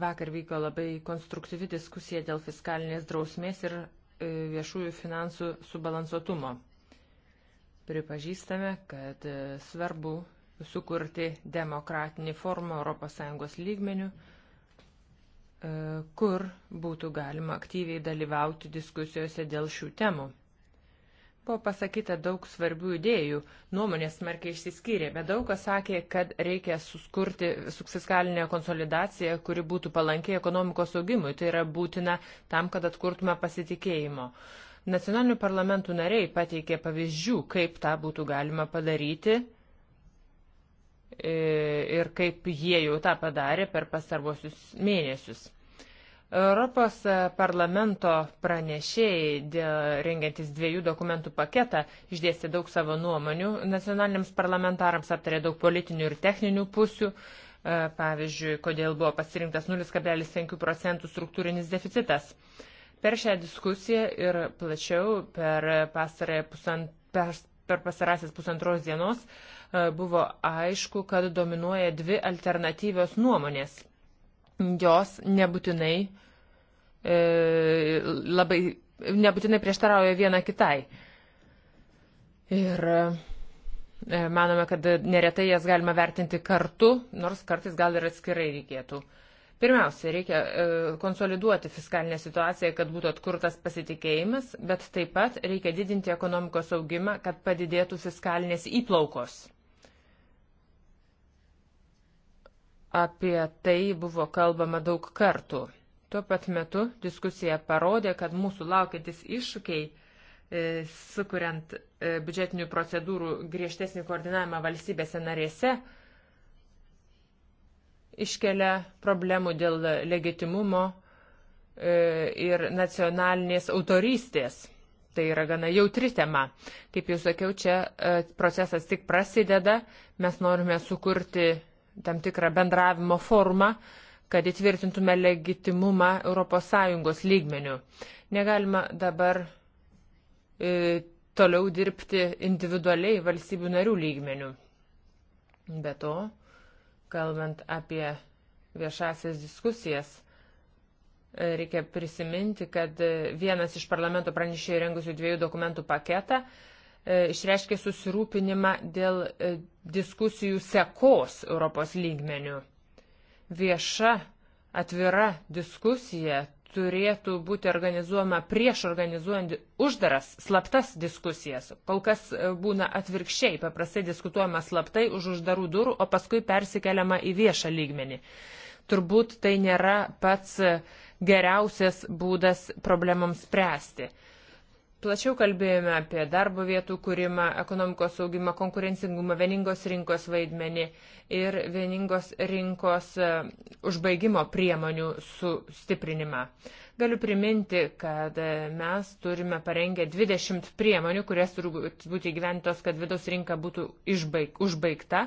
Vakar vyko labai konstruktyvi diskusija dėl fiskalinės drausmės ir e, viešųjų finansų subalansuotumo. Pripažįstame, kad e, svarbu sukurti demokratinį formą ES lygmenių, e, kur būtų galima aktyviai dalyvauti diskusijose dėl šių temų. Buvo pasakyta daug svarbių idėjų, nuomonės smarkiai išsiskyrė, bet daug kas sakė, kad reikia suskurti fiskalinę konsolidaciją, kuri būtų palankiai ekonomikos augimui. Tai yra būtina tam, kad atkurtume pasitikėjimo. Nacionalinių parlamentų nariai pateikė pavyzdžių, kaip tą būtų galima padaryti E, ir kaip jie jau tą padarė per pastarvosius mėnesius. Europos parlamento pranešėjai, rengiantis dviejų dokumentų paketą, išdėstė daug savo nuomonių. Nacionaliniams parlamentarams aptarė daug politinių ir techninių pusių. E, pavyzdžiui, kodėl buvo pasirinktas 0,5 procentų struktūrinis deficitas. Per šią diskusiją ir plačiau per, pasarąją pusant, per, per pasarąsias pusantros dienos uh, E, buvo aišku, kad dominuoja dvi alternatyvios nuomonės. Jos nebūtinai e, labai, nebūtinai prieštarauja viena kitai. Ir e, manome, kad neretai jas galima vertinti kartu, nors kartais gal ir atskirai reikėtų. Pirmiausia, reikia e, konsoliduoti fiskalinę situaciją, kad būtų atkurtas pasitikėjimas, bet taip pat reikia didinti ekonomikos augimą, kad padidėtų fiskalinės įplaukos. Apie tai buvo kalbama daug kartų. Tuo pat metu diskusija parodė, kad mūsų laukiantis iššūkiai, e, sukuriant e, biudžetinių procedūrų griežtesnį koordinavimą valstybėse narėse, iškelia problemų dėl legitimumo e, ir nacionalinės autorystės. Tai yra gana jautri tema. Kaip jau sakiau, čia procesas tik prasideda. Mes norime sukurti tam tikrą bendravimo formą, kad įtvirtintume legitimumą ES lygmenių. Negalima dabar e, toliau dirbti individualiai valstybių narių lygmenių. Be to, kalbant apie viešasias diskusijas, e, reikia prisiminti, kad e, vienas iš parlamento pranešėjų rengusių dviejų dokumentų paketą E, išreiškė susirūpinimą dėl e, diskusijų sekos Europos lygmenių. Vieša, atvira diskusija turėtų būti organizuojama prieš organizuojant uždaras, slaptas diskusijas. Kol kas e, būna atvirkščiai, paprastai diskutuojama slaptai už uždarų durų, o paskui persikeliama į viešą lygmenį. Turbūt tai nėra pats geriausias būdas problemams spręsti. Plačiau kalbėjome apie darbo vietų kūrimą, ekonomikos saugimą, konkurencingumą, vieningos rinkos vaidmenį ir vieningos rinkos e, užbaigimo priemonių sustiprinimą. Galiu priminti, kad e, mes turime parengę 20 priemonių, kurias turi būti gyventos, kad vidaus rinka būtų išbaig, užbaigta.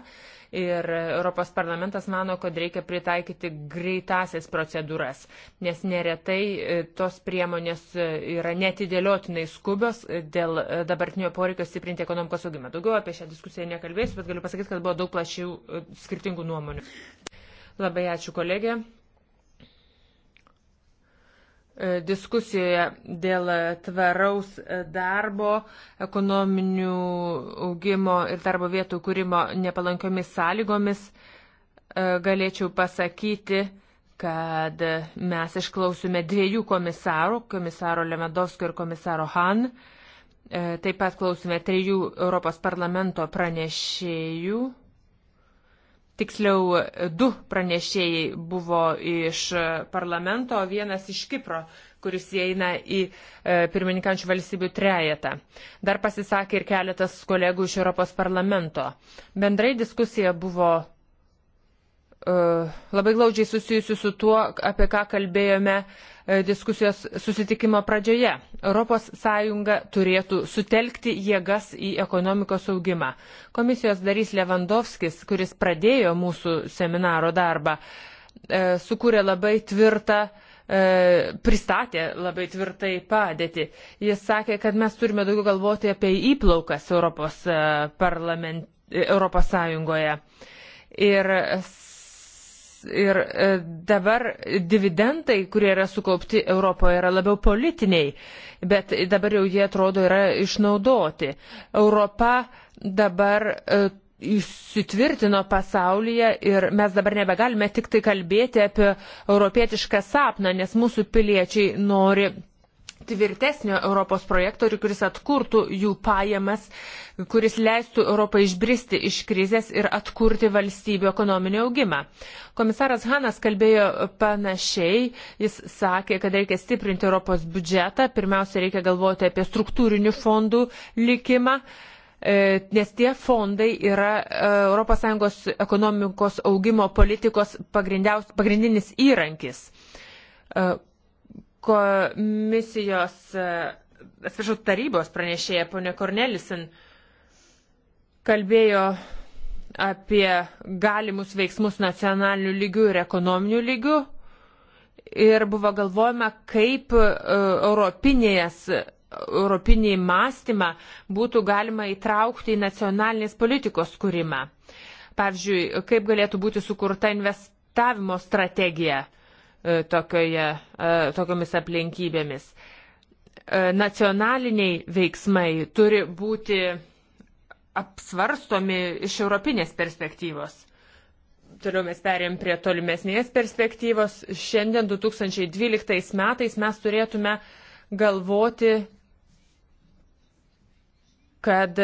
Ir Europos parlamentas mano, kad reikia pritaikyti greitasias procedūras, nes neretai e, tos priemonės e, yra netidėliotinai skubios dėl dabartinio poreikio stiprinti ekonomikos augimą. Daugiau apie šią diskusiją nekalbėsiu, bet galiu pasakyti, kad buvo daug plačių skirtingų nuomonių. Labai ačiū kolegė. E, diskusijoje dėl tvaraus darbo, ekonominių augimo ir darbo vietų kūrimo nepalankiomis sąlygomis e, galėčiau pasakyti, kad mes išklausime dviejų komisarų, komisaro Lemedovskio ir komisaro Han. E, taip pat klausime trijų Europos parlamento pranešėjų tiksliau du pranešėjai buvo iš parlamento, vienas iš Kipro, kuris įeina į e, pirmininkančių valstybių trejetą. Dar pasisakė ir keletas kolegų iš Europos parlamento. Bendrai diskusija buvo uh, labai glaudžiai susijusi su tuo, apie ką kalbėjome uh, E, diskusijos susitikimo pradžioje. ES turėtų sutelkti jėgas į ekonomikos augimą. Komisijos darys Levandovskis, kuris pradėjo mūsų seminaro darbą, e, sukūrė labai tvirtą e, pristatė labai tvirtai padėtį. Jis sakė, kad mes turime daugiau galvoti apie įplaukas Europos parlamente. Europos Sąjungoje. Ir ir e, dabar dividendai, kurie yra sukaupti Europoje, yra labiau politiniai, bet dabar jau jie atrodo yra išnaudoti. Europa dabar e, įsitvirtino pasaulyje ir mes dabar nebegalime tik tai kalbėti apie europietišką sapną, nes mūsų piliečiai nori tvirtesnio Europos projekto ir kuris atkurtų jų pajamas, kuris leistų Europą išbristi iš krizės ir atkurti valstybių ekonominį augimą. Komisaras Hanas kalbėjo panašiai, jis sakė, kad reikia stiprinti Europos biudžetą, pirmiausia reikia galvoti apie struktūrinių fondų likimą e, nes tie fondai yra ES ekonomikos augimo politikos pagrindinis įrankis. E, komisijos, e, atsiprašau, tarybos pranešėja ponė Kornelisen kalbėjo apie galimus veiksmus nacionalinių lygių ir ekonominių lygių. Ir buvo galvojama, kaip e, europinės, europinį mąstymą būtų galima įtraukti į nacionalinės politikos kūrimą. Pavyzdžiui, kaip galėtų būti sukurta investavimo strategija. Uh, E, tokioje, e, tokiomis aplinkybėmis. E, nacionaliniai veiksmai turi būti apsvarstomi iš europinės perspektyvos. Toliau mes perėm prie tolimesnės perspektyvos. Šiandien 2012 metais mes turėtume galvoti, kad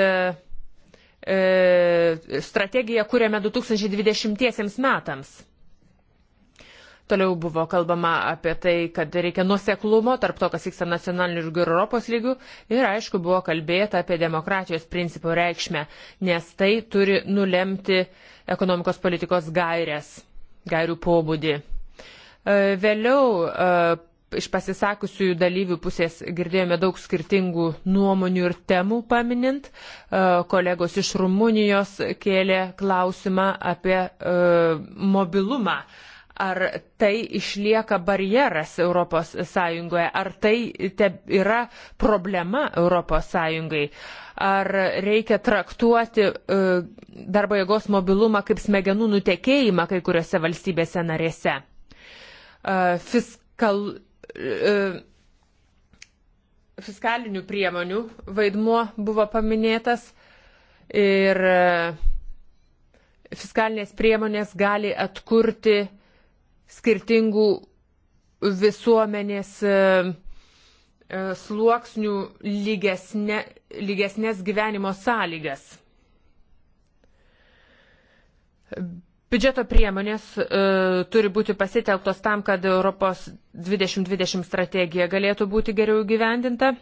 strategiją kūrėme 2020 metams. Toliau buvo kalbama apie tai, kad reikia nuseklumo tarp to, kas vyksta nacionaliniu lygiu ir Europos lygiu. Ir aišku, buvo kalbėta apie demokratijos principų reikšmę, nes tai turi nulemti ekonomikos politikos gairias, gairių pobūdį. E, vėliau e, iš pasisakusiųjų dalyvių pusės girdėjome daug skirtingų nuomonių ir temų paminint. E, kolegos iš Rumunijos kėlė klausimą apie mobilumą ar tai išlieka barjeras ES, ar tai yra problema ES, ar reikia traktuoti e, darbo jėgos mobilumą kaip smegenų nutekėjimą kai kuriuose valstybėse narėse. E, fiskal, e, fiskalinių priemonių vaidmuo buvo paminėtas ir fiskalinės priemonės gali atkurti skirtingų visuomenės e, e, sluoksnių lygesne, lygesnės gyvenimo sąlygas. Biudžeto priemonės e, turi būti pasitelktos tam, kad Europos 2020 strategija galėtų būti geriau gyvendinta.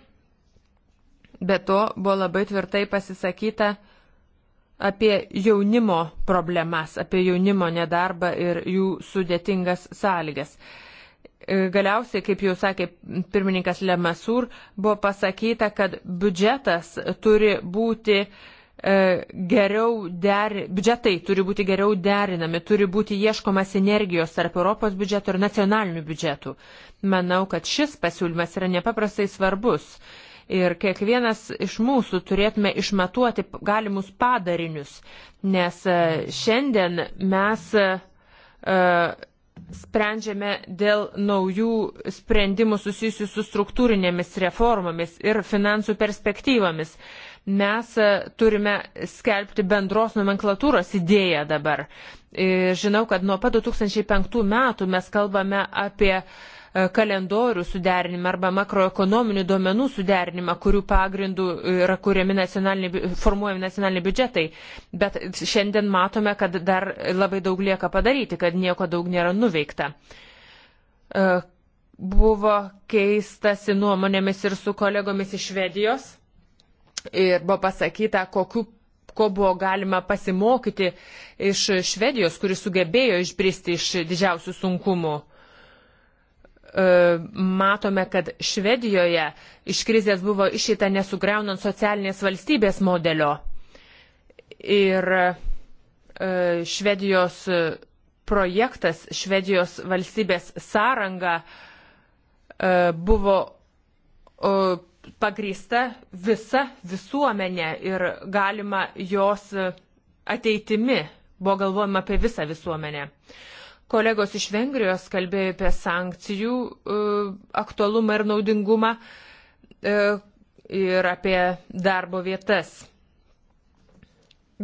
Be to buvo labai tvirtai pasisakyta apie jaunimo problemas, apie jaunimo nedarbą ir jų sudėtingas sąlygas. E, galiausiai, kaip jau sakė pirmininkas Lemasur, buvo pasakyta, kad biudžetas turi būti e, geriau der, biudžetai turi būti geriau derinami, turi būti ieškoma sinergijos tarp Europos biudžeto ir nacionalinių biudžetų. Manau, kad šis pasiūlymas yra nepaprastai svarbus. Uh, ir kiekvienas iš mūsų turėtume išmatuoti galimus padarinius, nes e, šiandien mes e, e, sprendžiame dėl naujų sprendimų susijusių su struktūrinėmis reformomis ir finansų perspektyvomis. Mes turime skelbti bendros nomenklatūros idėją dabar. Žinau, kad nuo pat 2005 metų mes kalbame apie uh, E, kalendorių suderinimą arba makroekonominių duomenų suderinimą, kurių pagrindų yra nacionaliniai, formuojami nacionaliniai biudžetai. Bet šiandien matome, kad dar labai daug lieka padaryti, kad nieko daug nėra nuveikta. E, buvo keistasi nuomonėmis ir su kolegomis iš Švedijos ir buvo pasakyta, kokiu ko buvo galima pasimokyti iš Švedijos, kuris sugebėjo išbristi iš didžiausių sunkumų. E, matome, kad Švedijoje iš krizės buvo išeita nesugriaunant socialinės valstybės modelio. Ir e, Švedijos projektas, Švedijos valstybės sąranga e, buvo pagrįsta visa visuomenė ir galima jos ateitimi. Buvo galvojama apie visą visuomenę. Uh, Kolegos iš Vengrijos kalbėjo apie sankcijų e, aktualumą ir naudingumą e, ir apie darbo vietas.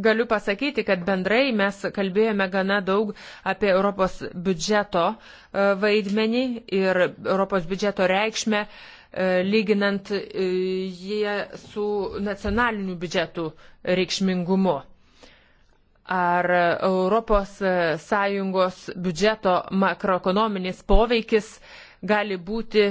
Galiu pasakyti, kad bendrai mes kalbėjome gana daug apie Europos biudžeto e, vaidmenį ir Europos biudžeto reikšmę, lyginant jie su nacionaliniu biudžetu reikšmingumu ar ES biudžeto makroekonominis poveikis gali būti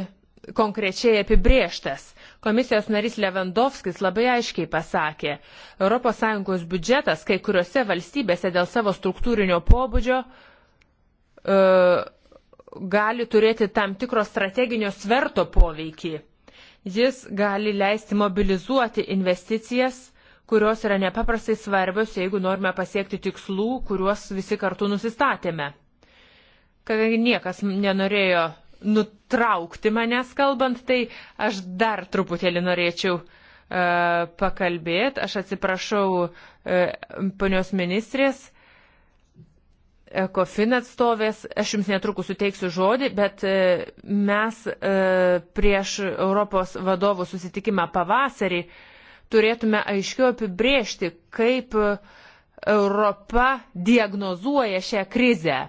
konkrečiai apibrieštas. Komisijos narys Levandovskis labai aiškiai pasakė, ES biudžetas kai kuriuose valstybėse dėl savo struktūrinio pobūdžio e, gali turėti tam tikro strateginio sverto poveikį. Jis gali leisti mobilizuoti investicijas kurios yra nepaprastai svarbios, jeigu norime pasiekti tikslų, kuriuos visi kartu nusistatėme. Kadangi niekas nenorėjo nutraukti manęs kalbant, tai aš dar truputėlį norėčiau uh, e, pakalbėti. Aš atsiprašau uh, ponios ministrės, Ekofin atstovės, aš jums netrukus suteiksiu žodį, bet e, mes prieš Europos vadovų susitikimą pavasarį turėtume aiškiau apibriežti, kaip Europa diagnozuoja šią krizę,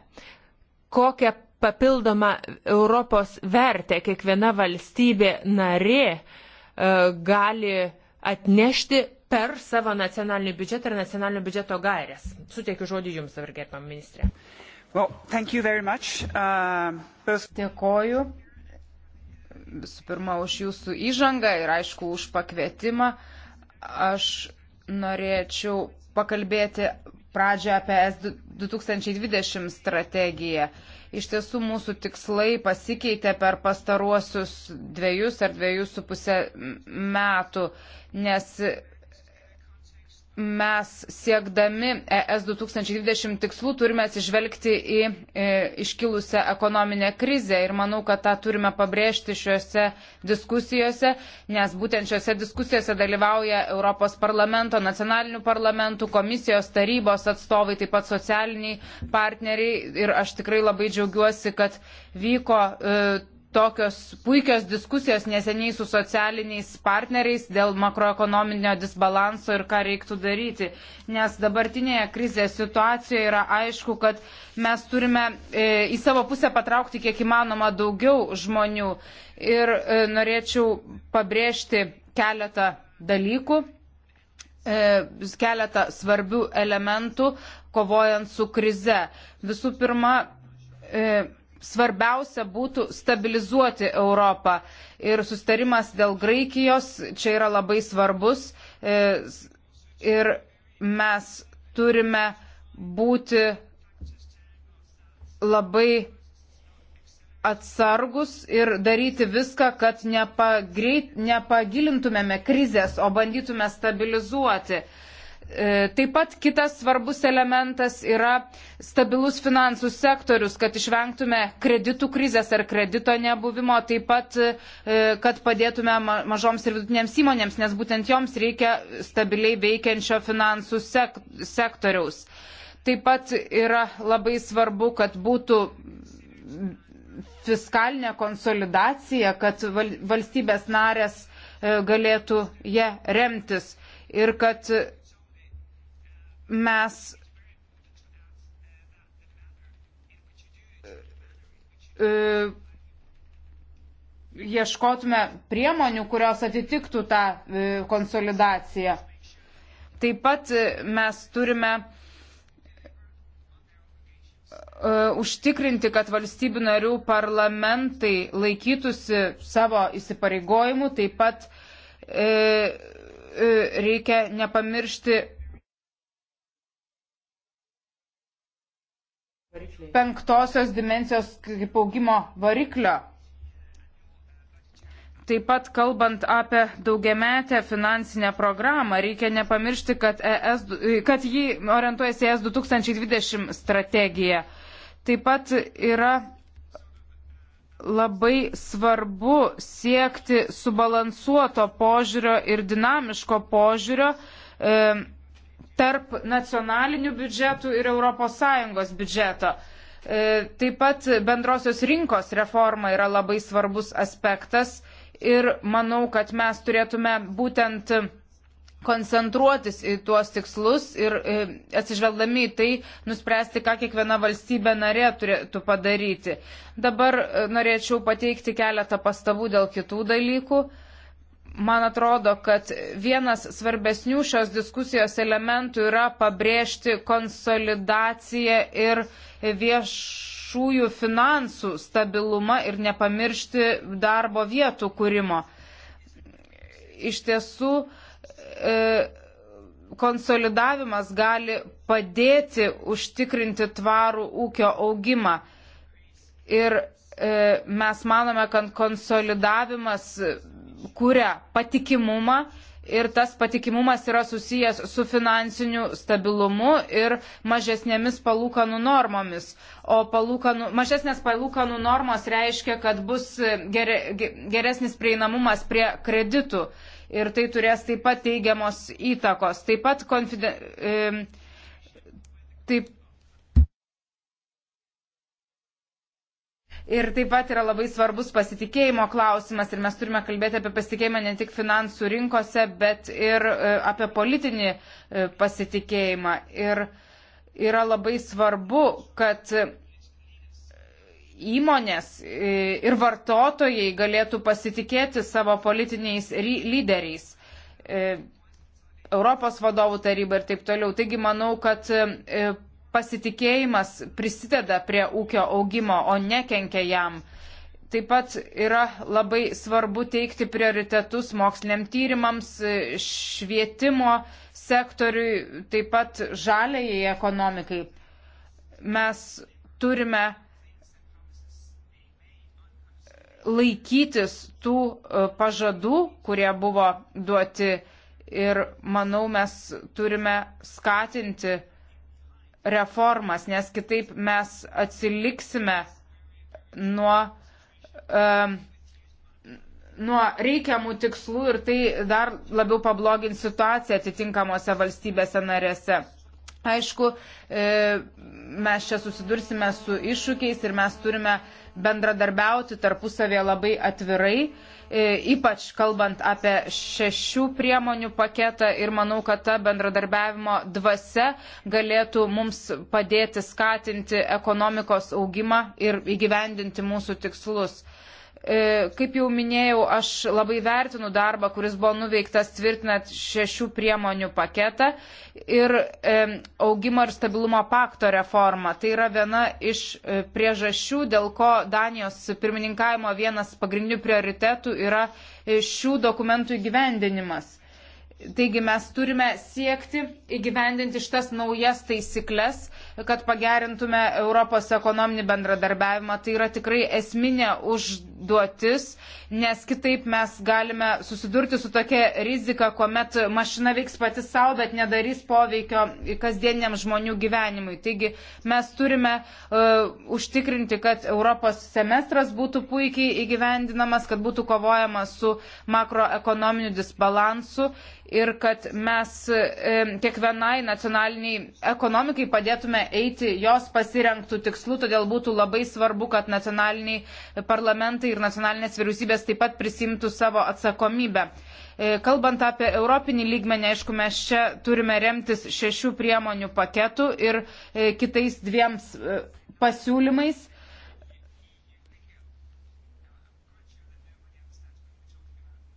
kokią papildomą Europos vertę kiekviena valstybė narė e, gali atnešti per savo nacionalinį biudžetą ir nacionalinio biudžeto gairias. Suteikiu žodį Jums, dabar gerbam ministrė. Well, uh, first... Dėkoju visų pirma už Jūsų įžangą ir aišku už pakvietimą. Uh, Aš norėčiau pakalbėti pradžioje apie S 2020 strategiją. Iš tiesų mūsų tikslai pasikeitė per pastaruosius dviejus ar dviejus su pusę metų, nes mes siekdami ES 2020 tikslų turime atsižvelgti į e, iškilusią ekonominę krizę ir manau, kad tą turime pabrėžti šiuose diskusijose, nes būtent šiuose diskusijose dalyvauja Europos parlamento, nacionalinių parlamentų, komisijos, tarybos atstovai, taip pat socialiniai partneriai ir aš tikrai labai džiaugiuosi, kad vyko e, tokios puikios diskusijos neseniai su socialiniais partneriais dėl makroekonominio disbalanso ir ką reiktų daryti. Nes dabartinėje krizės situacijoje yra aišku, kad mes turime e, į savo pusę patraukti kiek įmanoma daugiau žmonių. Ir e, norėčiau pabrėžti keletą dalykų, e, keletą svarbių elementų kovojant su krize. Visų pirma, e, svarbiausia būtų stabilizuoti Europą. Ir sustarimas dėl Graikijos čia yra labai svarbus. E, ir mes turime būti labai atsargus ir daryti viską, kad nepagreit, nepagilintumėme krizės, o bandytume stabilizuoti. E, taip pat kitas svarbus elementas yra stabilus finansų sektorius, kad išvengtume kreditų krizės ar kredito nebuvimo, taip pat, e, kad padėtume mažoms ir vidutinėms įmonėms, nes būtent joms reikia stabiliai veikiančio finansų sek sektoriaus. Taip pat yra labai svarbu, kad būtų fiskalinė konsolidacija, kad valstybės narės e, galėtų ją remtis ir kad mes e, ieškotume priemonių, kurios atitiktų tą e, konsolidaciją. Taip pat e, mes turime užtikrinti, kad valstybių narių parlamentai laikytųsi savo įsipareigojimų, taip pat reikia nepamiršti penktosios dimensijos kaip augimo variklio. Taip pat kalbant apie daugiametę finansinę programą, reikia nepamiršti, kad, ES, kad jį orientuojasi ES 2020 strategija. Taip pat yra labai svarbu siekti subalansuoto požiūrio ir dinamiško požiūrio. E, tarp nacionalinių biudžetų ir ES biudžeto. E, taip pat bendrosios rinkos reforma yra labai svarbus aspektas ir manau, kad mes turėtume būtent koncentruotis į tuos tikslus ir e, atsižvelgdami į tai nuspręsti, ką kiekviena valstybė narė turėtų padaryti. Dabar e, norėčiau pateikti keletą pastabų dėl kitų dalykų. Man atrodo, kad vienas svarbesnių šios diskusijos elementų yra pabrėžti konsolidaciją ir viešųjų finansų stabilumą ir nepamiršti darbo vietų kūrimo. Iš tiesų, e, konsolidavimas gali padėti užtikrinti tvarų ūkio augimą. Ir e, mes manome, kad konsolidavimas kuria patikimumą ir tas patikimumas yra susijęs su finansiniu stabilumu ir mažesnėmis palūkanų normomis. O palūkanų, mažesnės palūkanų normos reiškia, kad bus ger, geresnis prieinamumas prie kreditų ir tai turės taip pat teigiamos įtakos. Taip pat konfiden, taip Ir taip pat yra labai svarbus pasitikėjimo klausimas ir mes turime kalbėti apie pasitikėjimą ne tik finansų rinkose, bet ir e, apie politinį e, pasitikėjimą. Ir yra labai svarbu, kad įmonės e, ir vartotojai galėtų pasitikėti savo politiniais lyderiais. Europos vadovų taryba ir taip toliau. Taigi manau, kad pasitikėjimas prisideda prie ūkio augimo, o nekenkia jam. Taip pat yra labai svarbu teikti prioritetus moksliniam tyrimams, švietimo sektoriui, taip pat žaliai ekonomikai. Mes turime laikytis tų e, pažadų, kurie buvo duoti ir manau mes turime skatinti reformas, nes kitaip mes atsiliksime nuo, um, nuo reikiamų tikslų ir tai dar labiau pablogins situaciją atitinkamose valstybėse narėse. Aišku, e, mes čia susidursime su iššūkiais ir mes turime bendradarbiauti tarpusavėje labai atvirai E, ypač kalbant apie šešių priemonių paketą ir manau, kad ta bendradarbiavimo dvasia galėtų mums padėti skatinti ekonomikos augimą ir įgyvendinti mūsų tikslus. E, kaip jau minėjau, aš labai vertinu darbą, kuris buvo nuveiktas tvirtinant šešių priemonių paketą ir e, augimo ir stabilumo pakto reformą. Tai yra viena iš e, priežasčių, dėl ko Danijos pirmininkavimo vienas pagrindinių prioritetų yra šių dokumentų įgyvendinimas. Taigi mes turime siekti įgyvendinti šitas naujas taisyklės, kad pagerintume Europos ekonominį bendradarbiavimą. Tai yra tikrai esminė užduotis, nes kitaip mes galime susidurti su tokia rizika, kuomet mašina veiks pati savo, bet nedarys poveikio kasdieniam žmonių gyvenimui. Taigi mes turime uh, užtikrinti, kad Europos semestras būtų puikiai įgyvendinamas, kad būtų kovojama su makroekonominiu disbalansu ir kad mes e, kiekvienai nacionaliniai ekonomikai padėtume turime eiti jos pasirenktų tikslų, todėl būtų labai svarbu, kad nacionaliniai parlamentai ir nacionalinės vyriausybės taip pat prisimtų savo atsakomybę. E, kalbant apie europinį lygmenį, aišku, mes čia turime remtis šešių priemonių paketų ir e, kitais dviems e, pasiūlymais.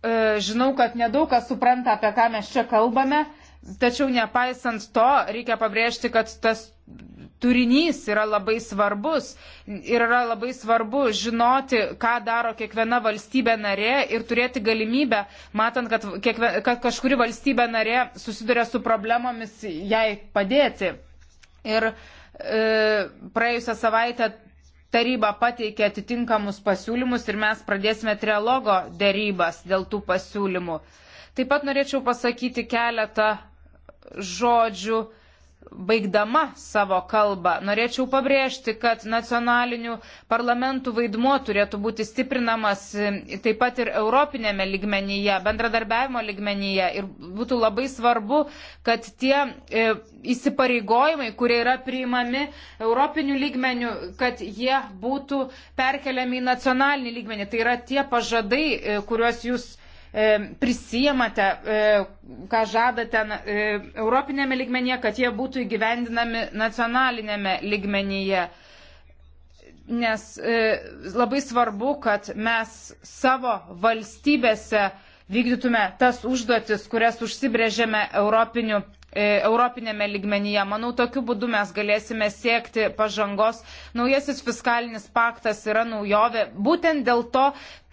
Žinau, kad nedaug kas supranta, apie ką mes čia kalbame, Tačiau nepaisant to, reikia pabrėžti, kad tas turinys yra labai svarbus ir yra labai svarbu žinoti, ką daro kiekviena valstybė narė ir turėti galimybę, matant, kad, kiekvien, kad kažkuri valstybė narė susiduria su problemomis, jai padėti. Ir e, praėjusią savaitę taryba pateikė atitinkamus pasiūlymus ir mes pradėsime trialogo dėrybas dėl tų pasiūlymų. Taip pat norėčiau pasakyti keletą žodžių baigdama savo kalbą. Norėčiau pabrėžti, kad nacionalinių parlamentų vaidmuo turėtų būti stiprinamas e, taip pat ir europinėme ligmenyje, bendradarbiavimo ligmenyje. Ir būtų labai svarbu, kad tie e, įsipareigojimai, kurie yra priimami europinių lygmenių, kad jie būtų perkeliami į nacionalinį lygmenį. Tai yra tie pažadai, e, kuriuos jūs E, prisijamate, e, ką žadate e, Europinėme ligmenyje, kad jie būtų įgyvendinami nacionalinėme ligmenyje. Nes labai svarbu, kad mes savo valstybėse vykdytume tas užduotis, kurias užsibrėžėme Europiniu E, europinėme ligmenyje. Manau, tokiu būdu mes galėsime siekti pažangos. Naujasis fiskalinis paktas yra naujovė būtent dėl to,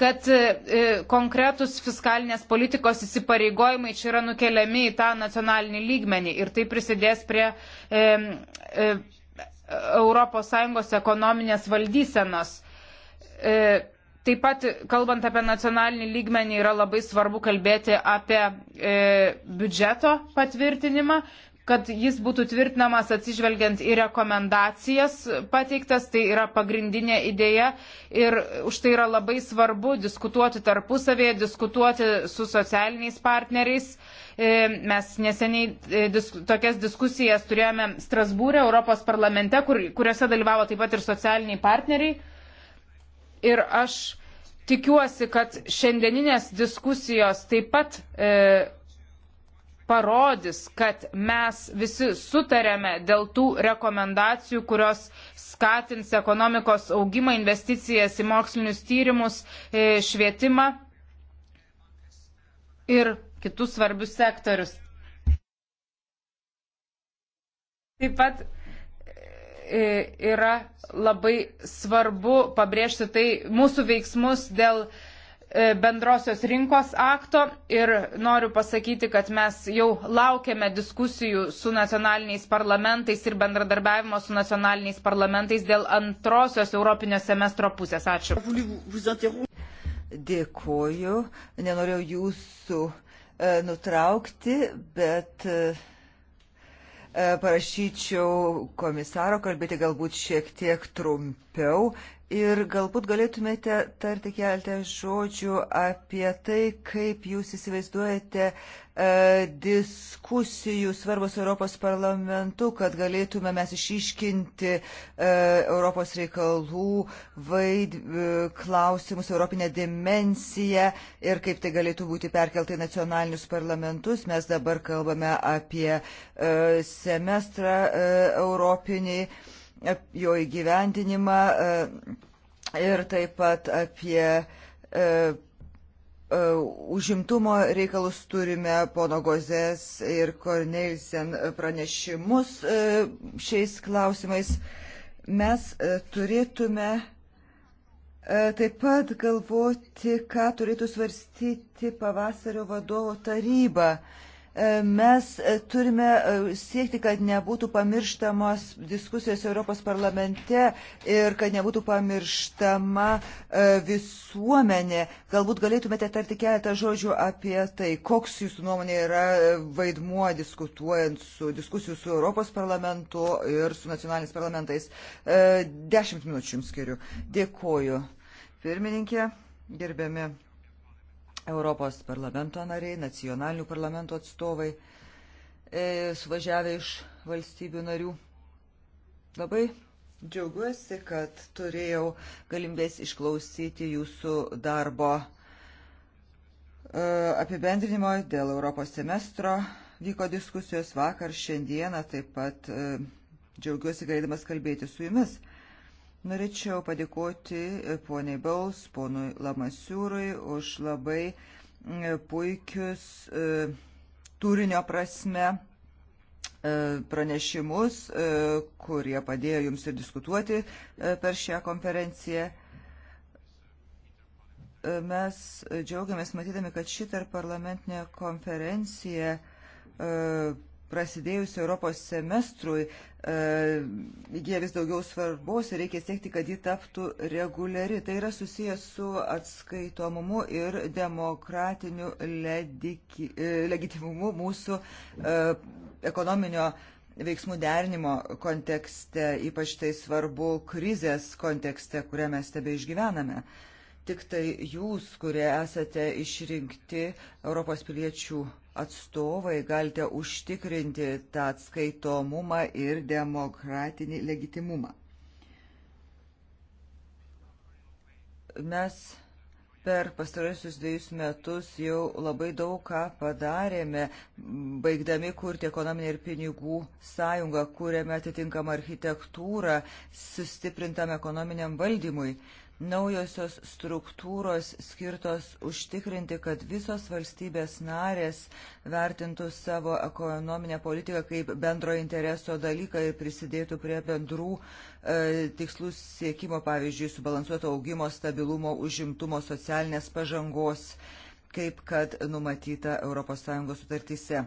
kad e, e, konkretus fiskalinės politikos įsipareigojimai čia yra nukeliami į tą nacionalinį lygmenį ir tai prisidės prie. E, e, ES ekonominės valdysenos. E, Taip pat, kalbant apie nacionalinį lygmenį, yra labai svarbu kalbėti apie e, biudžeto patvirtinimą, kad jis būtų tvirtinamas atsižvelgiant į rekomendacijas pateiktas, tai yra pagrindinė idėja ir už tai yra labai svarbu diskutuoti tarpusavėje, diskutuoti su socialiniais partneriais. E, mes neseniai e, disk, tokias diskusijas turėjome Strasbūrė, Europos parlamente, kur, kuriuose dalyvavo taip pat ir socialiniai partneriai ir aš tikiuosi, kad šiandieninės diskusijos taip pat e, parodys, kad mes visi sutarėme dėl tų rekomendacijų, kurios skatins ekonomikos augimą, investicijas į mokslinius tyrimus, e, švietimą ir kitus svarbius sektorius. Taip pat yra labai svarbu pabrėžti tai mūsų veiksmus dėl e, bendrosios rinkos akto ir noriu pasakyti, kad mes jau laukiame diskusijų su nacionaliniais parlamentais ir bendradarbiavimo su nacionaliniais parlamentais dėl antrosios Europinio semestro pusės. Ačiū. Dėkuoju, nenorėjau jūsų e, nutraukti, bet e, E, parašyčiau komisaro kalbėti galbūt šiek tiek trumpiau Ir galbūt galėtumėte tarti keltę žodžių apie tai, kaip jūs įsivaizduojate e, diskusijų svarbos Europos parlamentu, kad galėtume mes išiškinti e, Europos reikalų vaid, e, klausimus, europinę dimensiją ir kaip tai galėtų būti perkeltai nacionalinius parlamentus. Mes dabar kalbame apie e, semestrą e, europinį. E, jo įgyvendinimą e, ir taip pat apie e, e, užimtumo reikalus turime pono Gozės ir Kornelsen pranešimus šiais klausimais. Mes turėtume Taip pat galvoti, ką turėtų svarstyti pavasario vadovo taryba mes e, turime e, siekti, kad nebūtų pamirštamos diskusijos Europos parlamente ir kad nebūtų pamirštama e, visuomenė. Galbūt galėtumėte tarti keletą žodžių apie tai, koks jūsų nuomonė yra vaidmuo diskutuojant su diskusijų su Europos parlamentu ir su nacionaliniais parlamentais. Dešimt minučių jums skiriu. Dėkoju. Pirmininkė, gerbiami Europos parlamento nariai, nacionalinių parlamento atstovai, e, suvažiavę iš valstybių narių. Labai džiaugiuosi, kad turėjau galimybės išklausyti jūsų darbo e, apibendrinimo dėl Europos semestro. Vyko diskusijos vakar, šiandieną taip pat e, džiaugiuosi galėdamas kalbėti su jumis. E, Norėčiau padėkoti e, poniai Bals, ponui Lamasiūrui už labai e, puikius e, turinio prasme pranešimus, kurie padėjo jums ir diskutuoti per šią konferenciją mes džiaugiamės matydami, kad šitą parlamentinę konferenciją prasidėjus Europos semestrui e, įgyja vis daugiau svarbos ir reikia siekti, kad ji taptų reguliari. Tai yra susijęs su atskaitomumu ir demokratiniu lediki, e, legitimumu mūsų e, ekonominio veiksmų derinimo kontekste, ypač tai svarbu krizės kontekste, kurią mes tebe išgyvename. Tik tai jūs, kurie esate išrinkti Europos piliečių atstovai galite užtikrinti tą atskaitomumą ir demokratinį legitimumą. Mes per pastarusius dviejus metus jau labai daug ką padarėme, baigdami kurti ekonominę ir pinigų sąjungą, kūrėme atitinkamą architektūrą, sustiprintam ekonominiam valdymui naujosios struktūros skirtos užtikrinti, kad visos valstybės narės vertintų savo ekonominę politiką kaip bendro intereso dalyką ir prisidėtų prie bendrų e, tikslų siekimo, pavyzdžiui, subalansuoto augimo, stabilumo, užimtumo, socialinės pažangos, kaip kad numatyta ES sutartyse.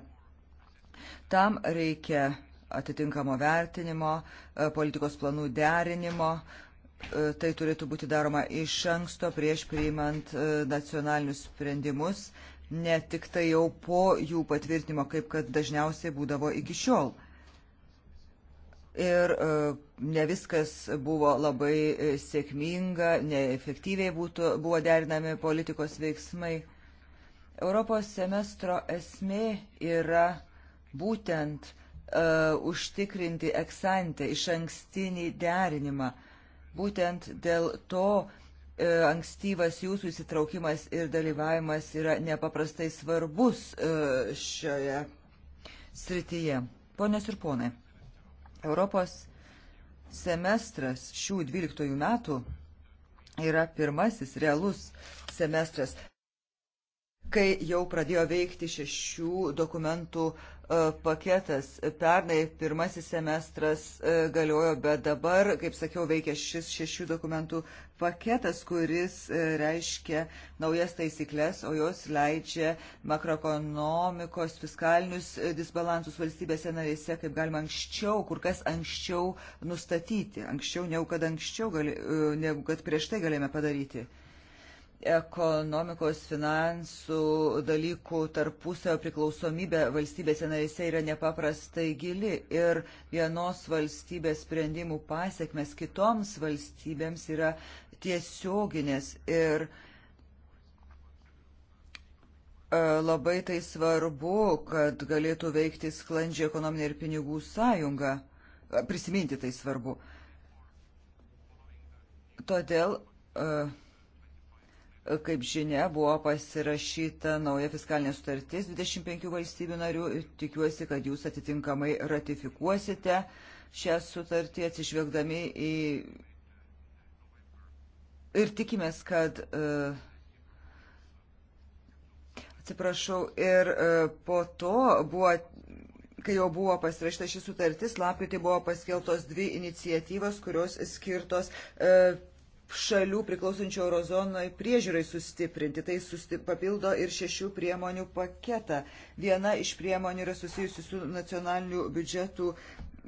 Tam reikia atitinkamo vertinimo, e, politikos planų derinimo, E, tai turėtų būti daroma iš anksto prieš priimant e, nacionalinius sprendimus, ne tik tai jau po jų patvirtinimo, kaip kad dažniausiai būdavo iki šiol. Ir e, ne viskas buvo labai sėkminga, neefektyviai būtų, buvo derinami politikos veiksmai. Europos semestro esmė yra būtent uh, užtikrinti eksantę iš ankstinį derinimą uh, Būtent dėl to e, ankstyvas jūsų įsitraukimas ir dalyvavimas yra nepaprastai svarbus e, šioje srityje. Ponios ir ponai, Europos semestras šių 12 metų yra pirmasis realus semestras, kai jau pradėjo veikti šešių dokumentų E, paketas. Pernai pirmasis semestras e, galiojo, bet dabar, kaip sakiau, veikia šis šešių dokumentų paketas, kuris e, reiškia naujas taisyklės, o jos leidžia makroekonomikos fiskalinius disbalansus valstybėse narėse, kaip galima anksčiau, kur kas anksčiau nustatyti, anksčiau negu kad, anksčiau gali, negu kad prieš tai galėjome padaryti ekonomikos, finansų dalykų tarpusio priklausomybė valstybėse narėse yra nepaprastai gili ir vienos valstybės sprendimų pasiekmes kitoms valstybėms yra tiesioginės ir e, labai tai svarbu, kad galėtų veikti sklandžiai ekonominė ir pinigų sąjunga. Prisiminti tai svarbu. Todėl uh, Kaip žinia, buvo pasirašyta nauja fiskalinė sutartis 25 valstybių narių ir tikiuosi, kad jūs atitinkamai ratifikuosite šią sutartį atsižvelgdami į. Ir tikimės, kad. E, atsiprašau, ir e, po to buvo kai jau buvo pasirašyta ši sutartis, lapkritį buvo paskeltos dvi iniciatyvos, kurios skirtos e, šalių priklausančių eurozonai priežiūrai sustiprinti. Tai susti papildo ir šešių priemonių paketą. Viena iš priemonių yra susijusi su nacionalinių biudžetų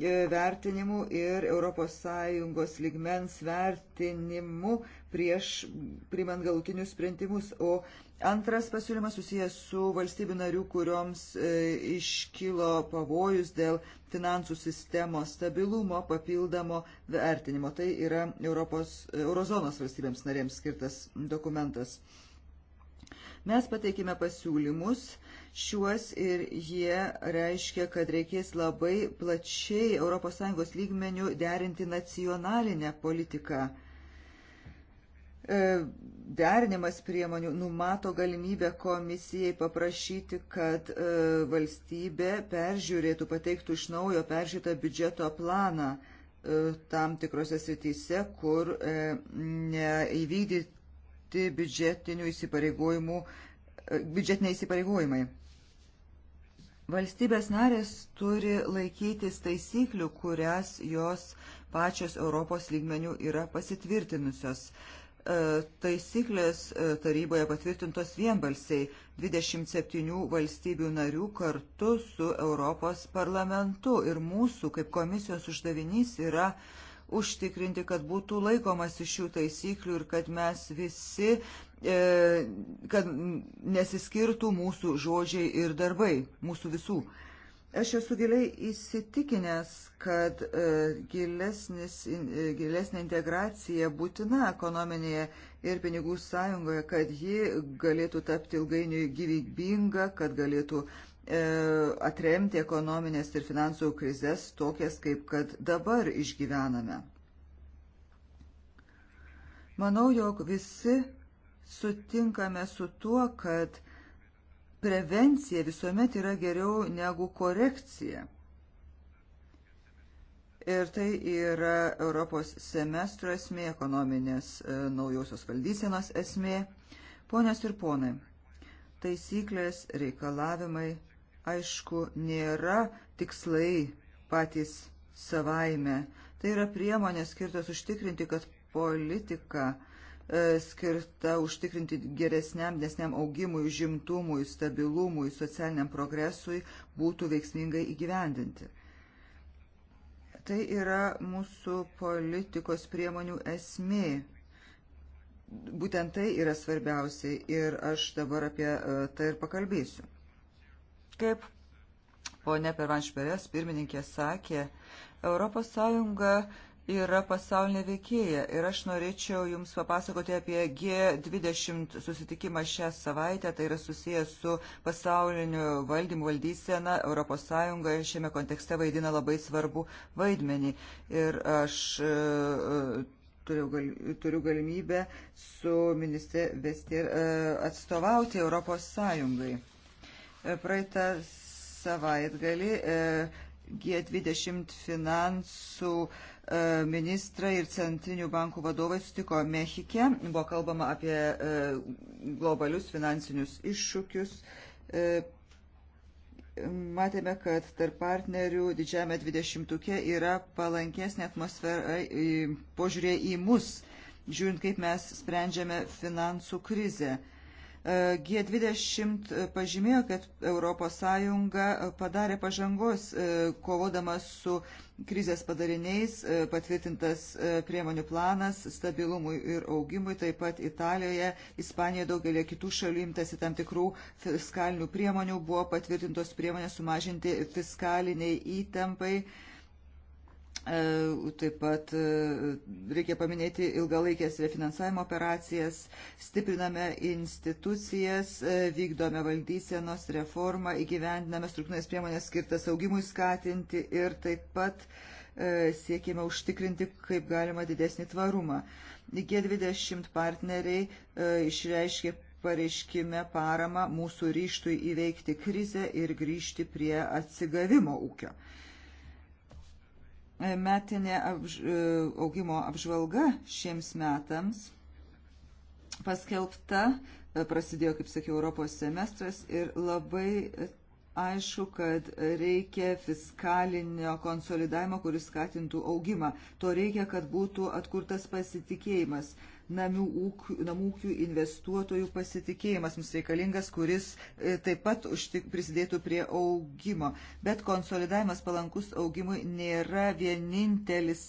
E, vertinimu ir ES lygmens vertinimu prieš primant galutinius sprendimus. O antras pasiūlymas susijęs su valstybių narių, kurioms e, iškilo pavojus dėl finansų sistemos stabilumo papildomo vertinimo. Tai yra Europos, e, Eurozonos valstybėms narėms skirtas dokumentas. Mes pateikime pasiūlymus šiuos ir jie reiškia, kad reikės labai plačiai ES lygmenių derinti nacionalinę politiką. E, derinimas priemonių numato galimybę komisijai paprašyti, kad e, valstybė peržiūrėtų, pateiktų iš naujo peržiūrėtą biudžeto planą e, tam tikrose srityse, kur neįvykdyti biudžetinių įsipareigojimų biudžetiniai įsipareigojimai. Valstybės narės turi laikytis taisyklių, kurias jos pačios Europos lygmenių yra pasitvirtinusios. E, taisyklės e, taryboje patvirtintos vienbalsiai 27 valstybių narių kartu su Europos parlamentu ir mūsų kaip komisijos uždavinys yra užtikrinti, kad būtų laikomasi šių taisyklių ir kad mes visi E, kad nesiskirtų mūsų žodžiai ir darbai, mūsų visų. Aš esu giliai įsitikinęs, kad e, gilesnis, e, gilesnė integracija būtina ekonominėje ir pinigų sąjungoje, kad ji galėtų tapti ilgainiui gyvybinga, kad galėtų atremti ekonominės ir finansų krizės tokias, kaip kad dabar išgyvename. Manau, jog visi sutinkame su tuo, kad prevencija visuomet yra geriau negu korekcija. Ir tai yra Europos semestro esmė, ekonominės e, naujosios valdysenos esmė. Ponios ir ponai, taisyklės, reikalavimai, aišku, nėra tikslai patys savaime. Tai yra priemonės skirtas užtikrinti, kad politika e, E, skirta užtikrinti geresniam, desniam augimui, žimtumui, stabilumui, socialiniam progresui, būtų veiksmingai įgyvendinti. Tai yra mūsų politikos priemonių esmė. Būtent tai yra svarbiausiai ir aš dabar apie e, tai ir pakalbėsiu. Kaip ponia Pervanšperės pirmininkė sakė, ES yra pasaulinė veikėja. Ir aš norėčiau Jums papasakoti apie G20 susitikimą šią savaitę. Tai yra susijęs su pasauliniu valdymu valdysena. ES šiame kontekste vaidina labai svarbu vaidmenį. Ir aš e, e, turiu, gal, turiu galimybę su ministrė Vestier e, atstovauti ES. Praeitą savaitgalį G20 finansų uh, E, ministrai ir centrinių bankų vadovai sutiko Mechike, buvo kalbama apie e, globalius finansinius iššūkius. E, matėme, kad tarp partnerių didžiame dvidešimtuke yra palankesnė atmosfera požiūrė į mus, žiūrint, kaip mes sprendžiame finansų krizę. G20 pažymėjo, kad ES padarė pažangos e, kovodamas su krizės padariniais, e, patvirtintas e, priemonių planas stabilumui ir augimui, taip pat Italijoje, Ispanijoje daugelį kitų šalių imtasi tam tikrų fiskalinių priemonių, buvo patvirtintos priemonės sumažinti fiskaliniai įtampai E, taip pat e, reikia paminėti ilgalaikės refinansavimo operacijas, stipriname institucijas, e, vykdome valdysenos reformą, įgyvendiname struktūrinės priemonės skirtas augimui skatinti ir taip pat siekime užtikrinti kaip galima didesnį tvarumą. G20 partneriai išreiškė pareiškime paramą mūsų ryštui įveikti krizę ir grįžti prie atsigavimo ūkio metinė apž, e, augimo apžvalga šiems metams paskelbta, e, prasidėjo, kaip sakiau, Europos semestras ir labai aišku, kad reikia fiskalinio konsolidavimo, kuris skatintų augimą. To reikia, kad būtų atkurtas pasitikėjimas namų ūkių, namų ūkių investuotojų pasitikėjimas mums reikalingas, kuris e, taip pat užtik, prisidėtų prie augimo. Bet konsolidavimas palankus augimui nėra vienintelis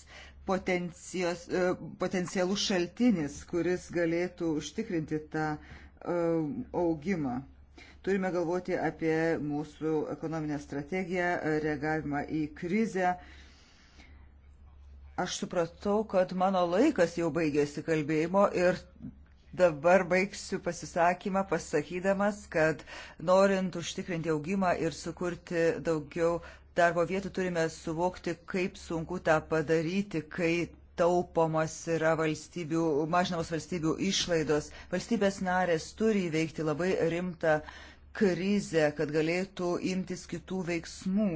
e, potencialus šaltinis, kuris galėtų užtikrinti tą e, augimą. Turime galvoti apie mūsų ekonominę strategiją, reagavimą į krizę. Uh, Aš supratau, kad mano laikas jau baigėsi kalbėjimo ir dabar baigsiu pasisakymą pasakydamas, kad norint užtikrinti augimą ir sukurti daugiau darbo vietų turime suvokti, kaip sunku tą padaryti, kai taupomos yra valstybių, mažinamos valstybių išlaidos. Valstybės narės turi įveikti labai rimtą krizę, kad galėtų imtis kitų veiksmų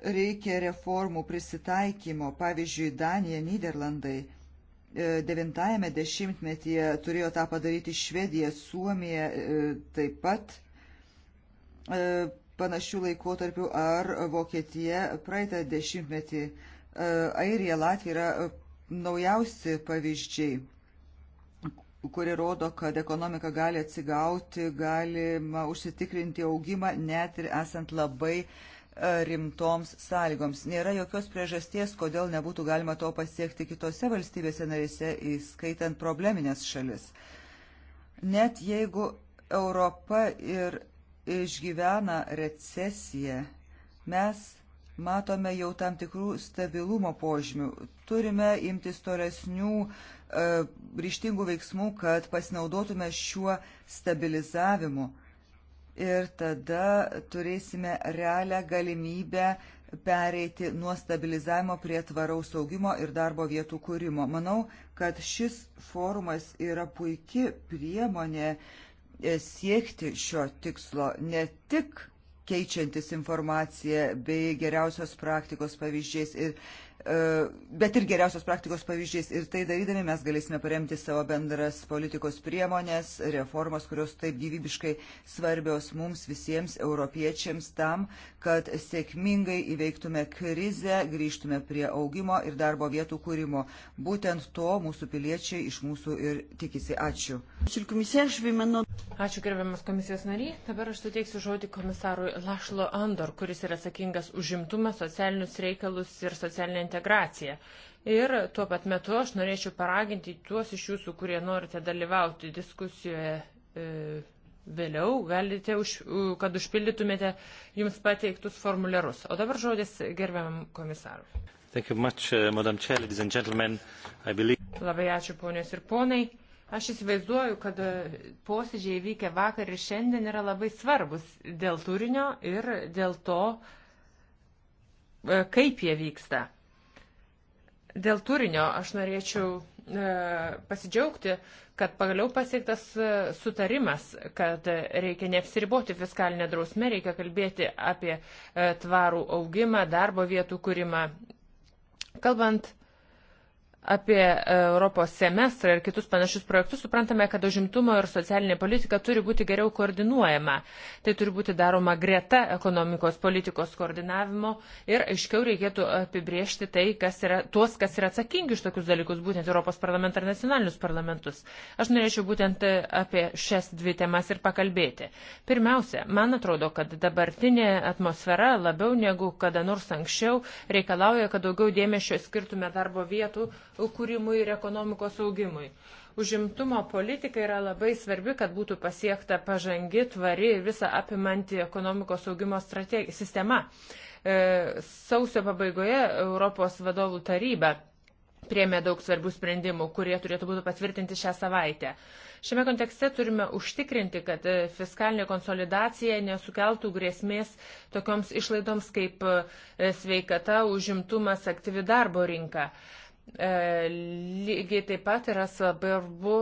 reikia reformų prisitaikymo. Pavyzdžiui, Danija, Niderlandai e, devintajame dešimtmetyje turėjo tą padaryti Švedija, Suomija e, taip pat e, panašių laikotarpių ar Vokietija praeitą dešimtmetį. Airija, Latvija yra naujausi pavyzdžiai, kurie rodo, kad ekonomika gali atsigauti, galima užsitikrinti augimą net ir esant labai uh, rimtoms sąlygoms. Nėra jokios priežasties, kodėl nebūtų galima to pasiekti kitose valstybėse narėse, įskaitant probleminės šalis. Net jeigu Europa ir išgyvena recesiją, mes matome jau tam tikrų stabilumo požymių. Turime imtis tolesnių e, ryštingų veiksmų, kad pasinaudotume šiuo stabilizavimu. E, ir tada turėsime realią galimybę pereiti nuo stabilizavimo prie tvaraus augimo ir darbo vietų kūrimo. Manau, kad šis forumas yra puikia priemonė e, siekti šio tikslo ne tik keičiantis informaciją bei geriausios praktikos pavyzdžiais ir E, bet ir geriausios praktikos pavyzdžiais. Ir tai darydami mes galėsime paremti savo bendras politikos priemonės, reformas, kurios taip gyvybiškai svarbios mums visiems europiečiams tam, kad sėkmingai įveiktume krizę, grįžtume prie augimo ir darbo vietų kūrimo. Būtent to mūsų piliečiai iš mūsų ir tikisi. Ačiū. Ačiū gerbiamas komisijos nariai. Dabar aš suteiksiu žodį komisarui Lašlo Andor, kuris yra atsakingas už žimtumą, socialinius reikalus ir socialinę integraciją integraciją. Ir tuo pat metu aš norėčiau paraginti tuos iš jūsų, kurie norite dalyvauti diskusijoje e, vėliau, galite, už, kad užpildytumėte jums pateiktus formulerus. O dabar žodis gerbiam komisarui. Much, uh, Chair, believe... Labai ačiū ponios ir ponai. Aš įsivaizduoju, kad e, posėdžiai vykę vakar ir šiandien yra labai svarbus dėl turinio ir dėl to, e, kaip jie vyksta. Dėl turinio aš norėčiau e, pasidžiaugti, kad pagaliau pasiektas e, sutarimas, kad reikia neapsiriboti fiskalinę drausmę, reikia kalbėti apie e, tvarų augimą, darbo vietų kūrimą. Kalbant apie e, Europos semestrą ir kitus panašius projektus, suprantame, kad užimtumo ir socialinė politika turi būti geriau koordinuojama. Tai turi būti daroma greta ekonomikos politikos koordinavimo ir aiškiau reikėtų apibriežti tai, kas yra, tuos, kas yra atsakingi už tokius dalykus, būtent Europos parlamentą ir nacionalinius parlamentus. Aš norėčiau būtent e, apie šias dvi temas ir pakalbėti. Pirmiausia, man atrodo, kad dabartinė atmosfera labiau negu kada nors anksčiau reikalauja, kad daugiau dėmesio skirtume darbo vietų kūrimui ir ekonomikos augimui. Užimtumo politika yra labai svarbi, kad būtų pasiekta pažangi, tvari ir visą apimanti ekonomikos augimo sistema. E, sausio pabaigoje Europos vadovų taryba priemė daug svarbių sprendimų, kurie turėtų būti patvirtinti šią savaitę. Šiame kontekste turime užtikrinti, kad e, fiskalinė konsolidacija nesukeltų grėsmės tokioms išlaidoms kaip e, sveikata, užimtumas, aktyvi darbo rinka. E, E, lygiai taip pat yra svarbu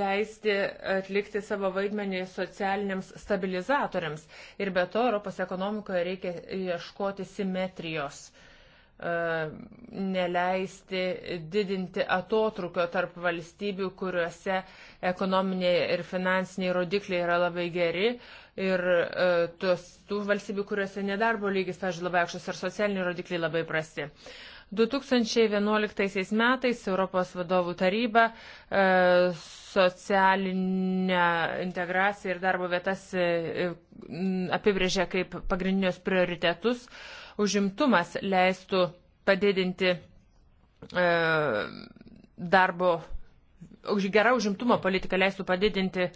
leisti atlikti savo vaidmenį socialiniams stabilizatoriams. Ir be to Europos ekonomikoje reikia ieškoti simetrijos, e, neleisti didinti atotrukio tarp valstybių, kuriuose ekonominiai ir finansiniai rodikliai yra labai geri. Ir e, tos, tų valstybių, kuriuose nedarbo lygis, pažiūrėjau, labai aukštas ir socialiniai rodikliai labai prasti. Uh, 2011 metais Europos vadovų taryba e, socialinę integraciją ir darbo vietas e, e, apibrėžė kaip pagrindinius prioritetus. Užimtumas leistų padidinti darbo, gera užimtumo politika leistų padidinti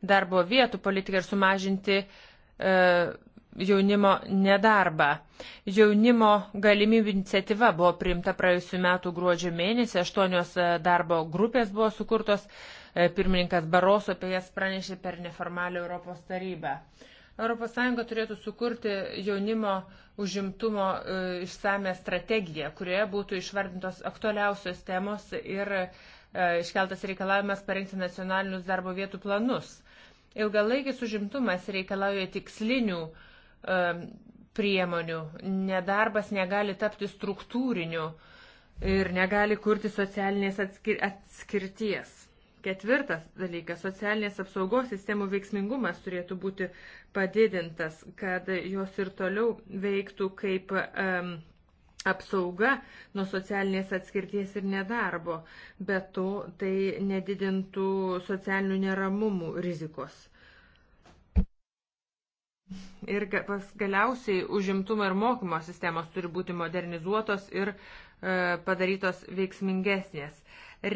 darbo vietų politiką ir sumažinti jaunimo nedarbą. Jaunimo galimybių iniciatyva buvo priimta praėjusiu metu gruodžio mėnesį, aštuonios e, darbo grupės buvo sukurtos, e, pirmininkas Baros apie jas pranešė per neformalią Europos tarybą. ES turėtų sukurti jaunimo užimtumo e, išsame strategiją, kurioje būtų išvardintos aktualiausios temos ir iškeltas reikalavimas parengti nacionalinius darbo vietų planus. Ilgalaikis užimtumas reikalauja tikslinių uh, Um, priemonių. Nedarbas negali tapti struktūriniu ir negali kurti socialinės atskir atskirties. Ketvirtas dalykas - socialinės apsaugos sistemų veiksmingumas turėtų būti padidintas, kad jos ir toliau veiktų kaip um, apsauga nuo socialinės atskirties ir nedarbo, bet to tai nedidintų socialinių neramumų rizikos. Ir galiausiai užimtumo ir mokymo sistemos turi būti modernizuotos ir e, padarytos veiksmingesnės.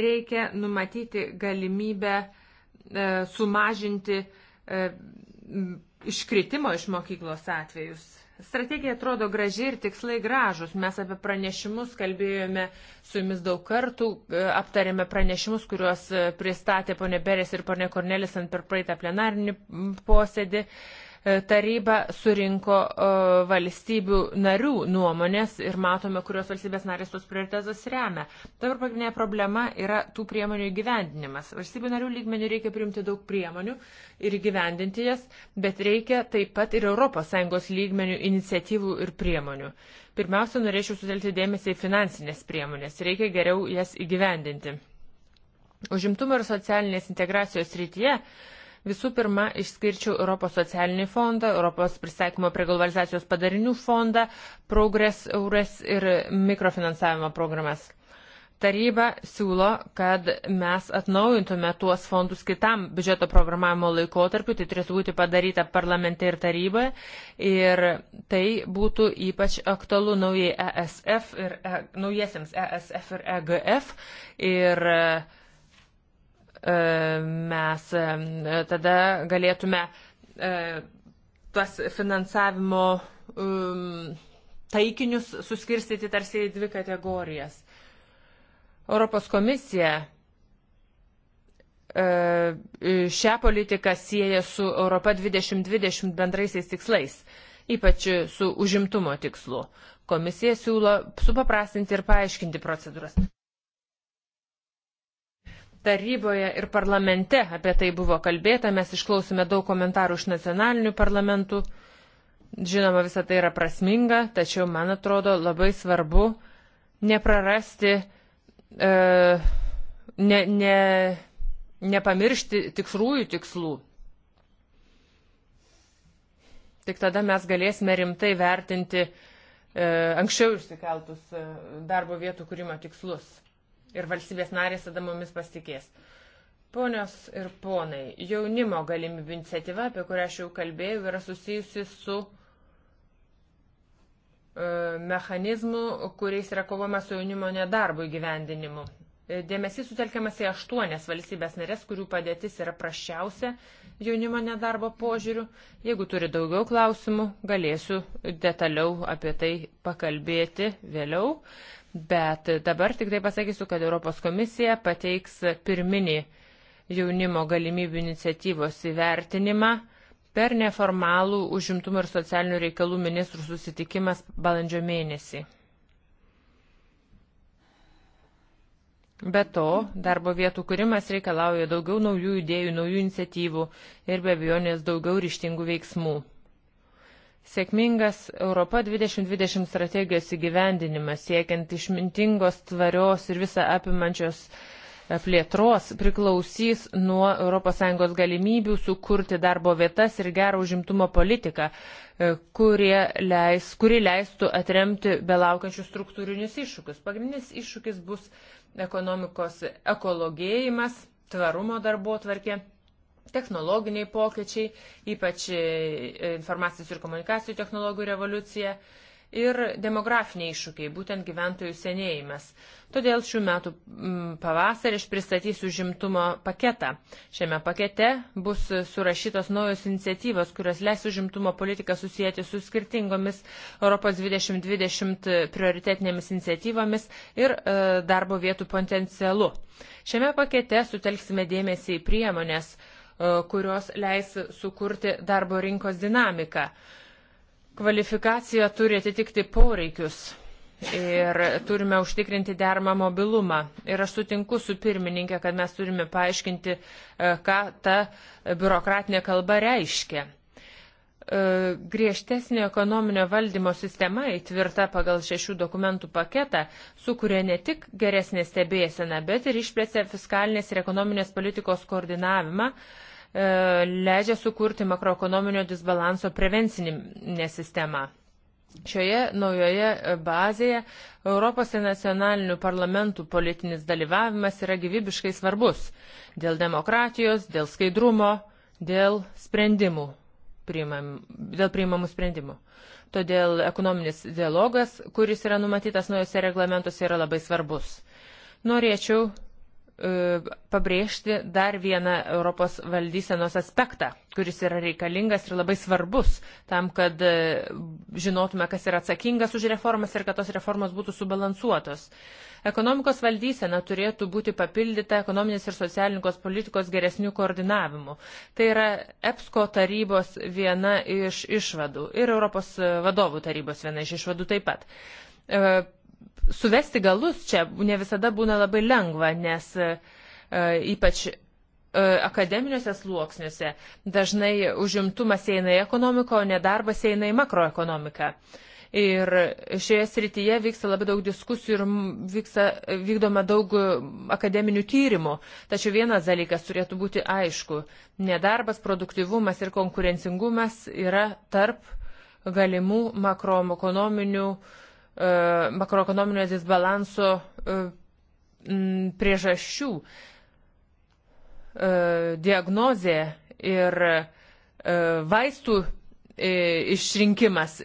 Reikia numatyti galimybę e, sumažinti e, iškritimo iš mokyklos atvejus. Strategija atrodo graži ir tikslai gražus. Mes apie pranešimus kalbėjome su jumis daug kartų, aptarėme pranešimus, kuriuos pristatė ponė Berės ir ponė Kornelis ant per praeitą plenarinį posėdį. Uh, Taryba surinko e, valstybių narių nuomonės ir matome, kurios valstybės narės tos prioritetus remia. Dabar pagrindinė problema yra tų priemonių įgyvendinimas. Valstybių narių lygmenių reikia priimti daug priemonių ir įgyvendinti jas, bet reikia taip pat ir ES lygmenių iniciatyvų ir priemonių. Pirmiausia, norėčiau sutelkti dėmesį į finansinės priemonės. Reikia geriau jas įgyvendinti. Užimtumo ir socialinės integracijos rytyje Visų pirma, išskirčiau Europos socialinį fondą, Europos pristaikymo prie globalizacijos padarinių fondą, Progress, Eures ir mikrofinansavimo programas. Taryba siūlo, kad mes atnaujintume tuos fondus kitam biudžeto programavimo laikotarpiu, tai turėtų būti padaryta parlamente ir taryboje ir tai būtų ypač aktualu naujai ESF ir e, naujiesiams ESF ir EGF ir uh, E, mes e, tada galėtume e, tas finansavimo um, taikinius suskirstyti tarsi į dvi kategorijas. Europos komisija šią politiką sieja su Europa 2020 bendraisiais tikslais, ypač su užimtumo tikslu. Komisija siūlo supaprastinti ir paaiškinti procedūras taryboje ir parlamente apie tai buvo kalbėta, mes išklausime daug komentarų iš nacionalinių parlamentų. Žinoma, visa tai yra prasminga, tačiau man atrodo labai svarbu neprarasti, e, ne, ne, nepamiršti tikrųjų tikslų. Tik tada mes galėsime rimtai vertinti e, anksčiau išsikeltus e, darbo vietų kūrimo tikslus ir valstybės narės tada mumis pasitikės. Ponios ir ponai, jaunimo galimybių iniciatyva, apie kurią aš jau kalbėjau, yra susijusi su e, mechanizmų, kuriais yra kovoma su jaunimo nedarbo įgyvendinimu. E, dėmesys sutelkiamas į aštuonias valstybės narės, kurių padėtis yra prašiausia jaunimo nedarbo požiūrių. Jeigu turi daugiau klausimų, galėsiu detaliau apie tai pakalbėti vėliau. Bet dabar tik tai pasakysiu, kad Europos komisija pateiks pirminį jaunimo galimybių iniciatyvos įvertinimą per neformalų užimtumų ir socialinių reikalų ministrų susitikimas balandžio mėnesį. Be to, darbo vietų kūrimas reikalauja daugiau naujų idėjų, naujų iniciatyvų ir be abejonės daugiau ryštingų veiksmų. Sėkmingas Europa 2020 strategijos įgyvendinimas siekiant išmintingos, tvarios ir visą apimančios e, plėtros priklausys nuo ES galimybių sukurti darbo vietas ir gerą užimtumo politiką, e, leis, kuri leistų atremti belaukiančius struktūrinius iššūkius. Pagrindinis iššūkis bus ekonomikos ekologėjimas, tvarumo darbo tvarkė technologiniai pokyčiai, ypač e, e, informacijos ir komunikacijų technologijų revoliucija ir demografiniai iššūkiai, būtent gyventojų senėjimas. Todėl šių metų pavasarį aš pristatysiu žimtumo paketą. Šiame pakete bus surašytos naujos iniciatyvos, kurios leis užimtumo politiką susijęti su skirtingomis Europos 2020 prioritetinėmis iniciatyvomis ir e, darbo vietų potencialu. Šiame pakete sutelksime dėmesį į priemonės, E, kurios leis sukurti darbo rinkos dinamiką. Kvalifikacija turi atitikti poreikius ir turime užtikrinti dermą mobilumą. Ir aš sutinku su pirmininkė, kad mes turime paaiškinti, e, ką ta biurokratinė kalba reiškia. E, griežtesnė ekonominio valdymo sistema įtvirta pagal šešių dokumentų paketą sukuria ne tik geresnę stebėseną, bet ir išplėsia fiskalinės ir ekonominės politikos koordinavimą, E, leidžia sukurti makroekonominio disbalanso prevencinį sistemą. Šioje naujoje e, bazėje Europos nacionalinių parlamentų politinis dalyvavimas yra gyvybiškai svarbus dėl demokratijos, dėl skaidrumo, dėl sprendimų, priimam, dėl priimamų sprendimų. Todėl ekonominis dialogas, kuris yra numatytas naujose reglamentuose, yra labai svarbus. Norėčiau E, pabrėžti dar vieną Europos valdysenos aspektą, kuris yra reikalingas ir labai svarbus tam, kad e, žinotume, kas yra atsakingas už reformas ir kad tos reformos būtų subalansuotos. Ekonomikos valdysena turėtų būti papildyta ekonominės ir socialinkos politikos geresnių koordinavimu. Tai yra EPSCO tarybos viena iš išvadų ir Europos vadovų tarybos viena iš išvadų taip pat e, suvesti galus čia ne visada būna labai lengva, nes e, e, ypač e, akademiniuose sluoksniuose dažnai užimtumas eina į ekonomiką, o nedarbas eina į makroekonomiką. Ir šioje srityje vyksta labai daug diskusijų ir vyksta, vykdoma daug akademinių tyrimų. Tačiau vienas dalykas turėtų būti aišku. Nedarbas, produktivumas ir konkurencingumas yra tarp galimų makroekonominių uh, makroekonominio disbalanso e, priežasčių. E, diagnozė ir e, vaistų išrinkimas,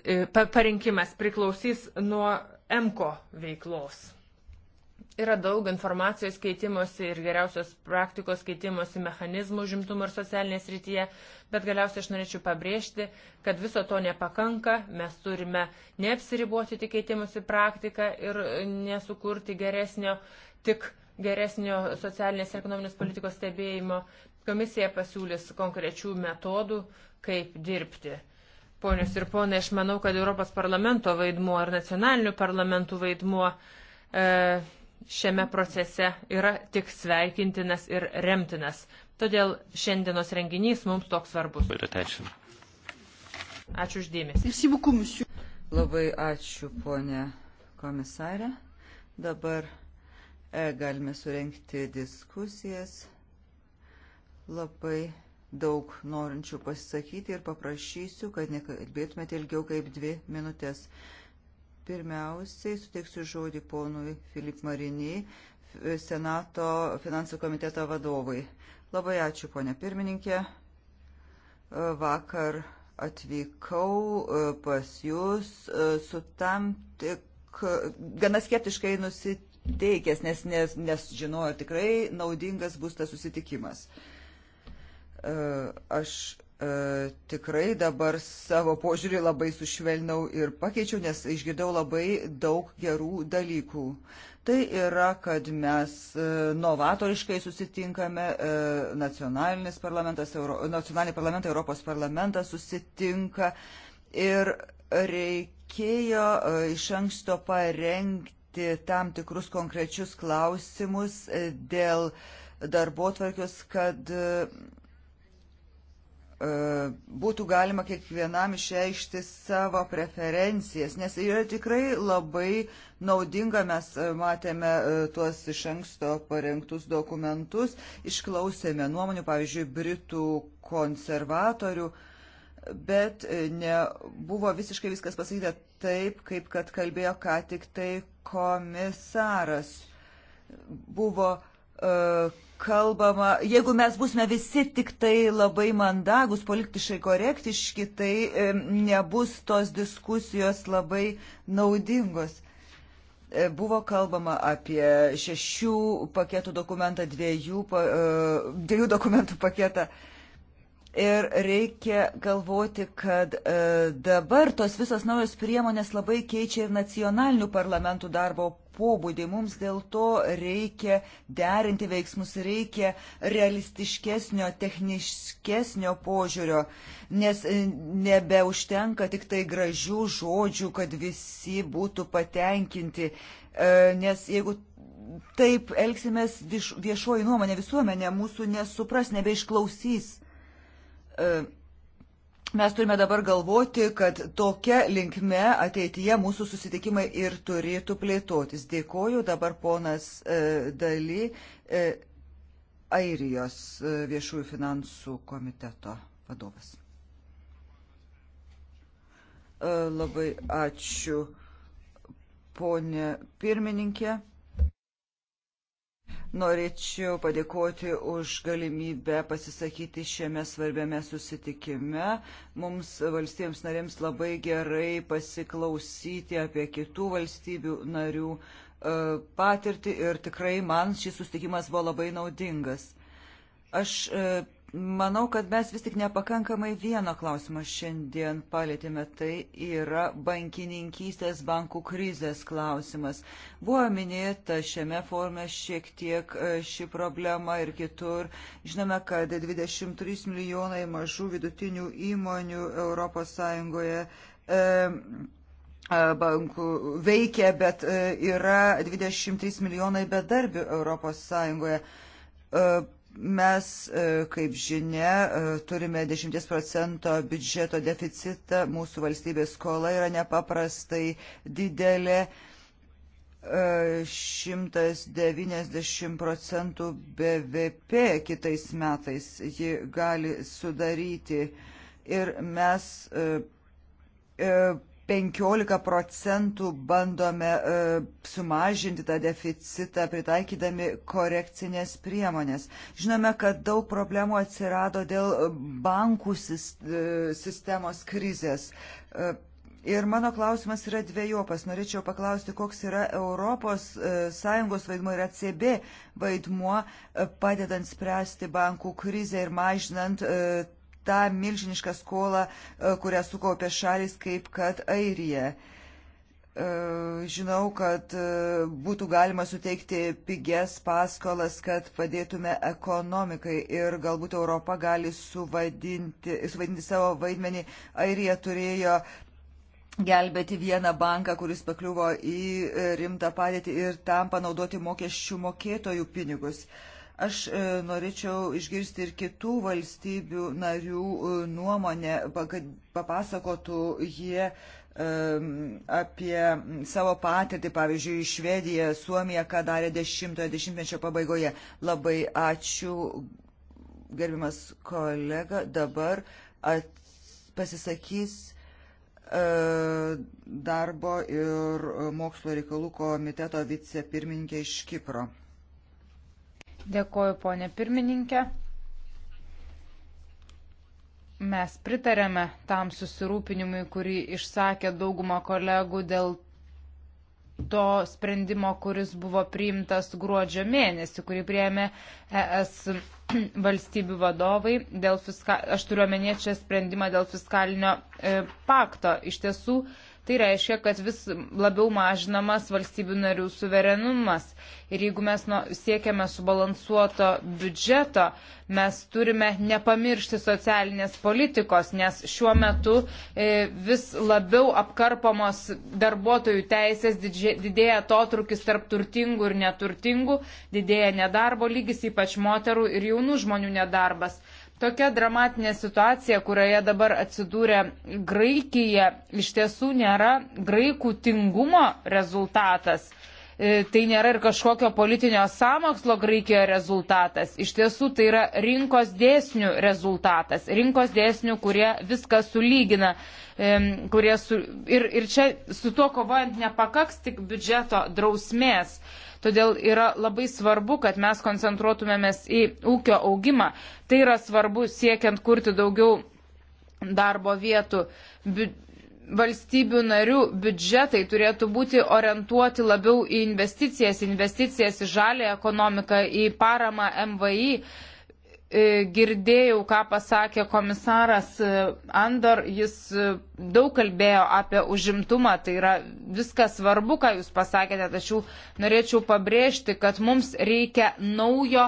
parinkimas priklausys nuo EMCO veiklos. Yra daug informacijos keitimosi ir geriausios praktikos keitimosi mechanizmų žimtumo ir socialinės rytyje, bet galiausiai aš norėčiau pabrėžti, kad viso to nepakanka, mes turime neapsiriboti tik keitimosi praktiką ir nesukurti geresnio, tik geresnio socialinės ir ekonominės politikos stebėjimo. Komisija pasiūlys konkrečių metodų, kaip dirbti. Ponios ir ponai, aš manau, kad Europos parlamento vaidmuo ir nacionalinių parlamentų vaidmuo e, šiame procese yra tik sveikintinas ir remtinas. Todėl šiandienos renginys mums toks svarbus. Ačiū uždėmesi. Labai ačiū, ponė komisarė. Dabar e, galime surenkti diskusijas. Labai daug norinčių pasisakyti ir paprašysiu, kad nekalbėtumėte ilgiau kaip dvi minutės. Pirmiausiai suteiksiu žodį ponui Filip Marini, Senato finansų komiteto vadovui. Labai ačiū, ponė pirmininkė. E, vakar atvykau e, pas jūs e, su tam tik gana skeptiškai nusiteikęs, nes, nes, nes žinojau, tikrai naudingas bus tas susitikimas. Aš E, tikrai dabar savo požiūrį labai sušvelnau ir pakeičiau, nes išgirdau labai daug gerų dalykų. Tai yra, kad mes e, novatoriškai susitinkame, e, nacionalinis parlamentas, Euro, nacionaliniai parlamentai, Europos parlamentas susitinka ir reikėjo iš anksto parengti tam tikrus konkrečius klausimus dėl darbo tvarkius, kad E, būtų galima kiekvienam išreikšti savo preferencijas, nes yra tikrai labai naudinga, mes e, matėme e, tuos iš anksto parengtus dokumentus, išklausėme nuomonių, pavyzdžiui, Britų konservatorių, bet nebuvo visiškai viskas pasakyta taip, kaip kad kalbėjo ką tik tai komisaras. Buvo uh, E, kalbama, jeigu mes būsime visi tik tai labai mandagus, politiškai korektiški, tai e, nebus tos diskusijos labai naudingos. E, buvo kalbama apie šešių paketų dokumentą, dviejų, dviejų dokumentų paketą. Ir reikia galvoti, kad e, dabar tos visos naujos priemonės labai keičia ir nacionalinių parlamentų darbo pobūdį. Mums dėl to reikia derinti veiksmus, reikia realistiškesnio, techniškesnio požiūrio, nes e, nebeužtenka tik tai gražių žodžių, kad visi būtų patenkinti, e, nes jeigu taip elgsimės viešoji nuomonė visuomenė mūsų nesupras, nebeišklausys. Uh Mes turime dabar galvoti, kad tokia linkme ateityje mūsų susitikimai ir turėtų plėtotis. Dėkoju dabar ponas e, Daly, e, Airijos e, viešųjų finansų komiteto vadovas. E, labai ačiū, ponė pirmininkė. Norėčiau padėkoti už galimybę pasisakyti šiame svarbiame susitikime. Mums valstybėms narėms labai gerai pasiklausyti apie kitų valstybių narių e, patirtį ir tikrai man šis susitikimas buvo labai naudingas. Aš e, Manau, kad mes vis tik nepakankamai vieno klausimo šiandien palėtėme, tai yra bankininkystės bankų krizės klausimas. Buvo minėta šiame forume šiek tiek e, ši problema ir kitur. Žinome, kad 23 milijonai mažų vidutinių įmonių ES e, e, bankų veikia, bet yra 23 milijonai bedarbių ES Mes, e, kaip žinia, e, turime 10 procento biudžeto deficitą, mūsų valstybės skola yra nepaprastai didelė. 190 e, procentų BVP kitais metais ji gali sudaryti ir mes 15 procentų bandome e, sumažinti tą deficitą, pritaikydami korekcinės priemonės. Žinome, kad daug problemų atsirado dėl bankų e, sistemos krizės. E, ir mano klausimas yra dviejopas. Norėčiau paklausti, koks yra ES e, vaidmuo ir ACB vaidmuo, e, padedant spręsti bankų krizę ir mažinant e, tą milžinišką skolą, e, kurią sukaupė šalis kaip kad Airija. E, žinau, kad e, būtų galima suteikti pigias paskolas, kad padėtume ekonomikai ir galbūt Europa gali suvadinti, suvadinti savo vaidmenį. Airija turėjo gelbėti vieną banką, kuris pakliuvo į rimtą padėtį ir tam panaudoti mokesčių mokėtojų pinigus. Uh, Aš e, norėčiau išgirsti ir kitų valstybių narių e, nuomonę, kad papasakotų jie e, apie savo patirtį, pavyzdžiui, Švediją, Suomiją, ką darė 10-ojo dešimtmečio pabaigoje. Labai ačiū, gerbimas kolega, dabar at, pasisakys e, darbo ir mokslo reikalų komiteto vicepirmininkė iš Kipro. Dėkoju, ponė pirmininkė. Mes pritarėme tam susirūpinimui, kurį išsakė dauguma kolegų dėl to sprendimo, kuris buvo priimtas gruodžio mėnesį, kurį priėmė ES <clears throat> valstybių vadovai. Dėl fiska... Aš turiu omenyje čia sprendimą dėl fiskalinio e, pakto. Iš tiesų, e, Tai reiškia, kad vis labiau mažinamas valstybių narių suverenumas. Ir jeigu mes nu, siekiame subalansuoto biudžeto, mes turime nepamiršti socialinės politikos, nes šiuo metu e, vis labiau apkarpamos darbuotojų teisės, didži, didėja totrukis tarp turtingų ir neturtingų, didėja nedarbo lygis, ypač moterų ir jaunų žmonių nedarbas. Tokia dramatinė situacija, kurioje dabar atsidūrė Graikija, iš tiesų nėra graikų tingumo rezultatas. E, tai nėra ir kažkokio politinio samokslo Graikijoje rezultatas. Iš tiesų tai yra rinkos dėsnių rezultatas. Rinkos dėsnių, kurie viską sulygina. E, kurie su, ir, ir čia su tuo kovojant nepakaks tik biudžeto drausmės. Todėl yra labai svarbu, kad mes koncentruotumėmės į ūkio augimą. Tai yra svarbu siekiant kurti daugiau darbo vietų. Bi valstybių narių biudžetai turėtų būti orientuoti labiau į investicijas, investicijas į žalę ekonomiką, į paramą MVI E, girdėjau, ką pasakė komisaras e, Andor, jis e, daug kalbėjo apie užimtumą, tai yra viskas svarbu, ką jūs pasakėte, tačiau norėčiau pabrėžti, kad mums reikia naujo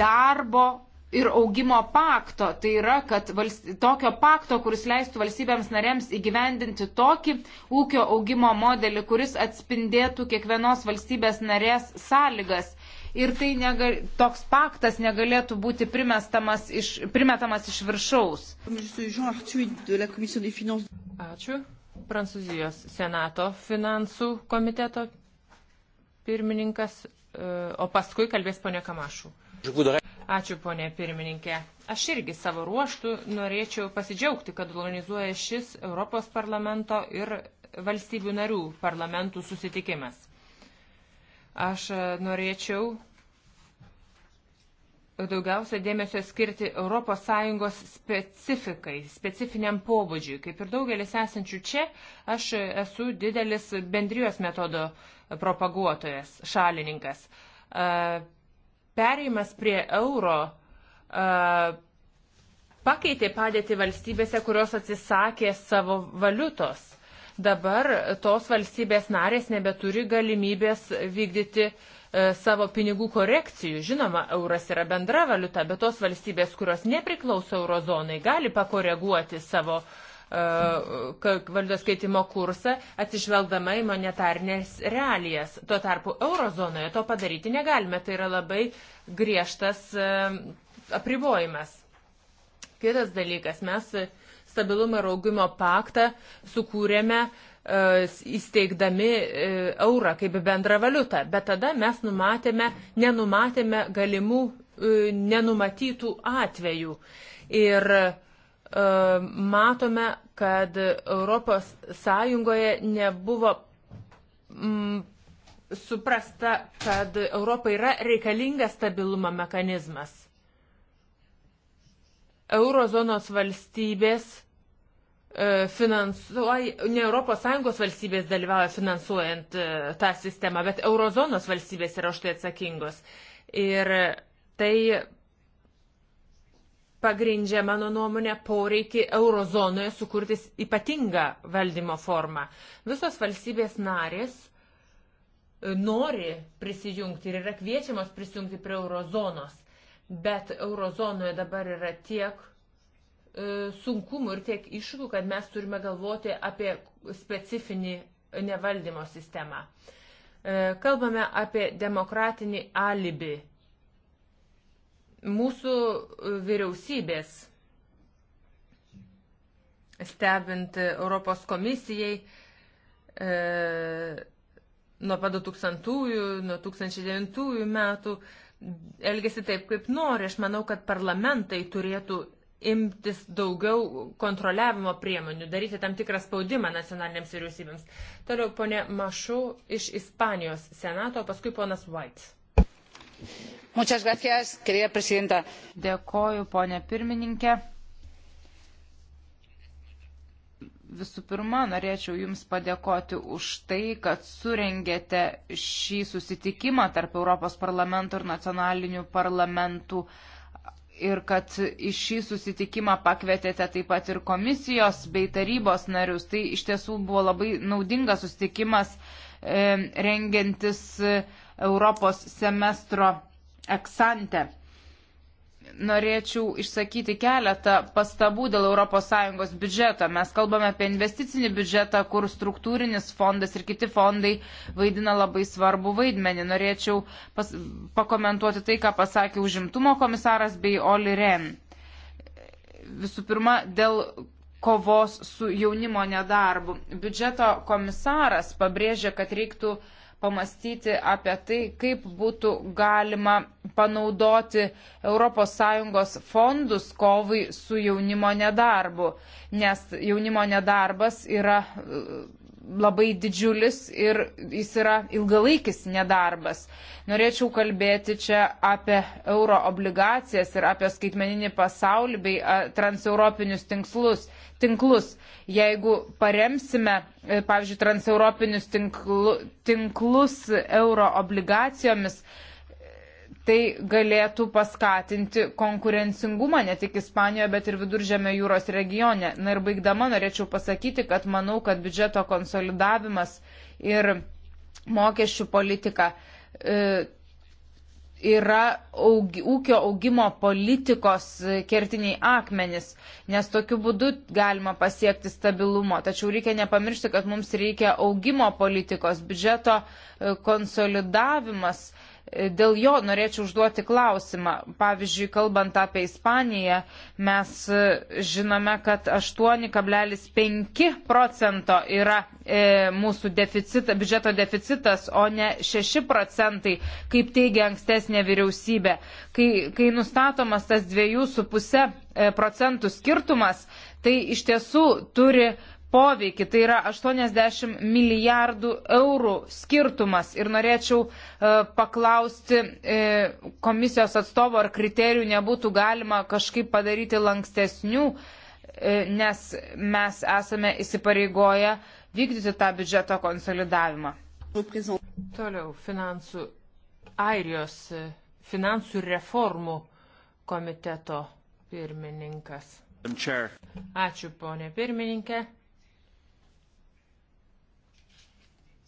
darbo. Ir augimo pakto, tai yra, kad valst... tokio pakto, kuris leistų valstybėms narėms įgyvendinti tokį ūkio augimo modelį, kuris atspindėtų kiekvienos valstybės narės sąlygas ir tai negal, toks paktas negalėtų būti primetamas iš, primetamas iš viršaus. Ačiū. Prancūzijos Senato finansų komiteto pirmininkas, e, o paskui kalbės ponė Kamašų. Ačiū ponė pirmininkė. Aš irgi savo ruoštų norėčiau pasidžiaugti, kad organizuoja šis Europos parlamento ir valstybių narių parlamentų susitikimas. Aš e, norėčiau daugiausia dėmesio skirti ES specifikai, specifiniam pobūdžiui. Kaip ir daugelis esančių čia, aš e, esu didelis bendrijos metodo e, propaguotojas, šalininkas. Pereimas prie euro pakeitė padėti valstybėse, kurios atsisakė savo valiutos. Dabar tos valstybės narės nebeturi galimybės vykdyti e, savo pinigų korekcijų. Žinoma, euras yra bendra valiuta, bet tos valstybės, kurios nepriklauso eurozonai, gali pakoreguoti savo uh, e, valdos keitimo kursą, atsižvelgdama į monetarnės realijas. Tuo tarpu eurozonoje to padaryti negalime, tai yra labai griežtas uh, apribojimas. Kitas dalykas, mes uh, stabilumo ir augimo paktą sukūrėme e, įsteigdami e, eurą kaip bendrą valiutą, bet tada mes numatėme, nenumatėme galimų e, nenumatytų atvejų. Ir matome, kad Europos Sąjungoje nebuvo mm, suprasta, kad Europai yra reikalingas stabilumo mechanizmas. Eurozonos valstybės E, finansuoja, ne ES valstybės dalyvauja finansuojant e, tą sistemą, bet eurozonos valstybės yra už tai atsakingos. Ir tai pagrindžia, mano nuomonė, poreikį eurozonoje sukurti ypatingą valdymo formą. Visos valstybės narės e, nori prisijungti ir yra kviečiamos prisijungti prie eurozonos, bet eurozonoje dabar yra tiek E, sunkumų ir tiek iššūkių, kad mes turime galvoti apie specifinį nevaldymo sistemą. E, kalbame apie demokratinį alibi. Mūsų vyriausybės, stebint Europos komisijai, e, nuo pat 2000-ųjų, nuo 2009-ųjų metų, elgesi taip, kaip nori. Aš manau, kad parlamentai turėtų imtis daugiau kontroliavimo priemonių, daryti tam tikrą spaudimą nacionalinėms vyriausybėms. Toliau ponė Mašu iš Ispanijos senato, paskui ponas White. Muchas gracias, querida presidenta. Dėkoju, ponė pirmininkė. Visų pirma, norėčiau Jums padėkoti už tai, kad surengėte šį susitikimą tarp Europos parlamento ir nacionalinių parlamentų uh, ir kad į šį susitikimą pakvietėte taip pat ir komisijos bei tarybos narius. Tai iš tiesų buvo labai naudingas susitikimas e, rengiantis e, Europos semestro eksante norėčiau išsakyti keletą pastabų dėl ES biudžeto. Mes kalbame apie investicinį biudžetą, kur struktūrinis fondas ir kiti fondai vaidina labai svarbu vaidmenį. Norėčiau pas, pakomentuoti tai, ką pasakė užimtumo komisaras bei Oli Ren. Visų pirma, dėl kovos su jaunimo nedarbu. Biudžeto komisaras pabrėžė, kad reiktų uh, pamastyti apie tai, kaip būtų galima panaudoti ES fondus kovai su jaunimo nedarbu, nes jaunimo nedarbas yra e, labai didžiulis ir jis yra ilgalaikis nedarbas. Norėčiau kalbėti čia apie euro obligacijas ir apie skaitmeninį pasaulį bei transeuropinius tinkslus tinklus. Jeigu paremsime, e, pavyzdžiui, transeuropinius tinklu, tinklus euro obligacijomis, tai galėtų paskatinti konkurencingumą ne tik Ispanijoje, bet ir viduržėme jūros regione. Na ir baigdama norėčiau pasakyti, kad manau, kad biudžeto konsolidavimas ir mokesčių politika e, yra aug, ūkio augimo politikos kertiniai akmenys, nes tokiu būdu galima pasiekti stabilumo. Tačiau reikia nepamiršti, kad mums reikia augimo politikos, biudžeto e, konsolidavimas dėl jo norėčiau užduoti klausimą. Pavyzdžiui, kalbant apie Ispaniją, mes e, žinome, kad 8,5 procento yra e, mūsų deficita, biudžeto deficitas, o ne 6 procentai, kaip teigia ankstesnė vyriausybė. Kai, kai nustatomas tas 2,5 e, procentų skirtumas, tai iš tiesų turi poveikį. Tai yra 80 milijardų eurų skirtumas. Ir norėčiau e, paklausti e, komisijos atstovo, ar kriterijų nebūtų galima kažkaip padaryti lankstesnių, e, nes mes esame įsipareigoję vykdyti tą biudžeto konsolidavimą. Toliau finansų Airijos e, finansų reformų komiteto pirmininkas. Ačiū, ponė pirmininkė.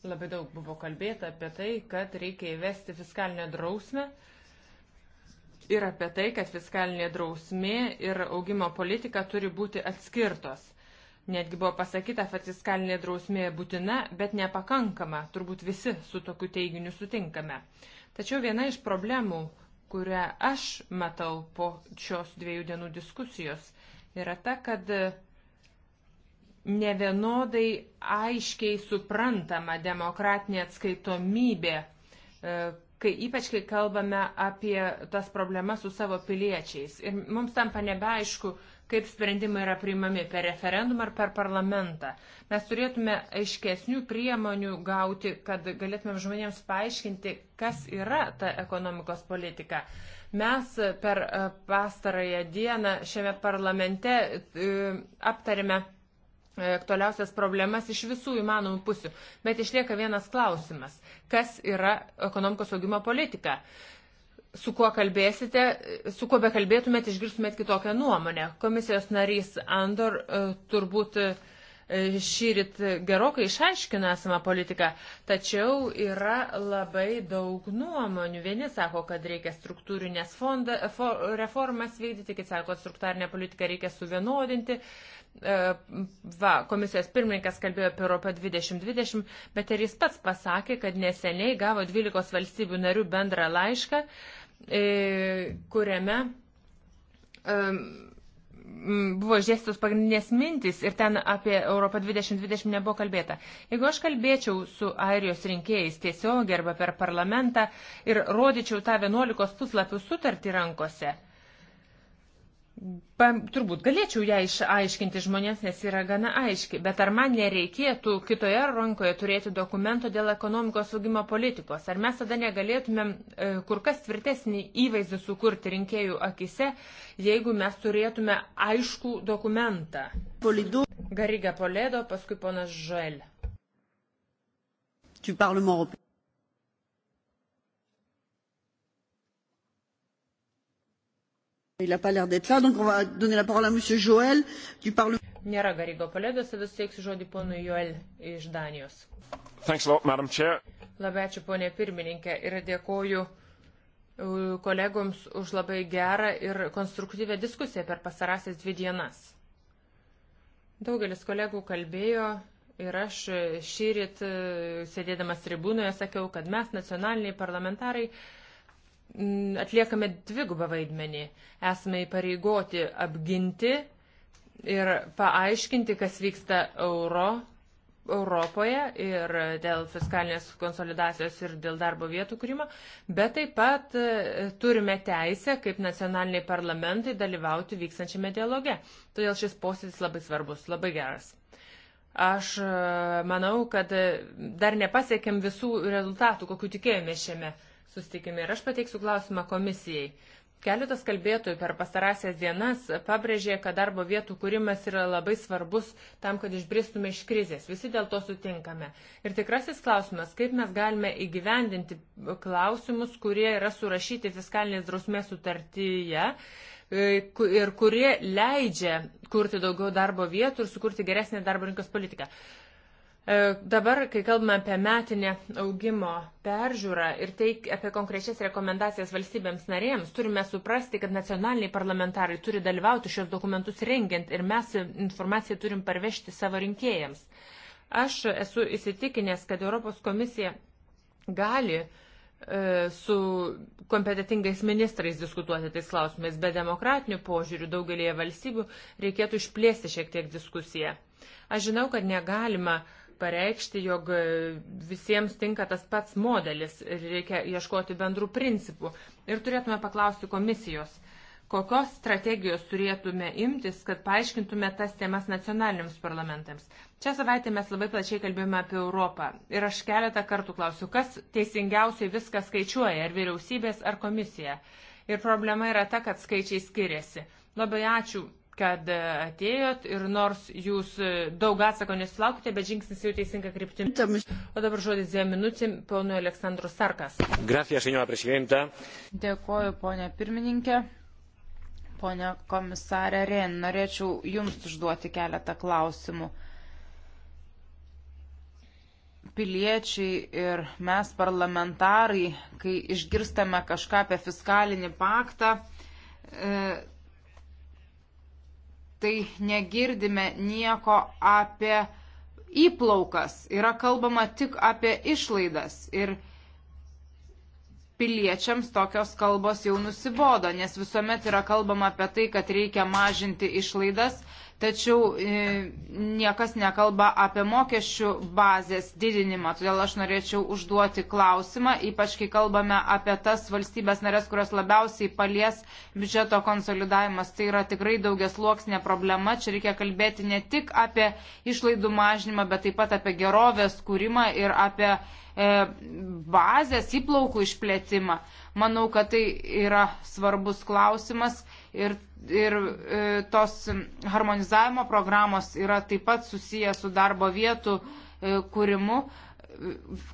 Labai daug buvo kalbėta apie tai, kad reikia įvesti fiskalinę drausmę ir apie tai, kad fiskalinė drausmė ir augimo politika turi būti atskirtos. Netgi buvo pasakyta, kad fiskalinė drausmė būtina, bet nepakankama. Turbūt visi su tokiu teiginiu sutinkame. Tačiau viena iš problemų, kurią aš matau po šios dviejų dienų diskusijos, yra ta, kad nevienodai aiškiai suprantama demokratinė atskaitomybė, e, kai, ypač kai kalbame apie tas problemas su savo piliečiais. Ir mums tampa nebeaišku, kaip sprendimai yra priimami per referendumą ar per parlamentą. Mes turėtume aiškesnių priemonių gauti, kad galėtumėm žmonėms paaiškinti, kas yra ta ekonomikos politika. Mes e, per e, pastarąją dieną šiame parlamente aptarėme E, aktualiausias problemas iš visų įmanomų pusių. Bet išlieka vienas klausimas. Kas yra ekonomikos augimo politika? Su kuo kalbėsite, su kuo bekalbėtumėt, išgirstumėt kitokią nuomonę. Komisijos narys Andor e, turbūt e, šyrit gerokai išaiškina esamą politiką, tačiau yra labai daug nuomonių. Vieni sako, kad reikia struktūrinės fonda, reformas vykdyti, kiti sako, kad struktūrinę politiką reikia suvienodinti. Uh, E, va, komisijos pirmininkas kalbėjo apie Europą 2020, bet ir jis pats pasakė, kad neseniai gavo 12 valstybių narių bendrą laišką, e, kuriame e, buvo išdėstytos pagrindinės mintys ir ten apie Europą 2020 nebuvo kalbėta. Jeigu aš kalbėčiau su airijos rinkėjais tiesiog arba per parlamentą ir rodyčiau tą 11 puslapių sutartį rankose, turbūt galėčiau ją išaiškinti žmonėms, nes yra gana aiški, bet ar man nereikėtų kitoje rankoje turėti dokumento dėl ekonomikos augimo politikos? Ar mes tada negalėtumėm e, kur kas tvirtesnį įvaizdį sukurti rinkėjų akise, jeigu mes turėtume aiškų dokumentą? Polidų. Gariga Polėdo, paskui ponas Žuel. Tu parlement européen. Nėra Garigo kolegos, vis teiksiu žodį ponui Joel iš Danijos. Lot, Labai ačiū, ponė pirmininkė, ir dėkoju kolegoms už labai gerą ir konstruktyvę diskusiją per pasarasias dvi dienas. Daugelis kolegų kalbėjo ir aš šyrit, e, sėdėdamas tribūnoje, sakiau, kad mes, nacionaliniai parlamentarai, atliekame dvigubą vaidmenį. Esame įpareigoti apginti ir paaiškinti, kas vyksta euro, Europoje ir dėl fiskalinės konsolidacijos ir dėl darbo vietų kūrimo, bet taip pat e, turime teisę, kaip nacionaliniai parlamentai, dalyvauti vykstančiame dialoge. Todėl šis posėdis labai svarbus, labai geras. Aš e, manau, kad e, dar nepasiekėm visų rezultatų, kokiu tikėjome šiame sustikime. Ir aš pateiksiu klausimą komisijai. Keletas kalbėtojų per pastarąsias dienas pabrėžė, kad darbo vietų kūrimas yra labai svarbus tam, kad išbristume iš krizės. Visi dėl to sutinkame. Ir tikrasis klausimas, kaip mes galime įgyvendinti klausimus, kurie yra surašyti fiskalinės drausmės sutartyje e, ir kurie leidžia kurti daugiau darbo vietų ir sukurti geresnę darbo rinkos politiką. E, dabar, kai kalbame apie metinę augimo peržiūrą ir teik, apie konkrečias rekomendacijas valstybėms narėms, turime suprasti, kad nacionaliniai parlamentarai turi dalyvauti šios dokumentus rengiant ir mes informaciją turim parvežti savo rinkėjams. Aš esu įsitikinęs, kad Europos komisija gali e, su kompetitingais ministrais diskutuoti tais klausimais, bet demokratiniu požiūriu daugelėje valstybių reikėtų išplėsti šiek tiek diskusiją. Aš žinau, kad negalima uh, pareikšti, jog visiems tinka tas pats modelis ir reikia ieškoti bendrų principų. Ir turėtume paklausti komisijos, kokios strategijos turėtume imtis, kad paaiškintume tas temas nacionaliniams parlamentams. Čia savaitę mes labai plačiai kalbėjome apie Europą. Ir aš keletą kartų klausiu, kas teisingiausiai viską skaičiuoja, ar vyriausybės, ar komisija. Ir problema yra ta, kad skaičiai skiriasi. Labai ačiū kad e, atėjot ir nors jūs e, daug atsako nesulaukite, bet žingsnis jau teisinga kryptimi. O dabar žodis dviem minutėm ponui Aleksandru Sarkas. Gracias, senora prezidenta. Dėkuoju, ponė pirmininkė. Pone komisarė Ren, norėčiau Jums užduoti keletą klausimų. Piliečiai ir mes parlamentarai, kai išgirstame kažką apie fiskalinį paktą, e, tai negirdime nieko apie įplaukas, yra kalbama tik apie išlaidas. Ir piliečiams tokios kalbos jau nusibodo, nes visuomet yra kalbama apie tai, kad reikia mažinti išlaidas, tačiau e, niekas nekalba apie mokesčių bazės didinimą. Todėl aš norėčiau užduoti klausimą, ypač kai kalbame apie tas valstybės narės, kurios labiausiai palies biudžeto konsolidavimas. Tai yra tikrai daugias luoksnė problema. Čia reikia kalbėti ne tik apie išlaidų mažinimą, bet taip pat apie gerovės kūrimą ir apie e, bazės įplaukų išplėtimą. Manau, kad tai yra svarbus klausimas ir, ir e, tos harmonizavimo programos yra taip pat susiję su darbo vietų e, kūrimu.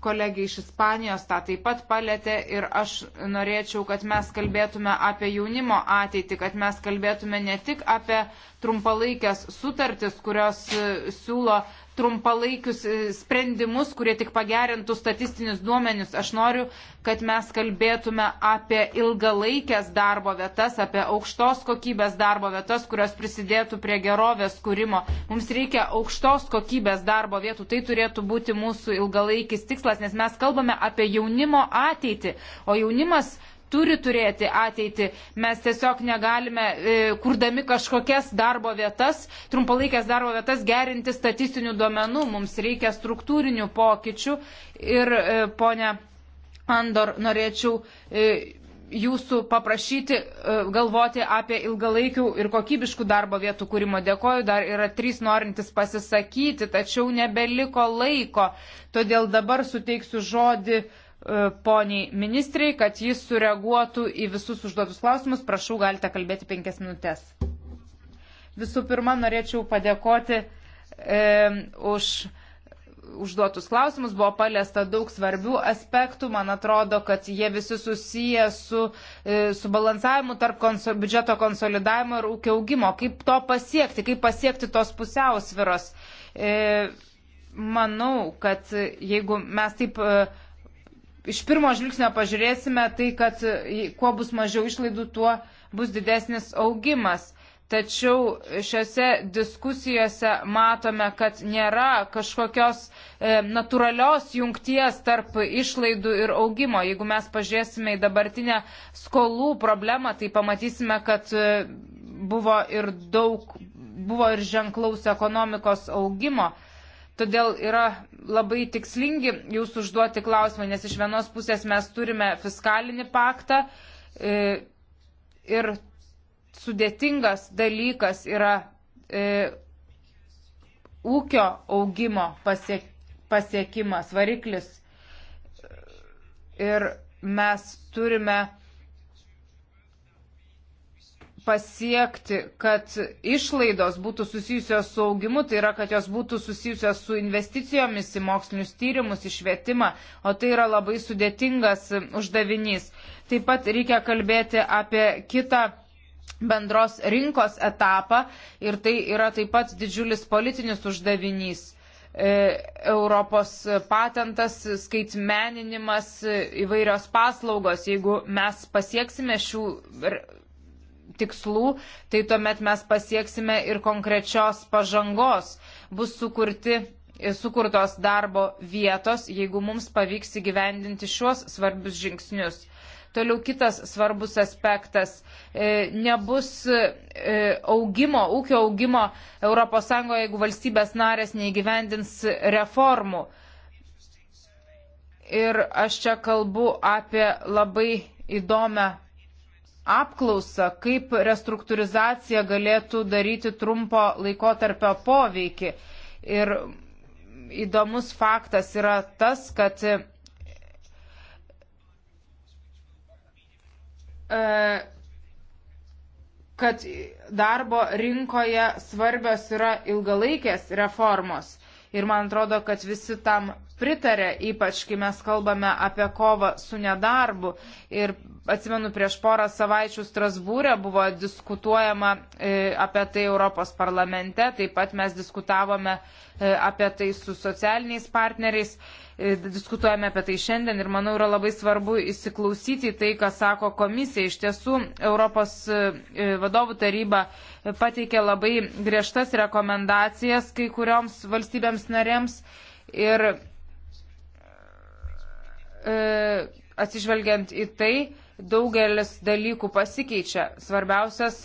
Kolegė iš Ispanijos tą taip pat palėtė ir aš norėčiau, kad mes kalbėtume apie jaunimo ateitį, kad mes kalbėtume ne tik apie trumpalaikės sutartis, kurios e, siūlo trumpalaikius e, sprendimus, kurie tik pagerintų statistinius duomenius. Aš noriu, kad mes kalbėtume apie ilgalaikės darbo vietas, apie aukštos kokybės darbo vietas, kurios prisidėtų prie gerovės kūrimo. Mums reikia aukštos kokybės darbo vietų. Tai turėtų būti mūsų ilgalaikis tikslas, nes mes kalbame apie jaunimo ateitį, o jaunimas turi turėti ateitį. Mes tiesiog negalime, e, kurdami kažkokias darbo vietas, trumpalaikės darbo vietas, gerinti statistinių duomenų. Mums reikia struktūrinių pokyčių. Ir, e, ponia Andor, norėčiau e, jūsų paprašyti galvoti apie ilgalaikių ir kokybiškų darbo vietų kūrimo. Dėkoju, dar yra trys norintys pasisakyti, tačiau nebeliko laiko. Todėl dabar suteiksiu žodį uh, E, poniai ministrei, kad jis sureaguotų į visus užduotus klausimus. Prašau, galite kalbėti penkias minutės. Visų pirma, norėčiau padėkoti e, už užduotus klausimus. Buvo paliesta daug svarbių aspektų. Man atrodo, kad jie visi susiję su, e, su balansavimu tarp konso, biudžeto konsolidavimo ir ūkio augimo. Kaip to pasiekti, kaip pasiekti tos pusiausviros. E, manau, kad jeigu mes taip. E, iš pirmo žvilgsnio pažiūrėsime, tai kad e, kuo bus mažiau išlaidų, tuo bus didesnis augimas. Tačiau šiuose diskusijose matome, kad nėra kažkokios e, natūralios jungties tarp išlaidų ir augimo. Jeigu mes pažiūrėsime į dabartinę skolų problemą, tai pamatysime, kad e, buvo ir daug, buvo ir ženklaus ekonomikos augimo. E, Todėl yra labai tikslingi jūs užduoti klausimą, nes iš vienos pusės mes turime fiskalinį paktą e, ir sudėtingas dalykas yra e, ūkio augimo pasiekimas, variklis. Ir mes turime pasiekti, kad išlaidos būtų susijusios su augimu, tai yra, kad jos būtų susijusios su investicijomis į mokslinius tyrimus, į švietimą, o tai yra labai sudėtingas um, uždavinys. Taip pat reikia kalbėti apie kitą bendros rinkos etapą ir tai yra taip pat didžiulis politinis uždavinys. E, Europos patentas, skaitmeninimas, e, įvairios paslaugos. Jeigu mes pasieksime šių tikslų, tai tuomet mes pasieksime ir konkrečios pažangos. Bus sukurti, e, sukurtos darbo vietos, jeigu mums pavyks įgyvendinti šiuos svarbius žingsnius. Toliau kitas svarbus aspektas. E, nebus e, augimo, ūkio augimo ES, jeigu valstybės narės neįgyvendins reformų. Ir aš čia kalbu apie labai įdomią apklausą, kaip restruktūrizacija galėtų daryti trumpo laikotarpio poveikį. Ir įdomus faktas yra tas, kad e, kad darbo rinkoje svarbios yra ilgalaikės reformos. Ir man atrodo, kad visi tam pritarė, ypač kai mes kalbame apie kovą su nedarbu. Ir atsimenu, prieš porą savaičių Strasbūrė buvo diskutuojama e, apie tai Europos parlamente, taip pat mes diskutavome e, apie tai su socialiniais partneriais, e, diskutuojame apie tai šiandien ir manau yra labai svarbu įsiklausyti tai, ką sako komisija. Iš tiesų, Europos vadovų taryba pateikė labai griežtas rekomendacijas kai kurioms valstybėms narėms. Ir E, atsižvelgiant į tai, daugelis dalykų pasikeičia. Svarbiausias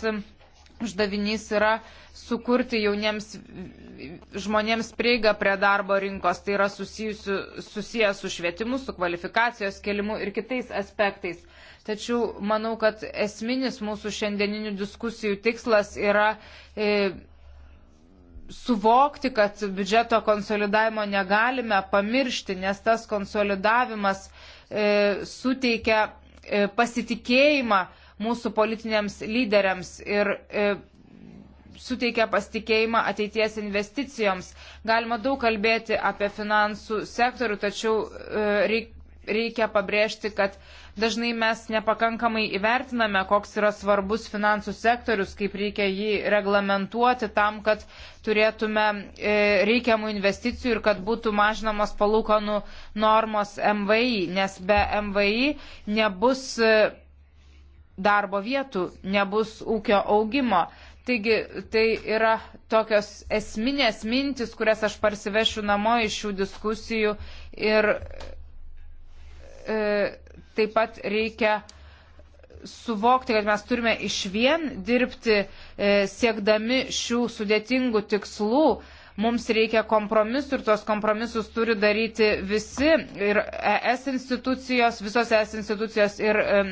uždavinys yra sukurti jauniems žmonėms prieigą prie darbo rinkos. Tai yra susijęs su švietimu, su kvalifikacijos kelimu ir kitais aspektais. Tačiau manau, kad esminis mūsų šiandieninių diskusijų tikslas yra e, suvokti, kad biudžeto konsolidavimo negalime pamiršti, nes tas konsolidavimas e, suteikia e, pasitikėjimą mūsų politiniams lyderiams ir e, suteikia pasitikėjimą ateities investicijoms. Galima daug kalbėti apie finansų sektorių, tačiau e, reik, reikia pabrėžti, kad dažnai mes nepakankamai įvertiname, koks yra svarbus finansų sektorius, kaip reikia jį reglamentuoti tam, kad turėtume e, reikiamų investicijų ir kad būtų mažinamos palūkanų normos MVI, nes be MVI nebus e, darbo vietų, nebus ūkio augimo. Taigi tai yra tokios esminės mintis, kurias aš parsivešiu namo iš šių diskusijų ir E, taip pat reikia suvokti, kad mes turime iš vien dirbti e, siekdami šių sudėtingų tikslų. Mums reikia kompromisų ir tos kompromisus turi daryti visi ir ES institucijos, visos ES institucijos ir e,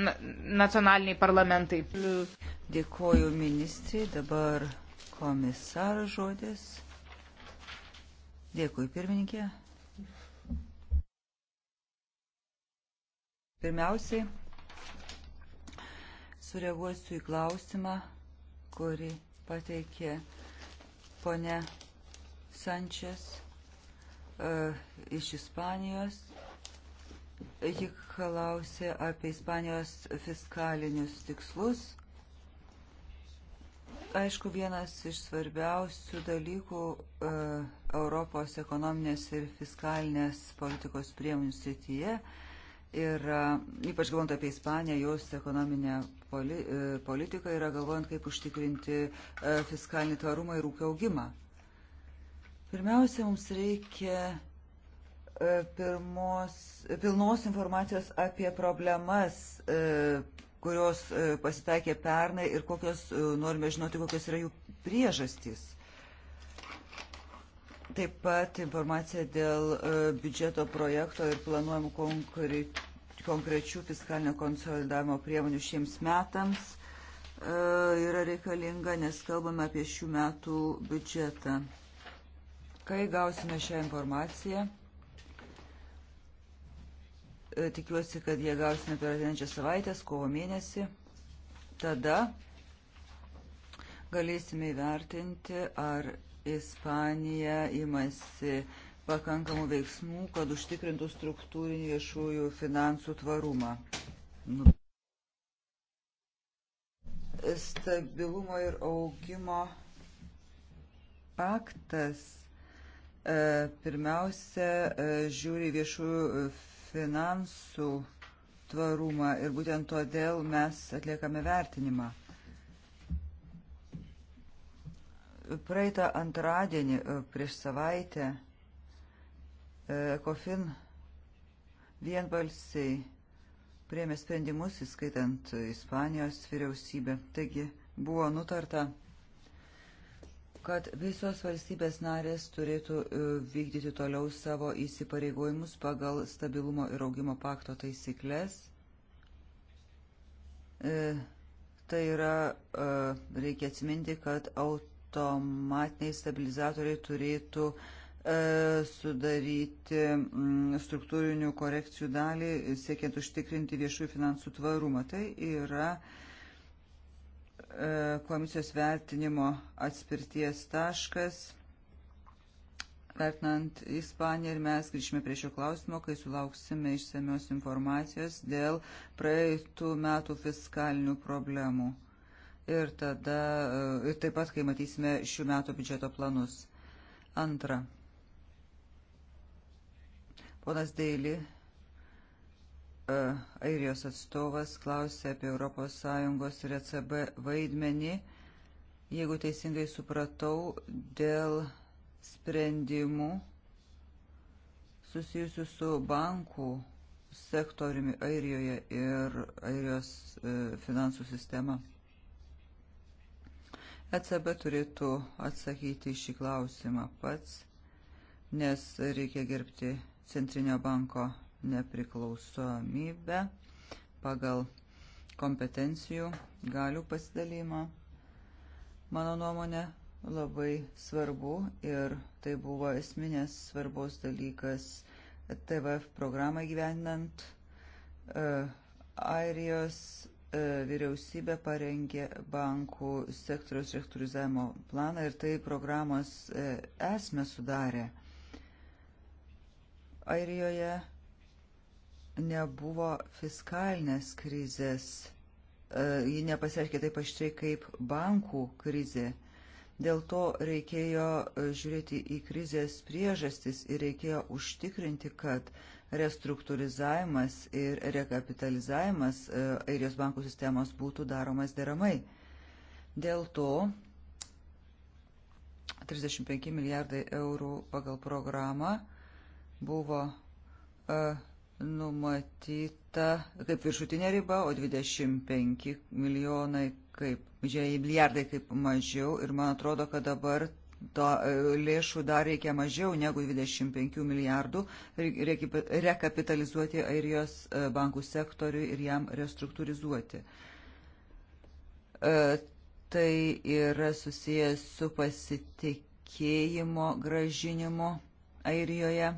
nacionaliniai parlamentai. Dėkoju ministrai, dabar komisaro žodis. Dėkui pirmininkė. Pirmiausiai, sureaguosiu į klausimą, kurį pateikė ponė Sančias uh, iš Ispanijos. Ji klausė apie Ispanijos fiskalinius tikslus. Aišku, vienas iš svarbiausių dalykų e, Europos ekonominės ir fiskalinės politikos priemonių srityje yra, e, ypač galvojant apie Ispaniją, jos ekonominę poli, e, politiką yra galvojant, kaip užtikrinti e, fiskalinį tvarumą ir ūkio augimą. Pirmiausia, mums reikia pirmos, pilnos informacijos apie problemas, kurios pasitaikė pernai ir kokios, norime žinoti, kokios yra jų priežastys. Taip pat informacija dėl biudžeto projekto ir planuojamų konkrečių konkrečių fiskalinio konsolidavimo priemonių šiems metams e, yra reikalinga, nes kalbame apie šių metų biudžetą. Kai gausime šią informaciją, e, tikiuosi, kad jie gausime per ateinančią savaitę, kovo mėnesį, tada galėsime įvertinti, ar Ispanija imasi uh, pakankamų veiksmų, kad užtikrintų struktūrinį viešųjų finansų tvarumą. Nu, stabilumo ir augimo paktas e, pirmiausia e, žiūri viešųjų finansų tvarumą ir būtent todėl mes atliekame vertinimą. Praeitą antradienį e, prieš savaitę Ekofin vienbalsiai priemė sprendimus, įskaitant Ispanijos vyriausybę. Taigi buvo nutarta kad visos valstybės narės turėtų e, vykdyti toliau savo įsipareigojimus pagal stabilumo ir augimo pakto taisyklės. E, tai yra, e, reikia atsiminti, kad automatiniai stabilizatoriai turėtų e, E, sudaryti mm, struktūrinių korekcijų dalį, siekiant užtikrinti viešųjų finansų tvarumą. Tai yra e, komisijos vertinimo atspirties taškas. Vertinant Ispaniją ir mes grįžime prie šio klausimo, kai sulauksime išsamios informacijos dėl praeitų metų fiskalinių problemų. Ir tada, e, ir taip pat, kai matysime šių metų biudžeto planus. Antra Ponas Deili, e, Airijos atstovas, klausė apie ES ir ECB vaidmenį. Jeigu teisingai supratau, dėl sprendimų susijusių su bankų sektoriumi Airijoje ir Airijos e, finansų sistema. ECB turėtų atsakyti šį klausimą pats, nes reikia gerbti Centrinio banko nepriklausomybę pagal kompetencijų galių pasidalymą. Mano nuomonė labai svarbu ir tai buvo esminės svarbos dalykas TVF programą gyvenant. E, Airijos e, vyriausybė parengė bankų sektoriaus restruktūrizavimo planą ir tai programos e, esmę sudarė. Airijoje nebuvo fiskalinės krizės. E, ji nepasireiškė taip aštriai kaip bankų krizė. Dėl to reikėjo e, žiūrėti į krizės priežastis ir reikėjo užtikrinti, kad restruktūrizavimas ir rekapitalizavimas e, Airijos bankų sistemos būtų daromas deramai. Dėl to 35 milijardai eurų pagal programą buvo uh, numatyta kaip viršutinė riba, o 25 milijonai kaip, žiūrėjai, milijardai kaip mažiau. Ir man atrodo, kad dabar to e, lėšų dar reikia mažiau negu 25 milijardų reikia rekapitalizuoti airijos e, bankų sektoriui ir jam restruktūrizuoti. Tai yra susijęs su pasitikėjimo gražinimu Airijoje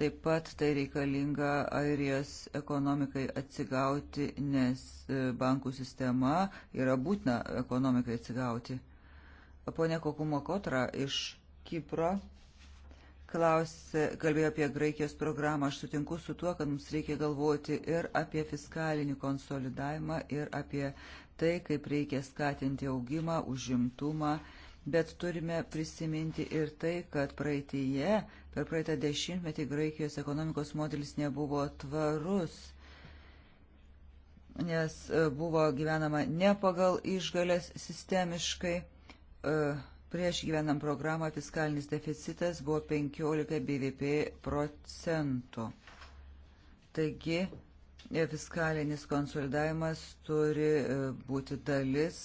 Taip pat tai reikalinga Airijos ekonomikai atsigauti, nes e, bankų sistema yra būtina ekonomikai atsigauti. Pone Kokumo Kotra iš Kipro klausė, kalbėjo apie Graikijos programą. Aš sutinku su tuo, kad mums reikia galvoti ir apie fiskalinį konsolidavimą, ir apie tai, kaip reikia skatinti augimą, užimtumą, bet turime prisiminti ir tai, kad praeitįje Per praeitą dešimtmetį Graikijos ekonomikos modelis nebuvo tvarus, nes e, buvo gyvenama ne pagal išgalės sistemiškai. E, prieš gyvenam programą fiskalinis deficitas buvo 15 BVP procentų. Taigi e, fiskalinis konsolidavimas turi būti dalis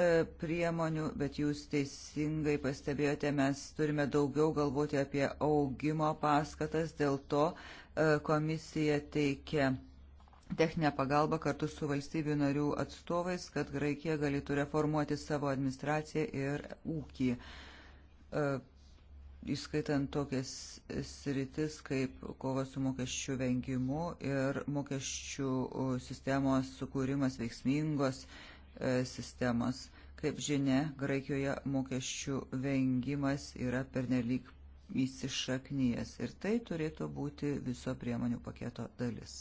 E, priemonių, bet jūs teisingai pastebėjote, mes turime daugiau galvoti apie augimo paskatas, dėl to e, komisija teikia techninę pagalbą kartu su valstybių narių atstovais, kad Graikija galėtų reformuoti savo administraciją ir ūkį, e, įskaitant tokias sritis kaip kova su mokesčių vengimu ir mokesčių sistemos sukūrimas veiksmingos, E, sistemos. Kaip žinia, Graikijoje mokesčių vengimas yra pernelyg įsišaknyjas ir tai turėtų būti viso priemonių paketo dalis.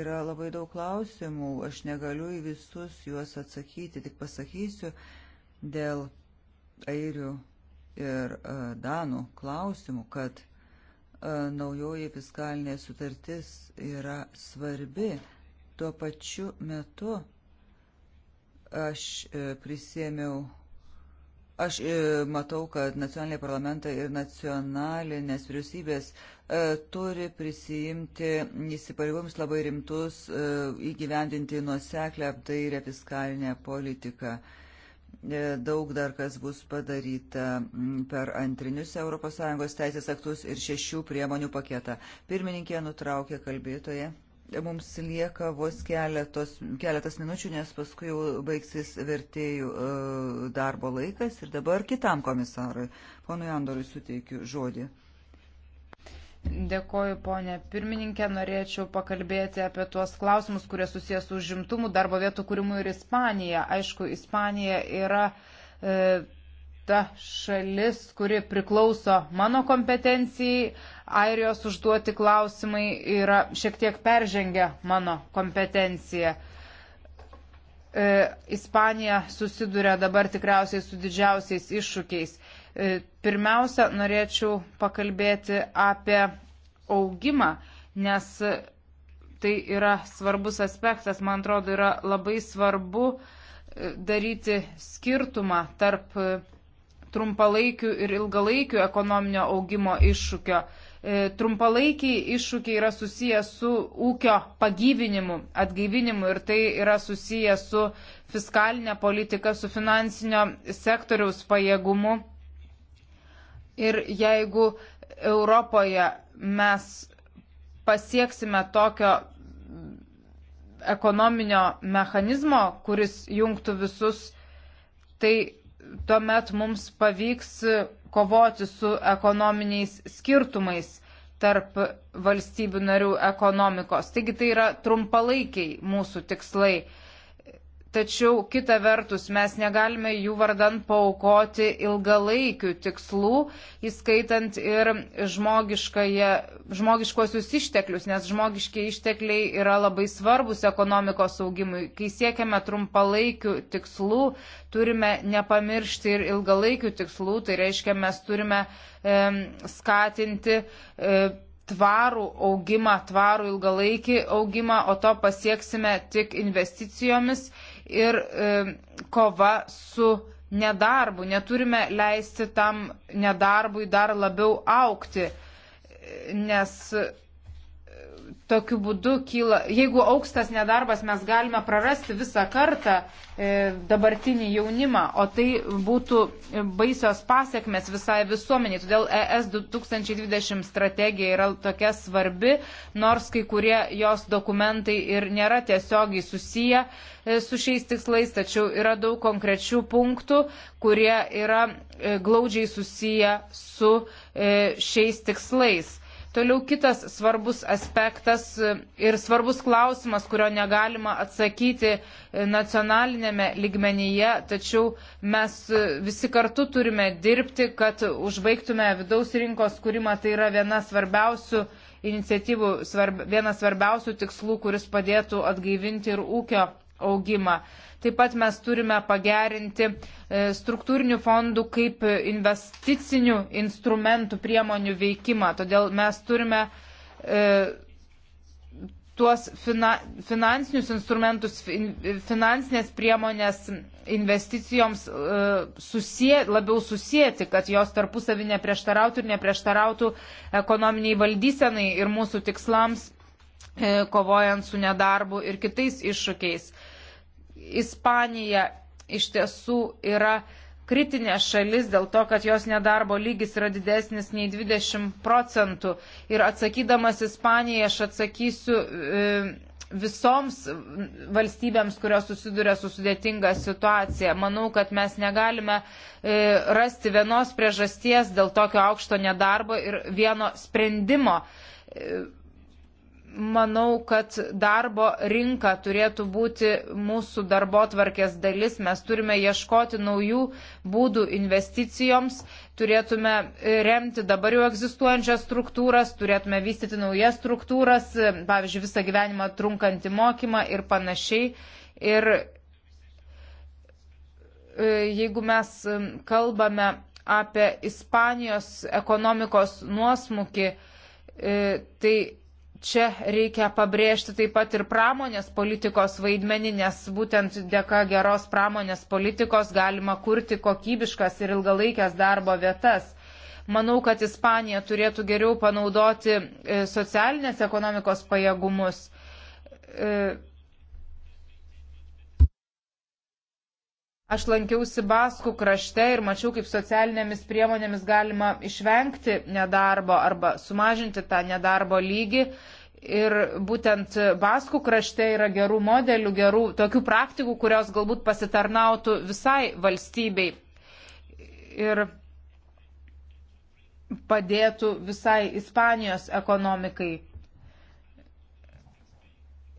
Yra labai daug klausimų, aš negaliu į visus juos atsakyti, tik pasakysiu dėl airių ir e, danų klausimų, kad e, naujoji fiskalinė sutartis yra svarbi. Tuo pačiu metu Aš e, prisėmiau, aš e, matau, kad nacionaliniai parlamentai ir nacionalinės vyriausybės e, turi prisijimti įsipareigojimus labai rimtus įgyvendinti nuoseklę apdairę fiskalinę politiką daug dar kas bus padaryta per antrinius ES teisės aktus ir šešių priemonių paketą. Pirmininkė nutraukė kalbėtoje mums lieka vos keletos, keletas minučių, nes paskui jau baigsis vertėjų e, darbo laikas ir dabar kitam komisarui, ponui Andorui, suteikiu žodį. Dėkoju, ponė pirmininkė. Norėčiau pakalbėti apie tuos klausimus, kurie susijęs su užimtumu, darbo vietų kūrimu ir Ispanija. Aišku, Ispanija yra e, ta šalis, kuri priklauso mano kompetencijai, Airijos užduoti klausimai yra šiek tiek peržengę mano kompetenciją. E, Ispanija susiduria dabar tikriausiai su didžiausiais iššūkiais. E, pirmiausia, norėčiau pakalbėti apie augimą, nes tai yra svarbus aspektas, man atrodo, yra labai svarbu e, daryti skirtumą tarp e, trumpalaikių ir ilgalaikių ekonominio augimo iššūkio. E, trumpalaikiai iššūkiai yra susiję su ūkio pagyvinimu, atgaivinimu ir tai yra susiję su fiskalinė politika, su finansinio sektoriaus pajėgumu. Ir jeigu Europoje mes pasieksime tokio ekonominio mechanizmo, kuris jungtų visus, tai tuomet mums pavyks kovoti su ekonominiais skirtumais tarp valstybių narių ekonomikos. Taigi tai yra trumpalaikiai mūsų tikslai tačiau kita vertus mes negalime jų vardan paukoti ilgalaikių tikslų, įskaitant ir žmogiškuosius išteklius, nes žmogiškiai ištekliai yra labai svarbus ekonomikos augimui. Kai siekiame trumpalaikių tikslų, turime nepamiršti ir ilgalaikių tikslų, tai reiškia mes turime e, skatinti. E, tvarų augimą, tvarų ilgalaikį augimą, o to pasieksime tik investicijomis ir e, kova su nedarbu. Neturime leisti tam nedarbui dar labiau aukti, nes tokiu būdu kyla, jeigu aukštas nedarbas, mes galime prarasti visą kartą e, dabartinį jaunimą, o tai būtų baisios pasiekmes visai visuomeniai. Todėl ES 2020 strategija yra tokia svarbi, nors kai kurie jos dokumentai ir nėra tiesiogiai susiję e, su šiais tikslais, tačiau yra daug konkrečių punktų, kurie yra e, glaudžiai susiję su e, šiais tikslais. Toliau kitas svarbus aspektas ir svarbus klausimas, kurio negalima atsakyti nacionalinėme ligmenyje, tačiau mes visi kartu turime dirbti, kad užbaigtume vidaus rinkos kūrimą. Tai yra viena svarbiausių iniciatyvų, svarb, vienas svarbiausių tikslų, kuris padėtų atgaivinti ir ūkio augimą. Taip pat mes turime pagerinti e, struktūrinių fondų kaip investicinių instrumentų priemonių veikimą. Todėl mes turime e, tuos fina, finansinius instrumentus, finansinės priemonės investicijoms e, susie, labiau susijęti, kad jos tarpusavį neprieštarautų ir neprieštarautų ekonominiai valdysenai ir mūsų tikslams kovojant su nedarbu ir kitais iššūkiais. Ispanija iš tiesų yra kritinė šalis dėl to, kad jos nedarbo lygis yra didesnis nei 20 procentų. Ir atsakydamas Ispanijai aš atsakysiu e, visoms valstybėms, kurios susiduria su sudėtinga situacija. Manau, kad mes negalime e, rasti vienos priežasties dėl tokio aukšto nedarbo ir vieno sprendimo e, manau, kad darbo rinka turėtų būti mūsų darbo tvarkės dalis. Mes turime ieškoti naujų būdų investicijoms, turėtume remti dabar jau egzistuojančias struktūras, turėtume vystyti naujas struktūras, pavyzdžiui, visą gyvenimą trunkantį mokymą ir panašiai. Ir e, jeigu mes e, kalbame apie Ispanijos ekonomikos nuosmukį, e, tai Čia reikia pabrėžti taip pat ir pramonės politikos vaidmenį, nes būtent dėka geros pramonės politikos galima kurti kokybiškas ir ilgalaikės darbo vietas. Manau, kad Ispanija turėtų geriau panaudoti e, socialinės ekonomikos pajėgumus e, Aš lankiausi Baskų krašte ir mačiau, kaip socialinėmis priemonėmis galima išvengti nedarbo arba sumažinti tą nedarbo lygį. Ir būtent Baskų krašte yra gerų modelių, gerų tokių praktikų, kurios galbūt pasitarnautų visai valstybei ir padėtų visai Ispanijos ekonomikai.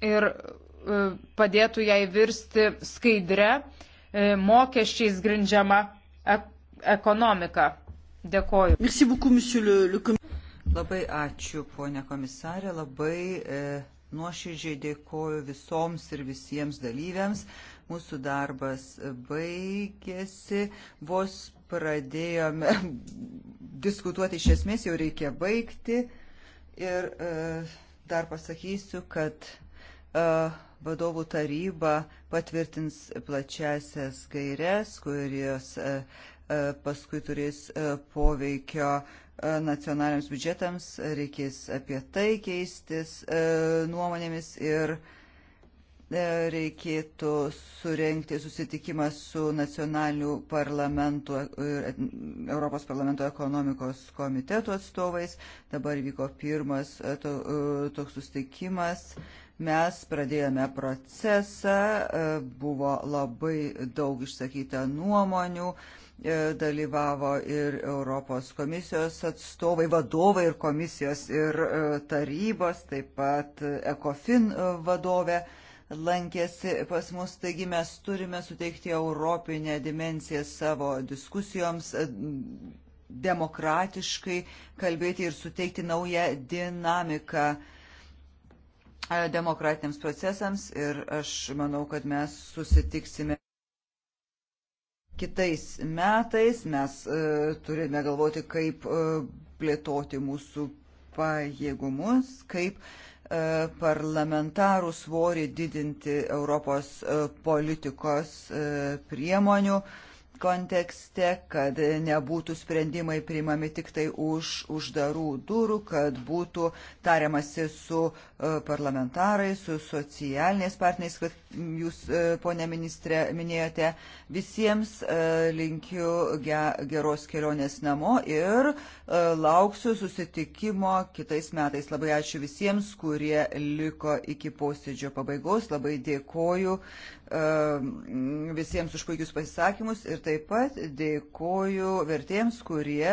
Ir e, padėtų jai virsti skaidrę E, mokesčiais grindžiama ekonomika. Dėkoju. Labai ačiū, ponė komisarė, labai e, nuoširdžiai dėkoju visoms ir visiems dalyviams. Mūsų darbas baigėsi, vos pradėjome <laughs> diskutuoti iš esmės, jau reikia baigti. Ir e, dar pasakysiu, kad E, vadovų taryba patvirtins plačiasias gairias, kurios e, e, paskui turės poveikio nacionaliniams biudžetams, reikės apie tai keistis nuomonėmis ir reikėtų surenkti susitikimą su nacionaliniu parlamentu ir Europos parlamento ekonomikos komiteto atstovais. Dabar vyko pirmas to, toks susitikimas. Mes pradėjome procesą, e, buvo labai daug išsakyta nuomonių, e, dalyvavo ir Europos komisijos atstovai, vadovai ir komisijos ir e, tarybos, taip pat ECOFIN vadovė lankėsi pas mus, taigi mes turime suteikti europinę dimenciją savo diskusijoms, demokratiškai kalbėti ir suteikti naują dinamiką E, demokratiniams procesams ir aš manau, kad mes susitiksime kitais metais. Mes e, turime galvoti, kaip e, plėtoti mūsų pajėgumus, kaip parlamentarų svorį didinti Europos politikos priemonių kontekste, kad nebūtų sprendimai priimami tik tai už uždarų durų, kad būtų tariamasi su e, parlamentarai, su socialiniais partneriais, kad jūs, e, ponė ministrė, minėjote, visiems e, linkiu geros kelionės namo ir lauksiu susitikimo kitais metais. Labai ačiū visiems, kurie liko iki posėdžio pabaigos. Labai dėkoju visiems už puikius pasisakymus ir taip pat dėkoju vertėjams, kurie